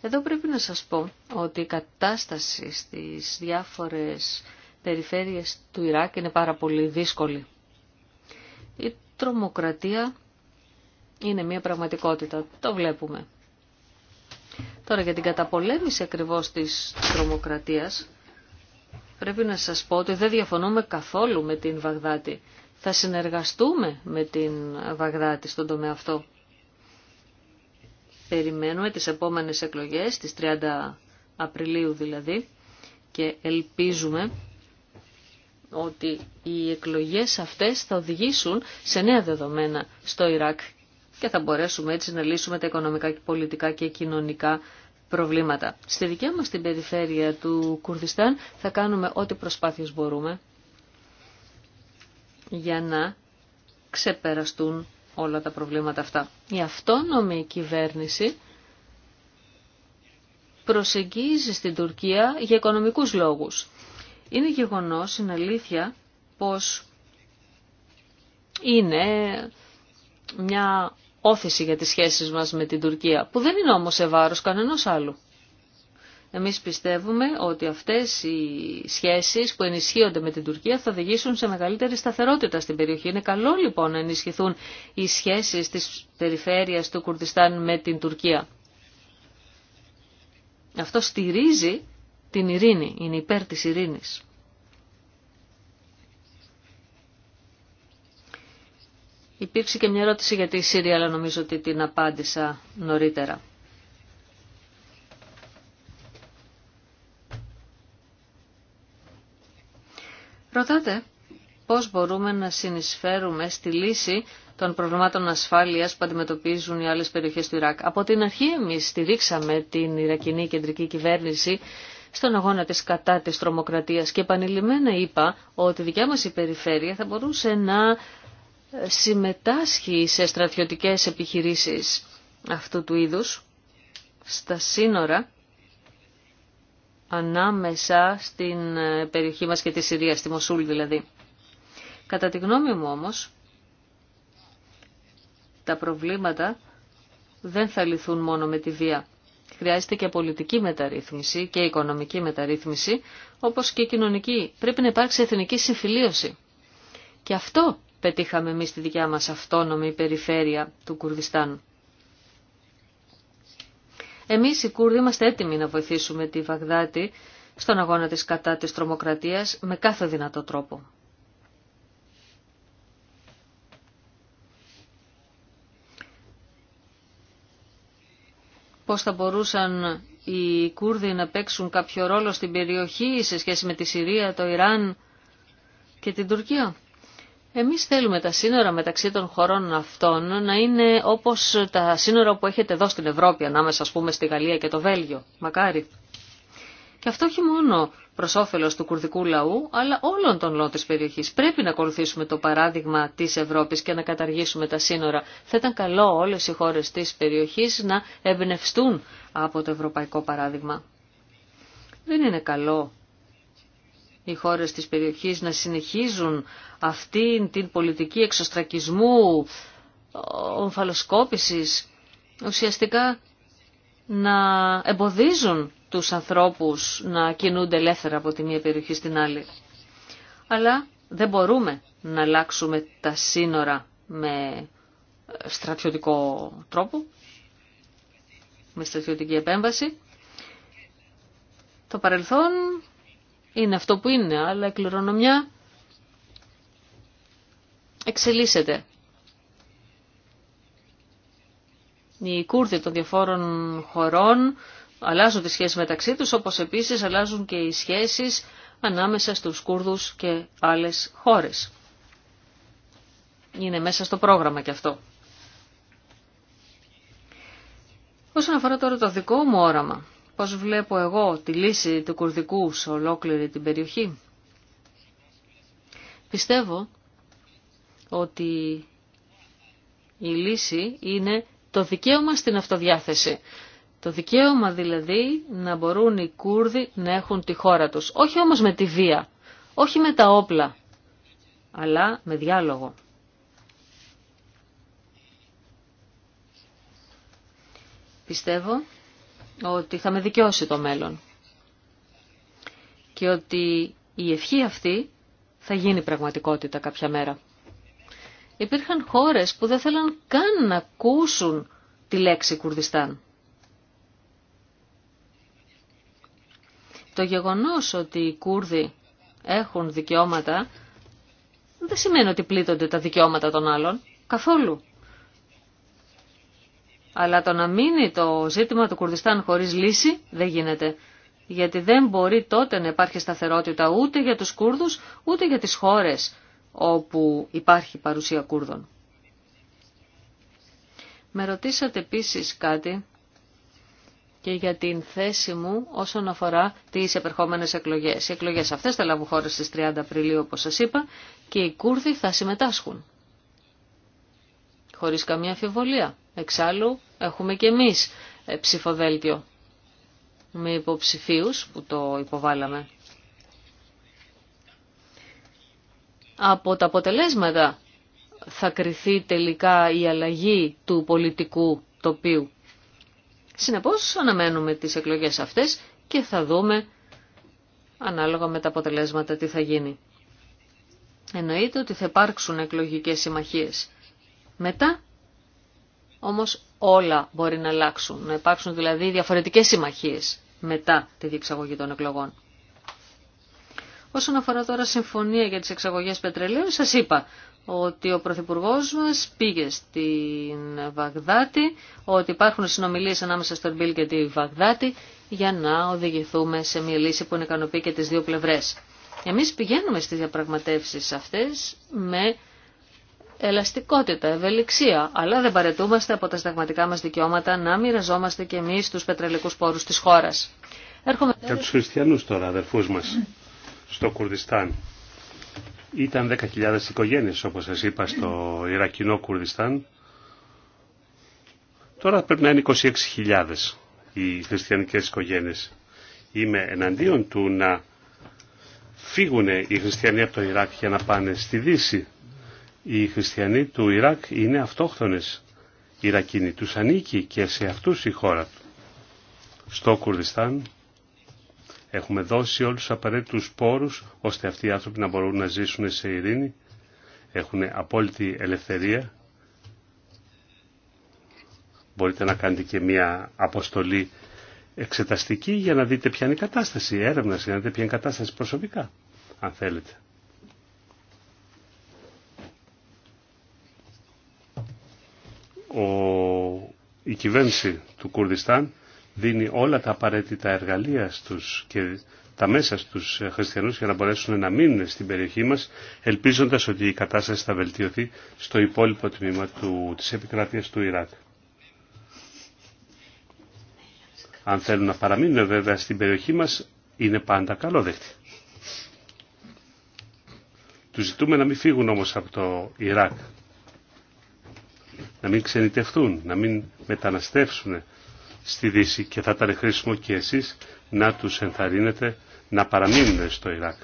Εδώ πρέπει να σας πω ότι η κατάσταση στις διάφορες περιφέρειες του Ιράκ είναι πάρα πολύ δύσκολη. Η τρομοκρατία είναι μια πραγματικότητα, το βλέπουμε. Τώρα για την καταπολέμηση ακριβώς της τρομοκρατίας πρέπει να σας πω ότι δεν διαφωνούμε καθόλου με την Βαγδάτη. Θα συνεργαστούμε με την Βαγδάτη στον τομέα αυτό περιμένουμε τις επόμενες εκλογές, τις 30 Απριλίου δηλαδή, και ελπίζουμε ότι οι εκλογές αυτές θα οδηγήσουν σε νέα δεδομένα στο Ιράκ και θα μπορέσουμε έτσι να λύσουμε τα οικονομικά, πολιτικά και κοινωνικά προβλήματα. Στη δικιά μας την περιφέρεια του Κουρδιστάν θα κάνουμε ό,τι προσπάθειες μπορούμε για να ξεπεραστούν όλα τα προβλήματα αυτά. Η αυτόνομη κυβέρνηση προσεγγίζει στην Τουρκία για οικονομικούς λόγους. Είναι γεγονός, είναι αλήθεια, πως είναι μια όθηση για τις σχέσεις μας με την Τουρκία, που δεν είναι όμως σε βάρος κανένας άλλου. Εμείς πιστεύουμε ότι αυτές οι σχέσεις που ενισχύονται με την Τουρκία θα οδηγήσουν σε μεγαλύτερη σταθερότητα στην περιοχή. Είναι καλό λοιπόν να ενισχυθούν οι σχέσεις της περιφέρειας του Κουρδιστάν με την Τουρκία. Αυτό στηρίζει την ειρήνη, είναι υπέρ της ειρήνης. Υπήρξε και μια ερώτηση για τη Σύρια, αλλά νομίζω ότι την απάντησα νωρίτερα. Ρωτάτε πώς μπορούμε να συνεισφέρουμε στη λύση των προβλημάτων ασφάλειας που αντιμετωπίζουν οι άλλες περιοχές του Ιράκ. Από την αρχή εμείς στηρίξαμε την Ιρακινή κεντρική κυβέρνηση στον αγώνα της κατά της τρομοκρατίας και επανειλημμένα είπα ότι η δικιά μας η περιφέρεια θα μπορούσε να συμμετάσχει σε στρατιωτικές επιχειρήσεις αυτού του είδους στα σύνορα ανάμεσα στην ε, περιοχή μας και τη Συρία, στη Μοσούλ δηλαδή. Κατά τη γνώμη μου όμως, τα προβλήματα δεν θα λυθούν μόνο με τη βία. Χρειάζεται και πολιτική μεταρρύθμιση και οικονομική μεταρρύθμιση, όπως και κοινωνική. Πρέπει να υπάρξει εθνική συμφιλίωση. Και αυτό πετύχαμε εμείς στη δικιά μας αυτόνομη περιφέρεια του Κουρδιστάν. Εμείς οι Κούρδοι είμαστε έτοιμοι να βοηθήσουμε τη Βαγδάτη στον αγώνα της κατά της τρομοκρατίας με κάθε δυνατό τρόπο. Πώς θα μπορούσαν οι Κούρδοι να παίξουν κάποιο ρόλο στην περιοχή σε σχέση με τη Συρία, το Ιράν και την Τουρκία. Εμείς θέλουμε τα σύνορα μεταξύ των χωρών αυτών να είναι όπως τα σύνορα που έχετε εδώ στην Ευρώπη, ανάμεσα ας πούμε στη Γαλλία και το Βέλγιο. Μακάρι. Και αυτό όχι μόνο προς όφελος του κουρδικού λαού, αλλά όλων των λόγων της περιοχής. Πρέπει να ακολουθήσουμε το παράδειγμα της Ευρώπης και να καταργήσουμε τα σύνορα. Θα ήταν καλό όλες οι χώρες της περιοχής να εμπνευστούν από το ευρωπαϊκό παράδειγμα. Δεν είναι καλό οι χώρες της περιοχής να συνεχίζουν αυτήν την πολιτική εξωστρακισμού, ομφαλοσκόπησης, ουσιαστικά να εμποδίζουν τους ανθρώπους να κινούνται ελεύθερα από τη μία περιοχή στην άλλη. Αλλά δεν μπορούμε να αλλάξουμε τα σύνορα με ε, στρατιωτικό τρόπο, με στρατιωτική επέμβαση. Το παρελθόν είναι αυτό που είναι, αλλά η κληρονομιά εξελίσσεται. Οι Κούρδοι των διαφόρων χωρών αλλάζουν τις σχέσεις μεταξύ τους, όπως επίσης αλλάζουν και οι σχέσεις ανάμεσα στους Κούρδους και άλλες χώρες. Είναι μέσα στο πρόγραμμα και αυτό. Όσον αφορά τώρα το δικό μου όραμα, πώς βλέπω εγώ τη λύση του Κουρδικού σε ολόκληρη την περιοχή. Πιστεύω ότι η λύση είναι το δικαίωμα στην αυτοδιάθεση. Το δικαίωμα δηλαδή να μπορούν οι Κούρδοι να έχουν τη χώρα τους. Όχι όμως με τη βία, όχι με τα όπλα, αλλά με διάλογο. Πιστεύω ότι θα με δικαιώσει το μέλλον και ότι η ευχή αυτή θα γίνει πραγματικότητα κάποια μέρα. Υπήρχαν χώρες που δεν θέλαν καν να ακούσουν τη λέξη Κουρδιστάν. Το γεγονός ότι οι Κούρδοι έχουν δικαιώματα δεν σημαίνει ότι πλήττονται τα δικαιώματα των άλλων. Καθόλου. Αλλά το να μείνει το ζήτημα του Κουρδιστάν χωρίς λύση δεν γίνεται. Γιατί δεν μπορεί τότε να υπάρχει σταθερότητα ούτε για τους Κούρδους, ούτε για τις χώρες όπου υπάρχει παρουσία Κούρδων. Με ρωτήσατε επίσης κάτι και για την θέση μου όσον αφορά τις επερχόμενες εκλογές. Οι εκλογές αυτές θα λάβουν χώρα στις 30 Απριλίου όπως σας είπα και οι Κούρδοι θα συμμετάσχουν. Χωρίς καμία αφιβολία. Εξάλλου έχουμε και εμείς ε, ψηφοδέλτιο με υποψηφίους που το υποβάλαμε. Από τα αποτελέσματα θα κριθεί τελικά η αλλαγή του πολιτικού τοπίου. Συνεπώς αναμένουμε τις εκλογές αυτές και θα δούμε ανάλογα με τα αποτελέσματα τι θα γίνει. Εννοείται ότι θα υπάρξουν εκλογικές συμμαχίες. Μετά όμως όλα μπορεί να αλλάξουν, να υπάρξουν δηλαδή διαφορετικές συμμαχίες μετά τη διεξαγωγή των εκλογών. Όσον αφορά τώρα συμφωνία για τις εξαγωγές πετρελαίου, σας είπα ότι ο Πρωθυπουργό μας πήγε στην Βαγδάτη, ότι υπάρχουν συνομιλίες ανάμεσα στον Μπίλ και τη Βαγδάτη για να οδηγηθούμε σε μια λύση που ικανοποιεί και τις δύο πλευρές. Εμείς πηγαίνουμε στις διαπραγματεύσεις αυτές με ελαστικότητα, ευελιξία, αλλά δεν παρετούμαστε από τα συνταγματικά μας δικαιώματα να μοιραζόμαστε και εμείς τους πετρελικούς πόρους της χώρας. Έρχομαι... Για τους χριστιανούς τώρα, αδερφούς μας, στο Κουρδιστάν. Ήταν 10.000 οικογένειες, όπως σας είπα, στο Ιρακινό Κουρδιστάν. Τώρα πρέπει να είναι 26.000 οι χριστιανικές οικογένειες. Είμαι εναντίον του να φύγουν οι χριστιανοί από το Ιράκ για να πάνε στη Δύση οι χριστιανοί του Ιράκ είναι αυτόχθονες Ιρακίνοι. Τους ανήκει και σε αυτούς η χώρα. Στο Κουρδιστάν έχουμε δώσει όλους τους απαραίτητους πόρους ώστε αυτοί οι άνθρωποι να μπορούν να ζήσουν σε ειρήνη. Έχουν απόλυτη ελευθερία. Μπορείτε να κάνετε και μια αποστολή εξεταστική για να δείτε ποια είναι η κατάσταση έρευνας, για να δείτε ποια είναι η κατάσταση προσωπικά, αν θέλετε. ο, η κυβέρνηση του Κουρδιστάν δίνει όλα τα απαραίτητα εργαλεία στους και τα μέσα στους ε, χριστιανούς για να μπορέσουν να μείνουν στην περιοχή μας, ελπίζοντας ότι η κατάσταση θα βελτιωθεί στο υπόλοιπο τμήμα του, της επικράτειας του Ιράκ. Αν θέλουν να παραμείνουν βέβαια στην περιοχή μας, είναι πάντα καλόδεκτοι. Τους ζητούμε να μην φύγουν όμως από το Ιράκ να μην ξενιτευτούν, να μην μεταναστεύσουν στη Δύση και θα ήταν χρήσιμο και εσείς να τους ενθαρρύνετε να παραμείνουν στο Ιράκ.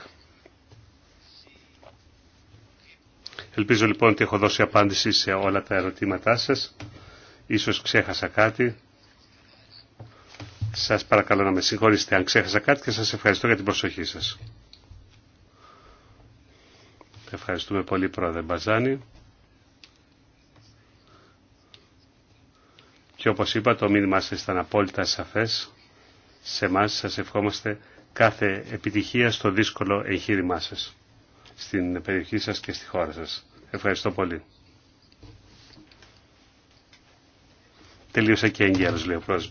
Ελπίζω λοιπόν ότι έχω δώσει απάντηση σε όλα τα ερωτήματά σας. Ίσως ξέχασα κάτι. Σας παρακαλώ να με συγχωρήσετε αν ξέχασα κάτι και σας ευχαριστώ για την προσοχή σας. Ευχαριστούμε πολύ πρόεδρε Μπαζάνη. Και όπως είπα το μήνυμά σας ήταν απόλυτα σαφές. Σε εμά σας ευχόμαστε κάθε επιτυχία στο δύσκολο εγχείρημά σας. Στην περιοχή σας και στη χώρα σας. Ευχαριστώ πολύ. Τελείωσε και έγκαιρος λέει ο πρόεδρος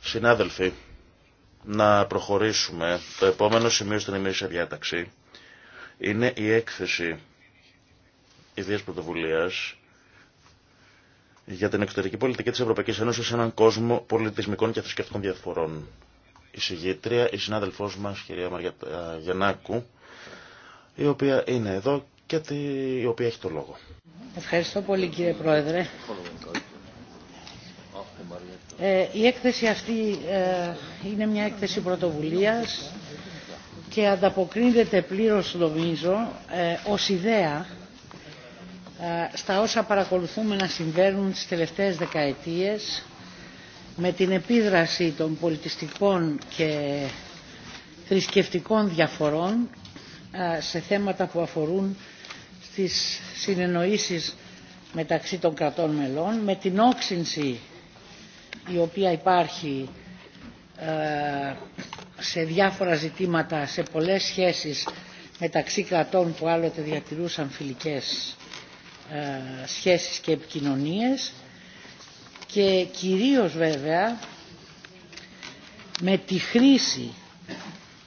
Συνάδελφοι, να προχωρήσουμε. Το επόμενο σημείο στην ημερήσια διάταξη είναι η έκθεση ιδίας πρωτοβουλίας για την εξωτερική πολιτική της Ευρωπαϊκής Ένωσης σε έναν κόσμο πολιτισμικών και θρησκευτικών διαφορών. Η συγγήτρια, η συνάδελφός μας, κυρία Μαριά ε, Γιαννάκου, η οποία είναι εδώ και η οποία έχει το λόγο. Ευχαριστώ πολύ κύριε Πρόεδρε. Ε, η έκθεση αυτή ε, είναι μια έκθεση πρωτοβουλίας και ανταποκρίνεται πλήρως νομίζω ε, ως ιδέα στα όσα παρακολουθούμε να συμβαίνουν τις τελευταίες δεκαετίες με την επίδραση των πολιτιστικών και θρησκευτικών διαφορών σε θέματα που αφορούν στις συνεννοήσεις μεταξύ των κρατών μελών με την όξυνση η οποία υπάρχει ε, σε διάφορα ζητήματα, σε πολλές σχέσεις μεταξύ κρατών που άλλοτε διατηρούσαν φιλικές ε, σχέσεις και επικοινωνίες και κυρίως βέβαια με τη χρήση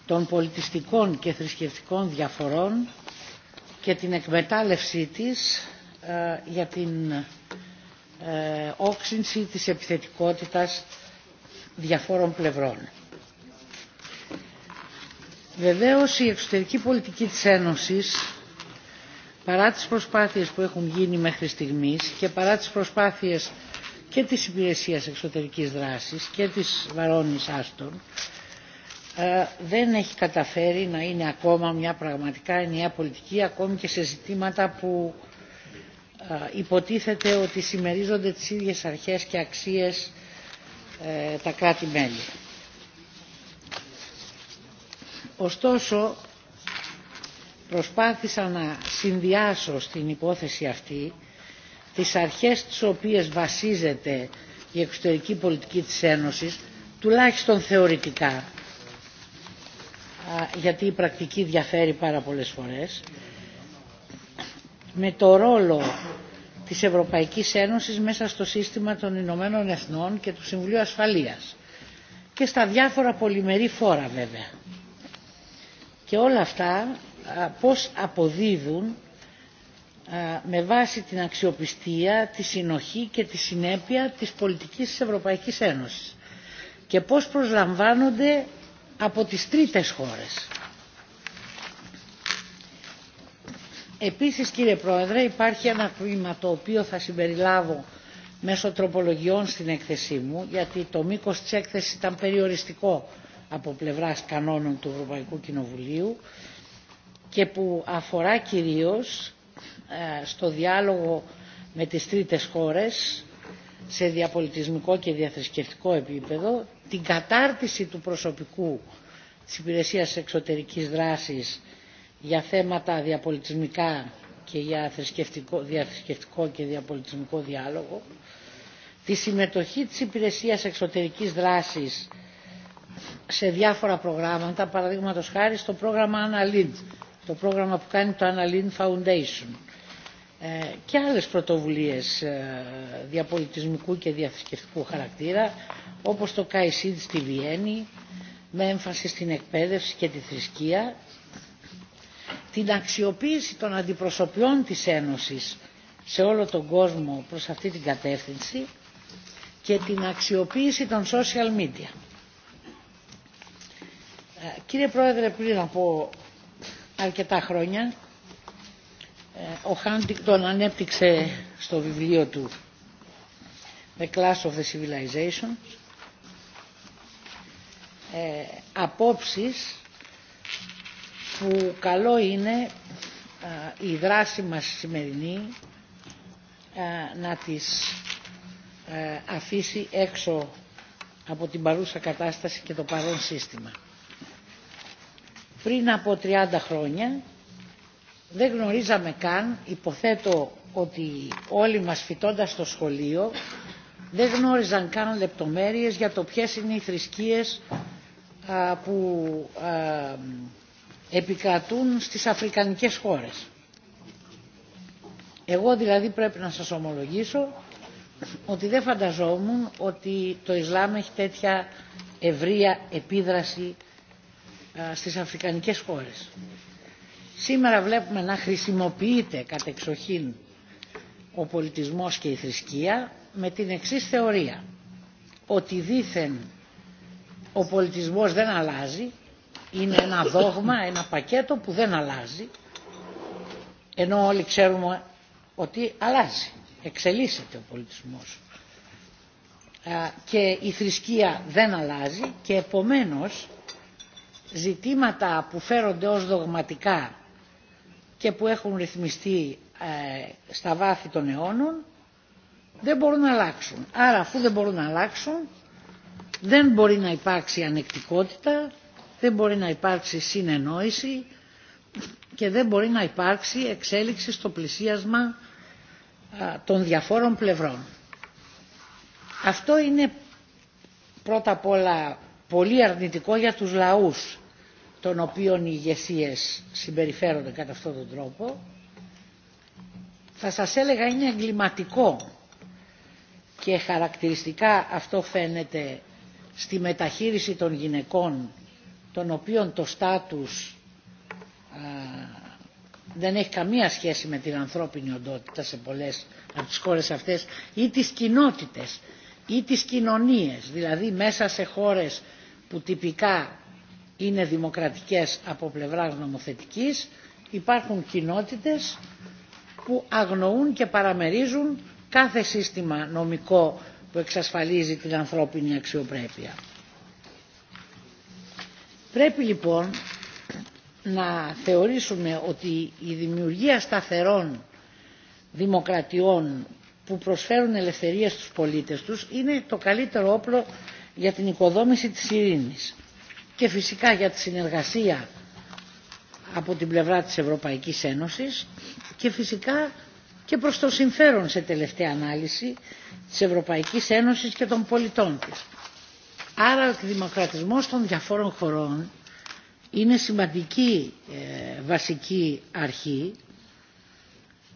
των πολιτιστικών και θρησκευτικών διαφορών και την εκμετάλλευσή της ε, για την ε, όξυνση της επιθετικότητας διαφόρων πλευρών. Βεβαίως η εξωτερική πολιτική της Ένωσης παρά τις προσπάθειες που έχουν γίνει μέχρι στιγμής και παρά τις προσπάθειες και της υπηρεσίας εξωτερικής δράσης και της Βαρόνης Άστον ε, δεν έχει καταφέρει να είναι ακόμα μια πραγματικά ενιαία πολιτική ακόμη και σε ζητήματα που ε, υποτίθεται ότι συμμερίζονται τις ίδιες αρχές και αξίες ε, τα κράτη-μέλη. Ωστόσο, προσπάθησα να συνδυάσω στην υπόθεση αυτή τις αρχές τις οποίες βασίζεται η εξωτερική πολιτική της Ένωσης, τουλάχιστον θεωρητικά, γιατί η πρακτική διαφέρει πάρα πολλές φορές, με το ρόλο της Ευρωπαϊκής Ένωσης μέσα στο σύστημα των Ηνωμένων Εθνών και του Συμβουλίου Ασφαλείας και στα διάφορα πολυμερή φόρα βέβαια. Και όλα αυτά πώς αποδίδουν με βάση την αξιοπιστία, τη συνοχή και τη συνέπεια της πολιτικής της Ευρωπαϊκής Ένωσης και πώς προσλαμβάνονται από τις τρίτες χώρες Επίσης κύριε Πρόεδρε υπάρχει ένα κλίμα το οποίο θα συμπεριλάβω μέσω τροπολογιών στην έκθεσή μου γιατί το μήκος της έκθεσης ήταν περιοριστικό από πλευράς κανόνων του Ευρωπαϊκού Κοινοβουλίου και που αφορά κυρίως ε, στο διάλογο με τις τρίτες χώρες σε διαπολιτισμικό και διαθρησκευτικό επίπεδο την κατάρτιση του προσωπικού της Υπηρεσίας Εξωτερικής Δράσης για θέματα διαπολιτισμικά και για θρησκευτικό, και διαπολιτισμικό διάλογο, τη συμμετοχή της Υπηρεσίας Εξωτερικής Δράσης σε διάφορα προγράμματα, παραδείγματο χάρη στο πρόγραμμα Αναλίντ, το πρόγραμμα που κάνει το Αναλίντ Foundation ε, και άλλες πρωτοβουλίες ε, διαπολιτισμικού και διαθρησκευτικού χαρακτήρα, όπως το ΚΑΙΣΥΔ στη Βιέννη, με έμφαση στην εκπαίδευση και τη θρησκεία την αξιοποίηση των αντιπροσωπιών της Ένωσης σε όλο τον κόσμο προς αυτή την κατεύθυνση και την αξιοποίηση των social media. Ε, κύριε Πρόεδρε, πριν από αρκετά χρόνια ε, ο τον ανέπτυξε στο βιβλίο του The Class of the Civilization ε, απόψεις που καλό είναι η δράση μας σημερινή να τις αφήσει έξω από την παρούσα κατάσταση και το παρόν σύστημα. Πριν από 30 χρόνια δεν γνωρίζαμε καν, υποθέτω ότι όλοι μας φοιτώντας στο σχολείο δεν γνώριζαν καν λεπτομέρειες για το ποιες είναι οι θρησκείες που επικρατούν στις αφρικανικές χώρες. Εγώ δηλαδή πρέπει να σας ομολογήσω ότι δεν φανταζόμουν ότι το Ισλάμ έχει τέτοια ευρεία επίδραση στις αφρικανικές χώρες. Σήμερα βλέπουμε να χρησιμοποιείται εξοχήν ο πολιτισμός και η θρησκεία με την εξή θεωρία ότι δήθεν ο πολιτισμός δεν αλλάζει είναι ένα δόγμα, ένα πακέτο που δεν αλλάζει, ενώ όλοι ξέρουμε ότι αλλάζει, εξελίσσεται ο πολιτισμός. Και η θρησκεία δεν αλλάζει και επομένως ζητήματα που φέρονται ως δογματικά και που έχουν ρυθμιστεί ε, στα βάθη των αιώνων δεν μπορούν να αλλάξουν. Άρα αφού δεν μπορούν να αλλάξουν δεν μπορεί να υπάρξει ανεκτικότητα, δεν μπορεί να υπάρξει συνεννόηση και δεν μπορεί να υπάρξει εξέλιξη στο πλησίασμα των διαφόρων πλευρών. Αυτό είναι πρώτα απ' όλα πολύ αρνητικό για τους λαούς των οποίων οι ηγεσίε συμπεριφέρονται κατά αυτόν τον τρόπο. Θα σας έλεγα είναι εγκληματικό και χαρακτηριστικά αυτό φαίνεται στη μεταχείριση των γυναικών τον οποίον το στάτους δεν έχει καμία σχέση με την ανθρώπινη οντότητα σε πολλές από τις χώρες αυτές ή τις κοινότητες ή τις κοινωνίες δηλαδή μέσα σε χώρες που τυπικά είναι δημοκρατικές από πλευρά νομοθετικής υπάρχουν κοινότητες που αγνοούν και παραμερίζουν κάθε σύστημα νομικό που εξασφαλίζει την ανθρώπινη αξιοπρέπεια. Πρέπει λοιπόν να θεωρήσουμε ότι η δημιουργία σταθερών δημοκρατιών που προσφέρουν ελευθερία στους πολίτες τους είναι το καλύτερο όπλο για την οικοδόμηση της ειρήνης και φυσικά για τη συνεργασία από την πλευρά της Ευρωπαϊκής Ένωσης και φυσικά και προς το συμφέρον σε τελευταία ανάλυση της Ευρωπαϊκής Ένωσης και των πολιτών της. Άρα ο δημοκρατισμός των διαφόρων χωρών είναι σημαντική ε, βασική αρχή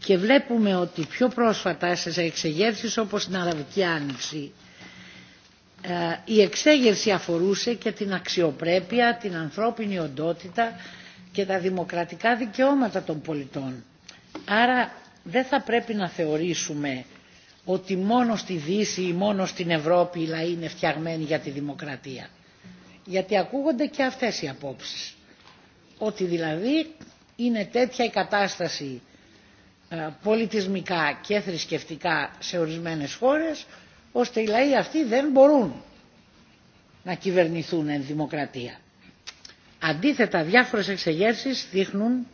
και βλέπουμε ότι πιο πρόσφατα σε εξεγέρσεις όπως την Αραβική Άνοιξη ε, η εξέγερση αφορούσε και την αξιοπρέπεια, την ανθρώπινη οντότητα και τα δημοκρατικά δικαιώματα των πολιτών. Άρα δεν θα πρέπει να θεωρήσουμε ότι μόνο στη Δύση ή μόνο στην Ευρώπη οι λαοί είναι φτιαγμένοι για τη δημοκρατία. Γιατί ακούγονται και αυτές οι απόψεις. Ότι δηλαδή είναι τέτοια η κατάσταση ε, πολιτισμικά και θρησκευτικά σε ορισμένες χώρες ώστε οι λαοί αυτοί δεν μπορούν να κυβερνηθούν εν δημοκρατία. Αντίθετα, διάφορες εξεγέρσεις δείχνουν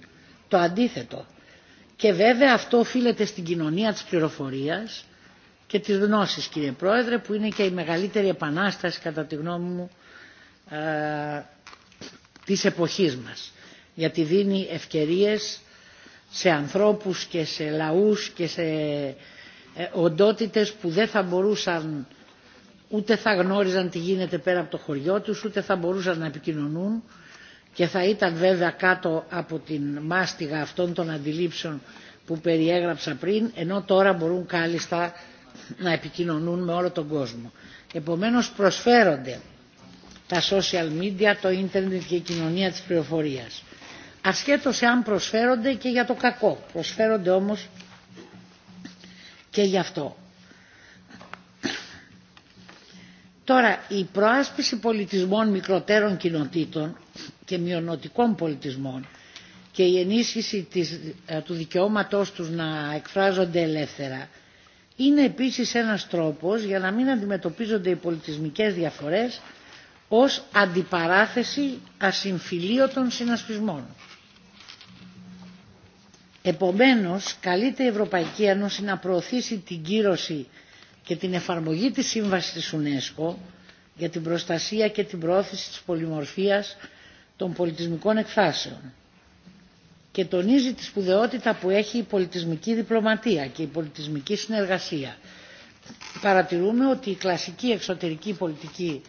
το αντίθετο. Και βέβαια αυτό οφείλεται στην κοινωνία της πληροφορίας και τις γνώσεις κύριε Πρόεδρε που είναι και η μεγαλύτερη επανάσταση κατά τη γνώμη μου ε, της εποχής μας γιατί δίνει ευκαιρίες σε ανθρώπους και σε λαούς και σε ε, οντότητες που δεν θα μπορούσαν ούτε θα γνώριζαν τι γίνεται πέρα από το χωριό τους ούτε θα μπορούσαν να επικοινωνούν και θα ήταν βέβαια κάτω από την μάστιγα αυτών των αντιλήψεων που περιέγραψα πριν ενώ τώρα μπορούν κάλλιστα να επικοινωνούν με όλο τον κόσμο. Επομένως προσφέρονται τα social media, το ίντερνετ και η κοινωνία της πληροφορίας. Ασχέτως εάν προσφέρονται και για το κακό. Προσφέρονται όμως και γι' αυτό. Τώρα, η προάσπιση πολιτισμών μικροτέρων κοινοτήτων και μειονοτικών πολιτισμών και η ενίσχυση ε, του δικαιώματός τους να εκφράζονται ελεύθερα είναι επίσης ένας τρόπος για να μην αντιμετωπίζονται οι πολιτισμικές διαφορές ως αντιπαράθεση ασυμφιλίωτων συνασπισμών. Επομένως, καλείται η Ευρωπαϊκή Ένωση να προωθήσει την κύρωση και την εφαρμογή της Σύμβασης της UNESCO για την προστασία και την προώθηση της πολυμορφίας των πολιτισμικών εκφάσεων και τονίζει τη σπουδαιότητα που έχει η πολιτισμική διπλωματία και η πολιτισμική συνεργασία. Παρατηρούμε ότι η κλασική εξωτερική πολιτική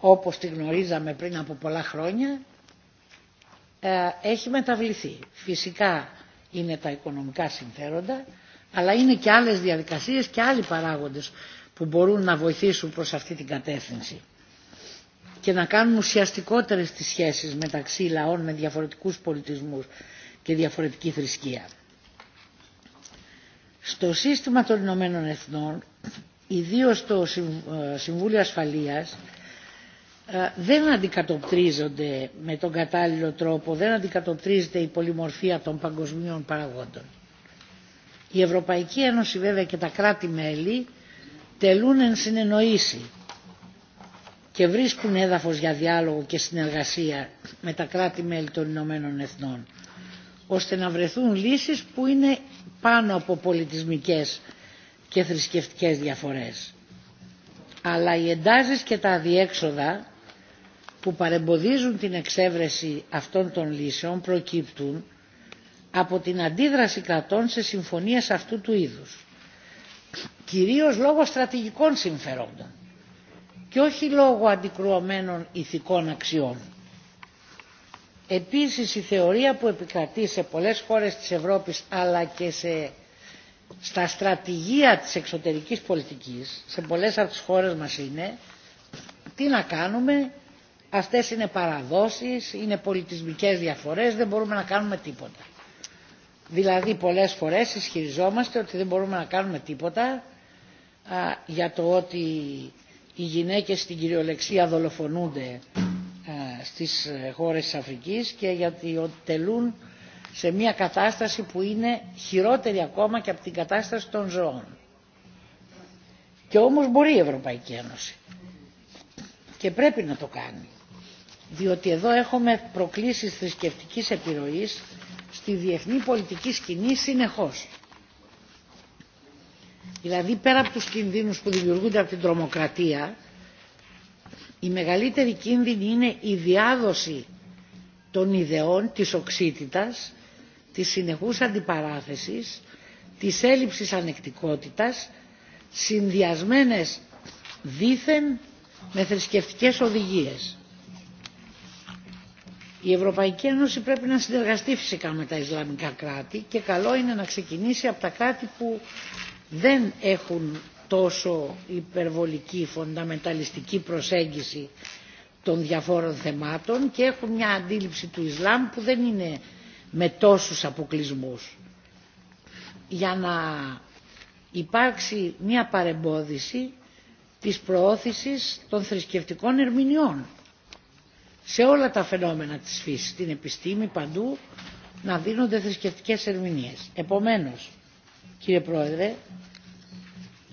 όπως τη γνωρίζαμε πριν από πολλά χρόνια ε, έχει μεταβληθεί. Φυσικά είναι τα οικονομικά συμφέροντα αλλά είναι και άλλες διαδικασίες και άλλοι παράγοντες που μπορούν να βοηθήσουν προς αυτή την κατεύθυνση και να κάνουν ουσιαστικότερες τις σχέσεις μεταξύ λαών με διαφορετικούς πολιτισμούς και διαφορετική θρησκεία. Στο σύστημα των Ηνωμένων Εθνών, ιδίω στο ε, Συμβούλιο Ασφαλείας, ε, δεν αντικατοπτρίζονται με τον κατάλληλο τρόπο, δεν αντικατοπτρίζεται η πολυμορφία των παγκοσμίων παραγόντων. Η Ευρωπαϊκή Ένωση βέβαια και τα κράτη-μέλη τελούν εν συνεννοήσει και βρίσκουν έδαφος για διάλογο και συνεργασία με τα κράτη-μέλη των Ηνωμένων Εθνών ώστε να βρεθούν λύσεις που είναι πάνω από πολιτισμικές και θρησκευτικές διαφορές. Αλλά οι εντάσεις και τα αδιέξοδα που παρεμποδίζουν την εξέβρεση αυτών των λύσεων προκύπτουν από την αντίδραση κρατών σε συμφωνίες αυτού του είδους. Κυρίως λόγω στρατηγικών συμφερόντων και όχι λόγω αντικρουωμένων ηθικών αξιών. Επίσης η θεωρία που επικρατεί σε πολλές χώρες της Ευρώπης αλλά και στα στρατηγία της εξωτερικής πολιτικής, σε πολλές από τις χώρες μας είναι, τι να κάνουμε, αυτές είναι παραδόσεις, είναι πολιτισμικές διαφορές, δεν μπορούμε να κάνουμε τίποτα. Δηλαδή πολλές φορές ισχυριζόμαστε ότι δεν μπορούμε να κάνουμε τίποτα για το ότι οι γυναίκες στην κυριολεξία δολοφονούνται στις χώρες της Αφρικής και γιατί τελούν σε μια κατάσταση που είναι χειρότερη ακόμα και από την κατάσταση των ζώων. Και όμως μπορεί η Ευρωπαϊκή Ένωση και πρέπει να το κάνει διότι εδώ έχουμε προκλήσεις θρησκευτική επιρροής στη διεθνή πολιτική σκηνή συνεχώς. Δηλαδή πέρα από τους κινδύνους που δημιουργούνται από την τρομοκρατία η μεγαλύτερη κίνδυνη είναι η διάδοση των ιδεών, της οξύτητας, της συνεχούς αντιπαράθεσης, της έλλειψης ανεκτικότητας, συνδυασμένες δήθεν με θρησκευτικέ οδηγίες. Η Ευρωπαϊκή Ένωση πρέπει να συνεργαστεί φυσικά με τα Ισλαμικά κράτη και καλό είναι να ξεκινήσει από τα κράτη που δεν έχουν τόσο υπερβολική φονταμεταλιστική προσέγγιση των διαφόρων θεμάτων και έχουν μια αντίληψη του Ισλάμ που δεν είναι με τόσους αποκλεισμούς. Για να υπάρξει μια παρεμπόδιση της προώθησης των θρησκευτικών ερμηνεών σε όλα τα φαινόμενα της φύσης, την επιστήμη παντού, να δίνονται θρησκευτικές ερμηνείες. Επομένως, κύριε Πρόεδρε,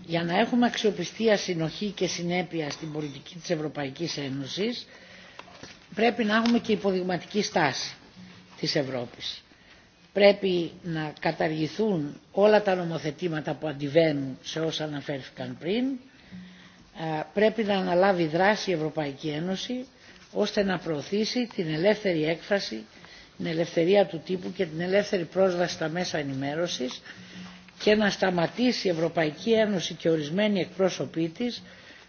για να έχουμε αξιοπιστία, συνοχή και συνέπεια στην πολιτική της Ευρωπαϊκής Ένωσης πρέπει να έχουμε και υποδειγματική στάση της Ευρώπης. Πρέπει να καταργηθούν όλα τα νομοθετήματα που αντιβαίνουν σε όσα αναφέρθηκαν πριν. Πρέπει να αναλάβει δράση η Ευρωπαϊκή Ένωση ώστε να προωθήσει την ελεύθερη έκφραση, την ελευθερία του τύπου και την ελεύθερη πρόσβαση στα μέσα ενημέρωσης και να σταματήσει η Ευρωπαϊκή Ένωση και ορισμένοι εκπρόσωποι της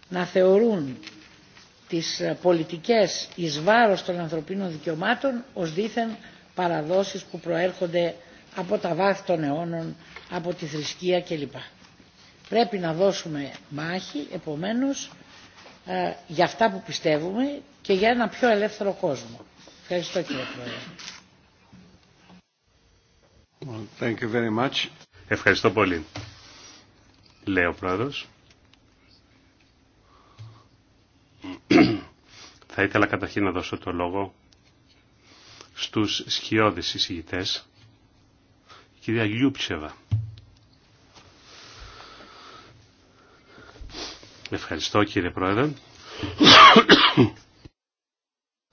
να θεωρούν τις ε, πολιτικές εις βάρος των ανθρωπίνων δικαιωμάτων ως δήθεν παραδόσεις που προέρχονται από τα βάθη των αιώνων, από τη θρησκεία κλπ. Πρέπει να δώσουμε μάχη, επομένως, ε, για αυτά που πιστεύουμε και για ένα πιο ελεύθερο κόσμο. Ευχαριστώ κύριε Πρόεδρε. Ευχαριστώ πολύ. Λέει ο Θα ήθελα καταρχήν να δώσω το λόγο στους σκιώδεις εισηγητές. κυρία Λιούψεβα. Ευχαριστώ κύριε Πρόεδρε.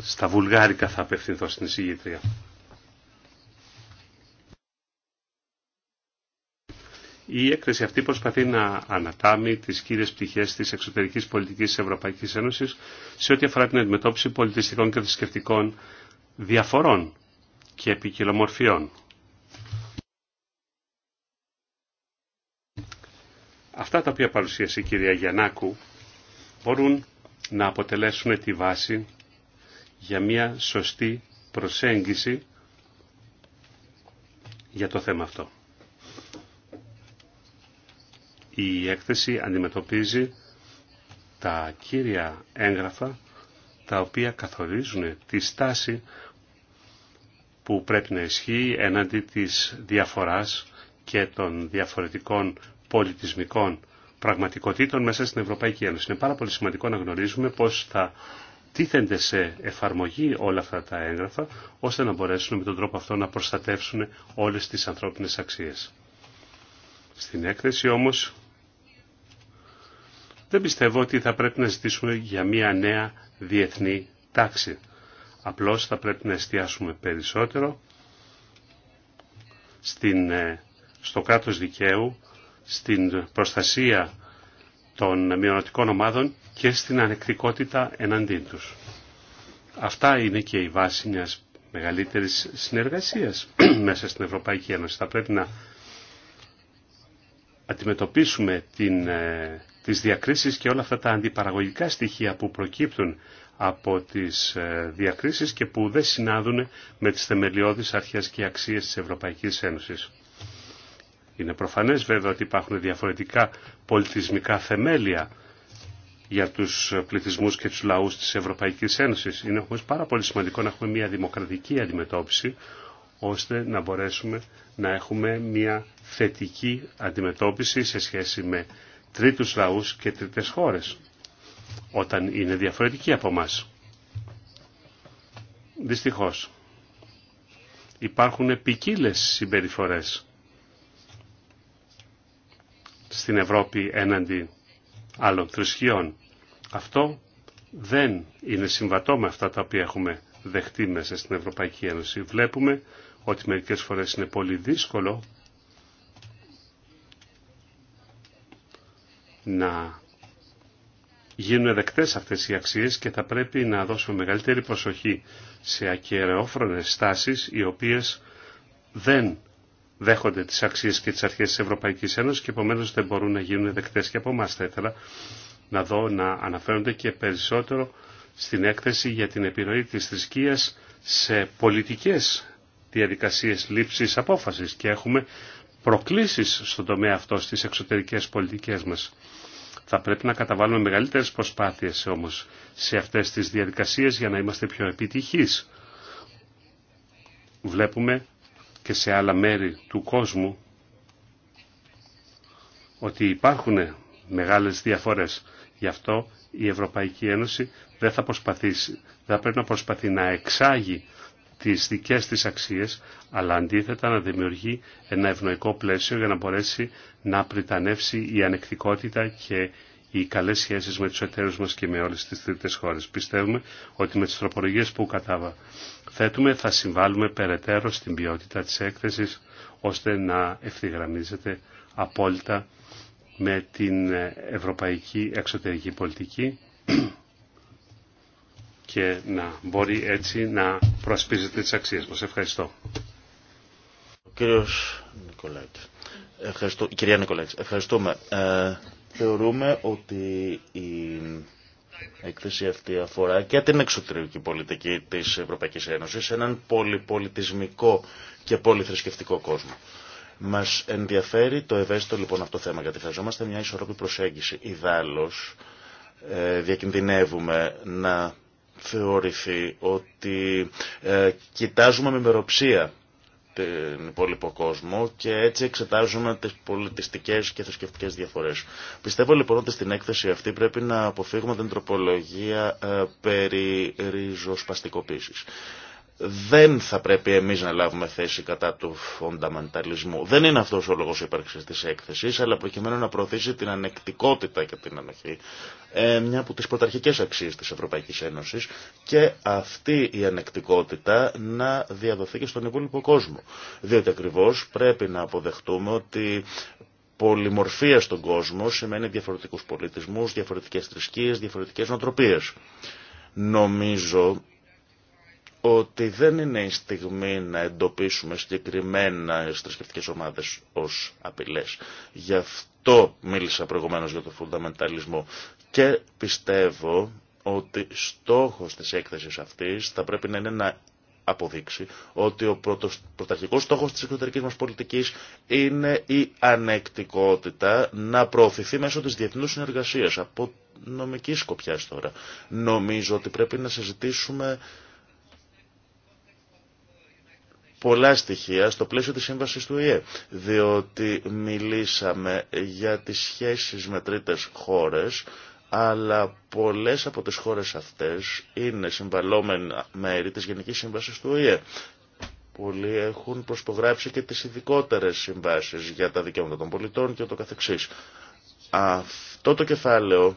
Στα βουλγάρικα θα απευθυνθώ στην εισηγήτρια. Η έκθεση αυτή προσπαθεί να ανατάμει τις κύριες πτυχές της εξωτερικής πολιτικής της Ευρωπαϊκής Ένωσης σε ό,τι αφορά την αντιμετώπιση πολιτιστικών και θρησκευτικών διαφορών και επικοινομορφιών. Αυτά τα οποία παρουσίασε η κυρία Γιαννάκου μπορούν να αποτελέσουν τη βάση για μια σωστή προσέγγιση για το θέμα αυτό η έκθεση αντιμετωπίζει τα κύρια έγγραφα τα οποία καθορίζουν τη στάση που πρέπει να ισχύει έναντι της διαφοράς και των διαφορετικών πολιτισμικών πραγματικότητων μέσα στην Ευρωπαϊκή Ένωση. Είναι πάρα πολύ σημαντικό να γνωρίζουμε πώς θα τίθενται σε εφαρμογή όλα αυτά τα έγγραφα, ώστε να μπορέσουν με τον τρόπο αυτό να προστατεύσουν όλες τις ανθρώπινες αξίες. Στην έκθεση όμως δεν πιστεύω ότι θα πρέπει να ζητήσουμε για μια νέα διεθνή τάξη. Απλώς θα πρέπει να εστιάσουμε περισσότερο στην, ε, στο κράτος δικαίου, στην προστασία των μειονοτικών ομάδων και στην ανεκτικότητα εναντί τους. Αυτά είναι και η βάση μιας μεγαλύτερης συνεργασίας μέσα στην Ευρωπαϊκή Ένωση. Θα πρέπει να αντιμετωπίσουμε την ε, τις διακρίσεις και όλα αυτά τα αντιπαραγωγικά στοιχεία που προκύπτουν από τις ε, διακρίσεις και που δεν συνάδουν με τις θεμελιώδεις αρχές και αξίες της Ευρωπαϊκής Ένωσης. Είναι προφανές βέβαια ότι υπάρχουν διαφορετικά πολιτισμικά θεμέλια για τους πληθυσμούς και τους λαούς της Ευρωπαϊκής Ένωσης. Είναι όμως πάρα πολύ σημαντικό να έχουμε μια δημοκρατική αντιμετώπιση ώστε να μπορέσουμε να έχουμε μια θετική αντιμετώπιση σε σχέση με τρίτους λαούς και τρίτες χώρες όταν είναι διαφορετικοί από μας. Δυστυχώς υπάρχουν ποικίλε συμπεριφορές στην Ευρώπη έναντι άλλων θρησκειών. Αυτό δεν είναι συμβατό με αυτά τα οποία έχουμε δεχτεί μέσα στην Ευρωπαϊκή Ένωση. Βλέπουμε ότι μερικές φορές είναι πολύ δύσκολο να γίνουν δεκτές αυτές οι αξίες και θα πρέπει να δώσουμε μεγαλύτερη προσοχή σε ακεραιόφρονες στάσεις οι οποίες δεν δέχονται τις αξίες και τις αρχές της Ευρωπαϊκής Ένωσης και επομένως δεν μπορούν να γίνουν δεκτές και από εμά. Θα να δω να αναφέρονται και περισσότερο στην έκθεση για την επιρροή της θρησκείας σε πολιτικές διαδικασίες λήψης απόφασης και έχουμε προκλήσεις στον τομέα αυτό στις εξωτερικές πολιτικές μας. Θα πρέπει να καταβάλουμε μεγαλύτερες προσπάθειες όμως σε αυτές τις διαδικασίες για να είμαστε πιο επιτυχείς. Βλέπουμε και σε άλλα μέρη του κόσμου ότι υπάρχουν μεγάλες διαφορές. Γι' αυτό η Ευρωπαϊκή Ένωση δεν θα προσπαθήσει, δεν θα πρέπει να προσπαθεί να εξάγει τις δικές της αξίες, αλλά αντίθετα να δημιουργεί ένα ευνοϊκό πλαίσιο για να μπορέσει να πριτανεύσει η ανεκτικότητα και οι καλές σχέσεις με τους εταίρους μας και με όλες τις τρίτες χώρες. Πιστεύουμε ότι με τις τροπολογίες που θέτουμε θα συμβάλλουμε περαιτέρω στην ποιότητα της έκθεσης, ώστε να ευθυγραμμίζεται απόλυτα με την ευρωπαϊκή εξωτερική πολιτική και να μπορεί έτσι να προασπίζεται τις αξίες μας. Ευχαριστώ. Ο κύριος Νικολάτη. Ευχαριστώ, κυρία Νικολάτη, ευχαριστούμε. Ε, θεωρούμε ότι η έκθεση αυτή αφορά και την εξωτερική πολιτική της Ευρωπαϊκής Ένωσης σε έναν πολυπολιτισμικό και πολυθρησκευτικό κόσμο. Μας ενδιαφέρει το ευαίσθητο λοιπόν αυτό θέμα, γιατί χρειαζόμαστε μια ισορροπή προσέγγιση. Ιδάλλως, ε, διακινδυνεύουμε να θεωρηθεί ότι ε, κοιτάζουμε με μεροψία τον υπόλοιπο κόσμο και έτσι εξετάζουμε τι πολιτιστικέ και θρησκευτικέ διαφορέ. Πιστεύω λοιπόν ότι στην έκθεση αυτή πρέπει να αποφύγουμε την τροπολογία ε, περί ριζοσπαστικοποίηση δεν θα πρέπει εμείς να λάβουμε θέση κατά του φονταμενταλισμού. Δεν είναι αυτός ο λόγος ύπαρξης της έκθεσης, αλλά προκειμένου να προωθήσει την ανεκτικότητα και την ανοχή, ε, μια από τις πρωταρχικές αξίες της Ευρωπαϊκής Ένωσης και αυτή η ανεκτικότητα να διαδοθεί και στον υπόλοιπο κόσμο. Διότι ακριβώς πρέπει να αποδεχτούμε ότι πολυμορφία στον κόσμο σημαίνει διαφορετικούς πολιτισμούς, διαφορετικές θρησκείες, διαφορετικές νοτροπίες. Νομίζω ότι δεν είναι η στιγμή να εντοπίσουμε συγκεκριμένα θρησκευτικέ ομάδες ως απειλές. Γι' αυτό μίλησα προηγουμένως για το φουνταμενταλισμό και πιστεύω ότι στόχος της έκθεσης αυτής θα πρέπει να είναι να αποδείξει ότι ο πρωταρχικός στόχος της εξωτερικής μας πολιτικής είναι η ανεκτικότητα να προωθηθεί μέσω της διεθνούς συνεργασίας από νομική σκοπιά τώρα. Νομίζω ότι πρέπει να συζητήσουμε πολλά στοιχεία στο πλαίσιο της σύμβασης του ΙΕ, διότι μιλήσαμε για τις σχέσεις με τρίτες χώρες, αλλά πολλές από τις χώρες αυτές είναι συμβαλόμενα μέρη της Γενικής Σύμβασης του ΙΕ. Πολλοί έχουν προσπογράψει και τις ειδικότερε συμβάσεις για τα δικαιώματα των πολιτών και το καθεξής. Αυτό το κεφάλαιο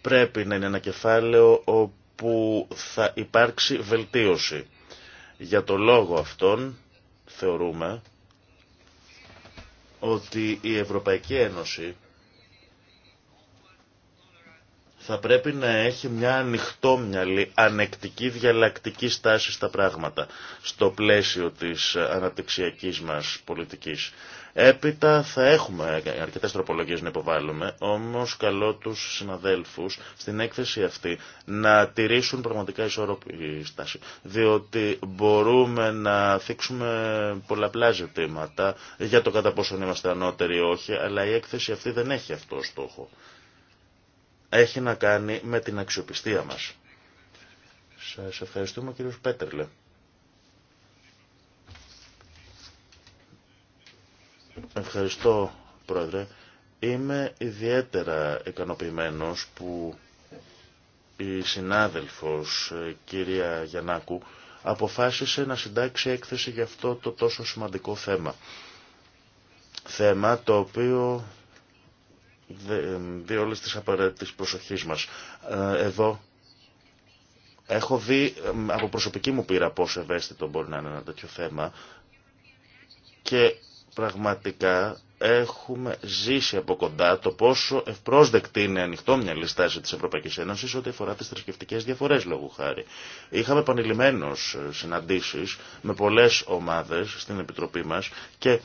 πρέπει να είναι ένα κεφάλαιο όπου θα υπάρξει βελτίωση για το λόγο αυτόν θεωρούμε ότι η Ευρωπαϊκή Ένωση θα πρέπει να έχει μια ανοιχτόμυαλη, ανεκτική, διαλλακτική στάση στα πράγματα στο πλαίσιο της αναπτυξιακής μας πολιτικής. Έπειτα θα έχουμε αρκετές τροπολογίες να υποβάλλουμε, όμως καλώ τους συναδέλφους στην έκθεση αυτή να τηρήσουν πραγματικά ισόρροπη στάση. Διότι μπορούμε να θίξουμε πολλαπλά ζητήματα για το κατά πόσον είμαστε ανώτεροι ή όχι, αλλά η έκθεση αυτή δεν έχει αυτό στόχο. Έχει να κάνει με την αξιοπιστία μας. Σας ευχαριστούμε κύριος Πέτερλε. Ευχαριστώ, Πρόεδρε. Είμαι ιδιαίτερα ικανοποιημένος που η συνάδελφος ε, κυρία Γιαννάκου αποφάσισε να συντάξει έκθεση για αυτό το τόσο σημαντικό θέμα. Θέμα το οποίο ε, δει όλες τις απαραίτητες προσοχής μας. Ε, εδώ έχω δει από προσωπική μου πείρα πόσο ευαίσθητο μπορεί να είναι ένα τέτοιο θέμα και πραγματικά έχουμε ζήσει από κοντά το πόσο ευπρόσδεκτη είναι ανοιχτό μια λιστάση της Ευρωπαϊκής Ένωσης ό,τι αφορά τις θρησκευτικέ διαφορές λόγου χάρη. Είχαμε επανειλημμένως ε, συναντήσεις με πολλές ομάδες στην Επιτροπή μας και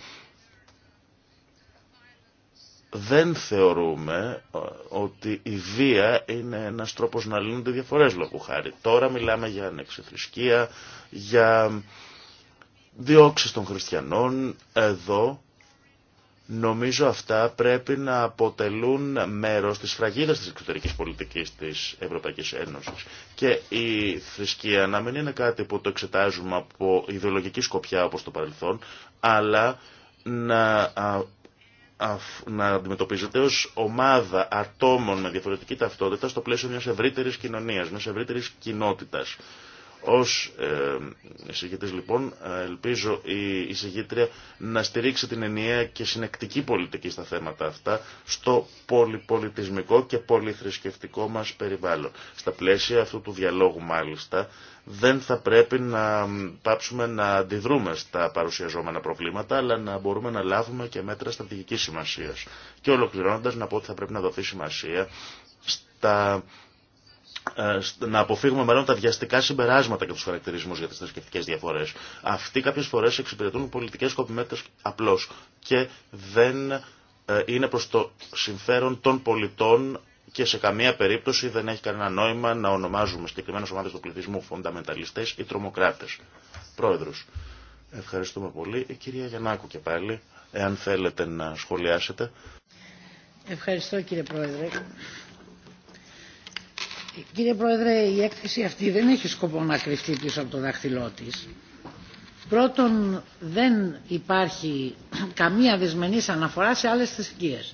δεν θεωρούμε ε, ότι η βία είναι ένας τρόπος να λύνονται διαφορές λόγου χάρη. Τώρα μιλάμε για ανεξιθρησκεία, για διώξεις των χριστιανών εδώ νομίζω αυτά πρέπει να αποτελούν μέρος της φραγίδας της εξωτερικής πολιτικής της Ευρωπαϊκής Ένωσης. Και η θρησκεία να μην είναι κάτι που το εξετάζουμε από ιδεολογική σκοπιά όπως το παρελθόν, αλλά να, να αντιμετωπίζεται ως ομάδα ατόμων με διαφορετική ταυτότητα στο πλαίσιο μιας ευρύτερης κοινωνίας, μιας ευρύτερης κοινότητας. Ως ε, εισηγητής λοιπόν ε, ελπίζω η εισηγήτρια να στηρίξει την ενιαία και συνεκτική πολιτική στα θέματα αυτά στο πολυπολιτισμικό και πολυθρησκευτικό μας περιβάλλον. Στα πλαίσια αυτού του διαλόγου μάλιστα δεν θα πρέπει να πάψουμε να αντιδρούμε στα παρουσιαζόμενα προβλήματα, αλλά να μπορούμε να λάβουμε και μέτρα στρατηγικής σημασίας. Και ολοκληρώνοντας να πω ότι θα πρέπει να δοθεί σημασία στα ε, να αποφύγουμε μάλλον τα βιαστικά συμπεράσματα και του χαρακτηρισμού για τι θρησκευτικέ διαφορέ. Αυτοί κάποιε φορέ εξυπηρετούν πολιτικέ σκοπιμότητε απλώ και δεν ε, είναι προ το συμφέρον των πολιτών και σε καμία περίπτωση δεν έχει κανένα νόημα να ονομάζουμε συγκεκριμένε ομάδε του πληθυσμού φονταμενταλιστέ ή τρομοκράτε. Πρόεδρο, ευχαριστούμε πολύ. Η κυρία Γιαννάκου και πάλι, εάν θέλετε να σχολιάσετε. Ευχαριστώ κύριε Πρόεδρε. Κύριε Πρόεδρε, η έκθεση αυτή δεν έχει σκοπό να κρυφτεί πίσω από το δάχτυλό της. Πρώτον, δεν υπάρχει καμία δεσμενής αναφορά σε άλλες θρησκείες.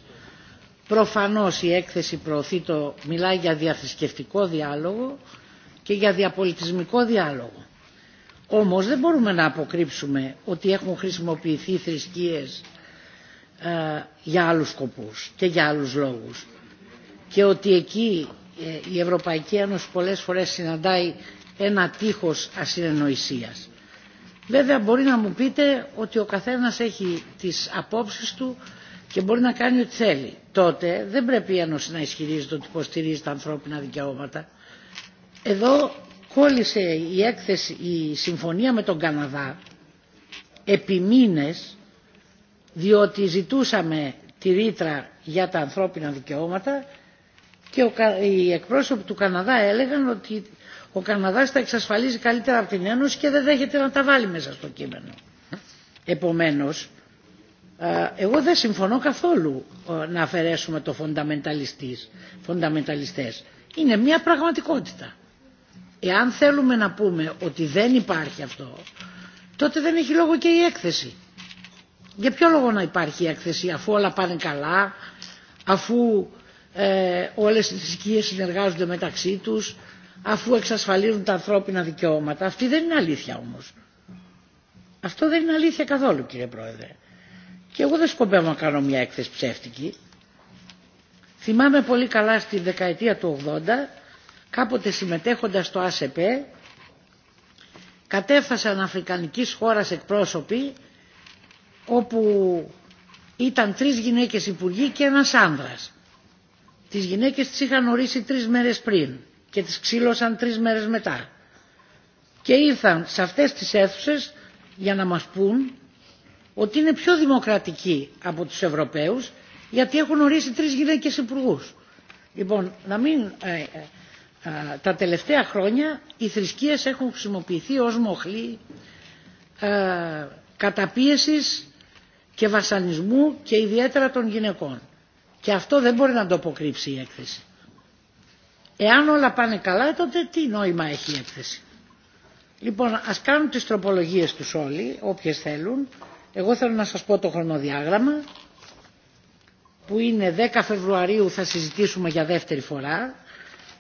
Προφανώς η έκθεση προωθεί το, μιλάει για διαθρησκευτικό διάλογο και για διαπολιτισμικό διάλογο. Όμως δεν μπορούμε να αποκρύψουμε ότι έχουν χρησιμοποιηθεί θρησκείες ε, για άλλους σκοπούς και για άλλους λόγους και ότι εκεί ε, η Ευρωπαϊκή Ένωση πολλές φορές συναντάει ένα τείχος ασυνεννοησίας. Βέβαια μπορεί να μου πείτε ότι ο καθένας έχει τις απόψεις του και μπορεί να κάνει ό,τι θέλει. Τότε δεν πρέπει η Ένωση να ισχυρίζεται ότι υποστηρίζει τα ανθρώπινα δικαιώματα. Εδώ κόλλησε η, έκθεση, η συμφωνία με τον Καναδά επί μήνες, διότι ζητούσαμε τη ρήτρα για τα ανθρώπινα δικαιώματα και οι εκπρόσωποι του Καναδά έλεγαν ότι ο Καναδάς τα εξασφαλίζει καλύτερα από την Ένωση και δεν δέχεται να τα βάλει μέσα στο κείμενο. Επομένως, εγώ δεν συμφωνώ καθόλου να αφαιρέσουμε το φονταμενταλιστές. Είναι μια πραγματικότητα. Εάν θέλουμε να πούμε ότι δεν υπάρχει αυτό, τότε δεν έχει λόγο και η έκθεση. Για ποιο λόγο να υπάρχει η έκθεση αφού όλα πάνε καλά, αφού ε, όλες οι θρησκείες συνεργάζονται μεταξύ τους αφού εξασφαλίζουν τα ανθρώπινα δικαιώματα. Αυτή δεν είναι αλήθεια όμως. Αυτό δεν είναι αλήθεια καθόλου κύριε Πρόεδρε. Και εγώ δεν σκοπεύω να κάνω μια έκθεση ψεύτικη. Θυμάμαι πολύ καλά στη δεκαετία του 80 κάποτε συμμετέχοντας στο ΑΣΕΠΕ κατέφθασαν αφρικανικής χώρας εκπρόσωποι όπου ήταν τρεις γυναίκες υπουργοί και ένας άνδρας τις γυναίκες τις είχαν ορίσει τρεις μέρες πριν και τις ξύλωσαν τρεις μέρες μετά. Και ήρθαν σε αυτές τις αίθουσε για να μας πούν ότι είναι πιο δημοκρατικοί από τους Ευρωπαίους γιατί έχουν ορίσει τρεις γυναίκες υπουργού. Λοιπόν, να μην, ε, ε, ε, τα τελευταία χρόνια οι θρησκείες έχουν χρησιμοποιηθεί ως μοχλή καταπίεσης και βασανισμού και ιδιαίτερα των γυναικών. Και αυτό δεν μπορεί να το αποκρύψει η έκθεση. Εάν όλα πάνε καλά τότε τι νόημα έχει η έκθεση. Λοιπόν ας κάνουν τις τροπολογίες τους όλοι, όποιες θέλουν. Εγώ θέλω να σας πω το χρονοδιάγραμμα που είναι 10 Φεβρουαρίου θα συζητήσουμε για δεύτερη φορά.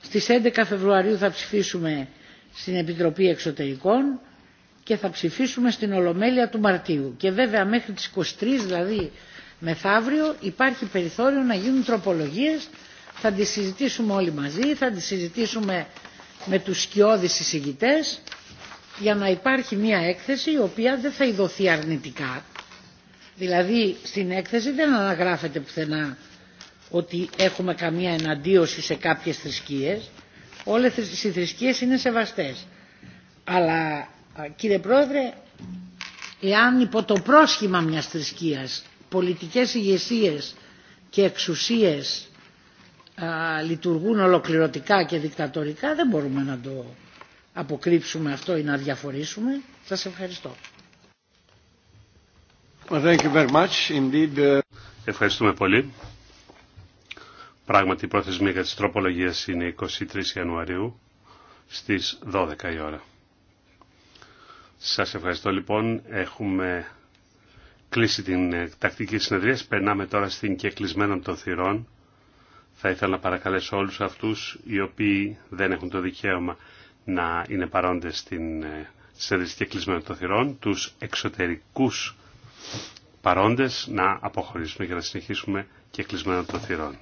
Στις 11 Φεβρουαρίου θα ψηφίσουμε στην Επιτροπή Εξωτερικών και θα ψηφίσουμε στην Ολομέλεια του Μαρτίου. Και βέβαια μέχρι τις 23 δηλαδή μεθαύριο υπάρχει περιθώριο να γίνουν τροπολογίες θα τις συζητήσουμε όλοι μαζί θα τις συζητήσουμε με τους σκιώδεις συζητητές για να υπάρχει μια έκθεση η οποία δεν θα ειδωθεί αρνητικά δηλαδή στην έκθεση δεν αναγράφεται πουθενά ότι έχουμε καμία εναντίωση σε κάποιες θρησκείες όλες οι θρησκείες είναι σεβαστές αλλά κύριε Πρόεδρε εάν υπό το πρόσχημα μιας θρησκείας πολιτικές ηγεσίε και εξουσίες α, λειτουργούν ολοκληρωτικά και δικτατορικά δεν μπορούμε να το αποκρύψουμε αυτό ή να διαφορήσουμε. Σας ευχαριστώ. Uh, Ευχαριστούμε πολύ. Πράγματι η προθεσμία για τις τροπολογίες είναι 23 Ιανουαρίου στις 12 η ώρα. Σας ευχαριστώ λοιπόν. Έχουμε κλείσει την ε, τακτική συνεδρία. Περνάμε τώρα στην και κλεισμένων των θυρών. Θα ήθελα να παρακαλέσω όλους αυτούς οι οποίοι δεν έχουν το δικαίωμα να είναι παρόντες στην ε, συνεδρία και κλεισμένων των θυρών, τους εξωτερικούς παρόντες να αποχωρήσουμε και να συνεχίσουμε και κλεισμένων των θυρών.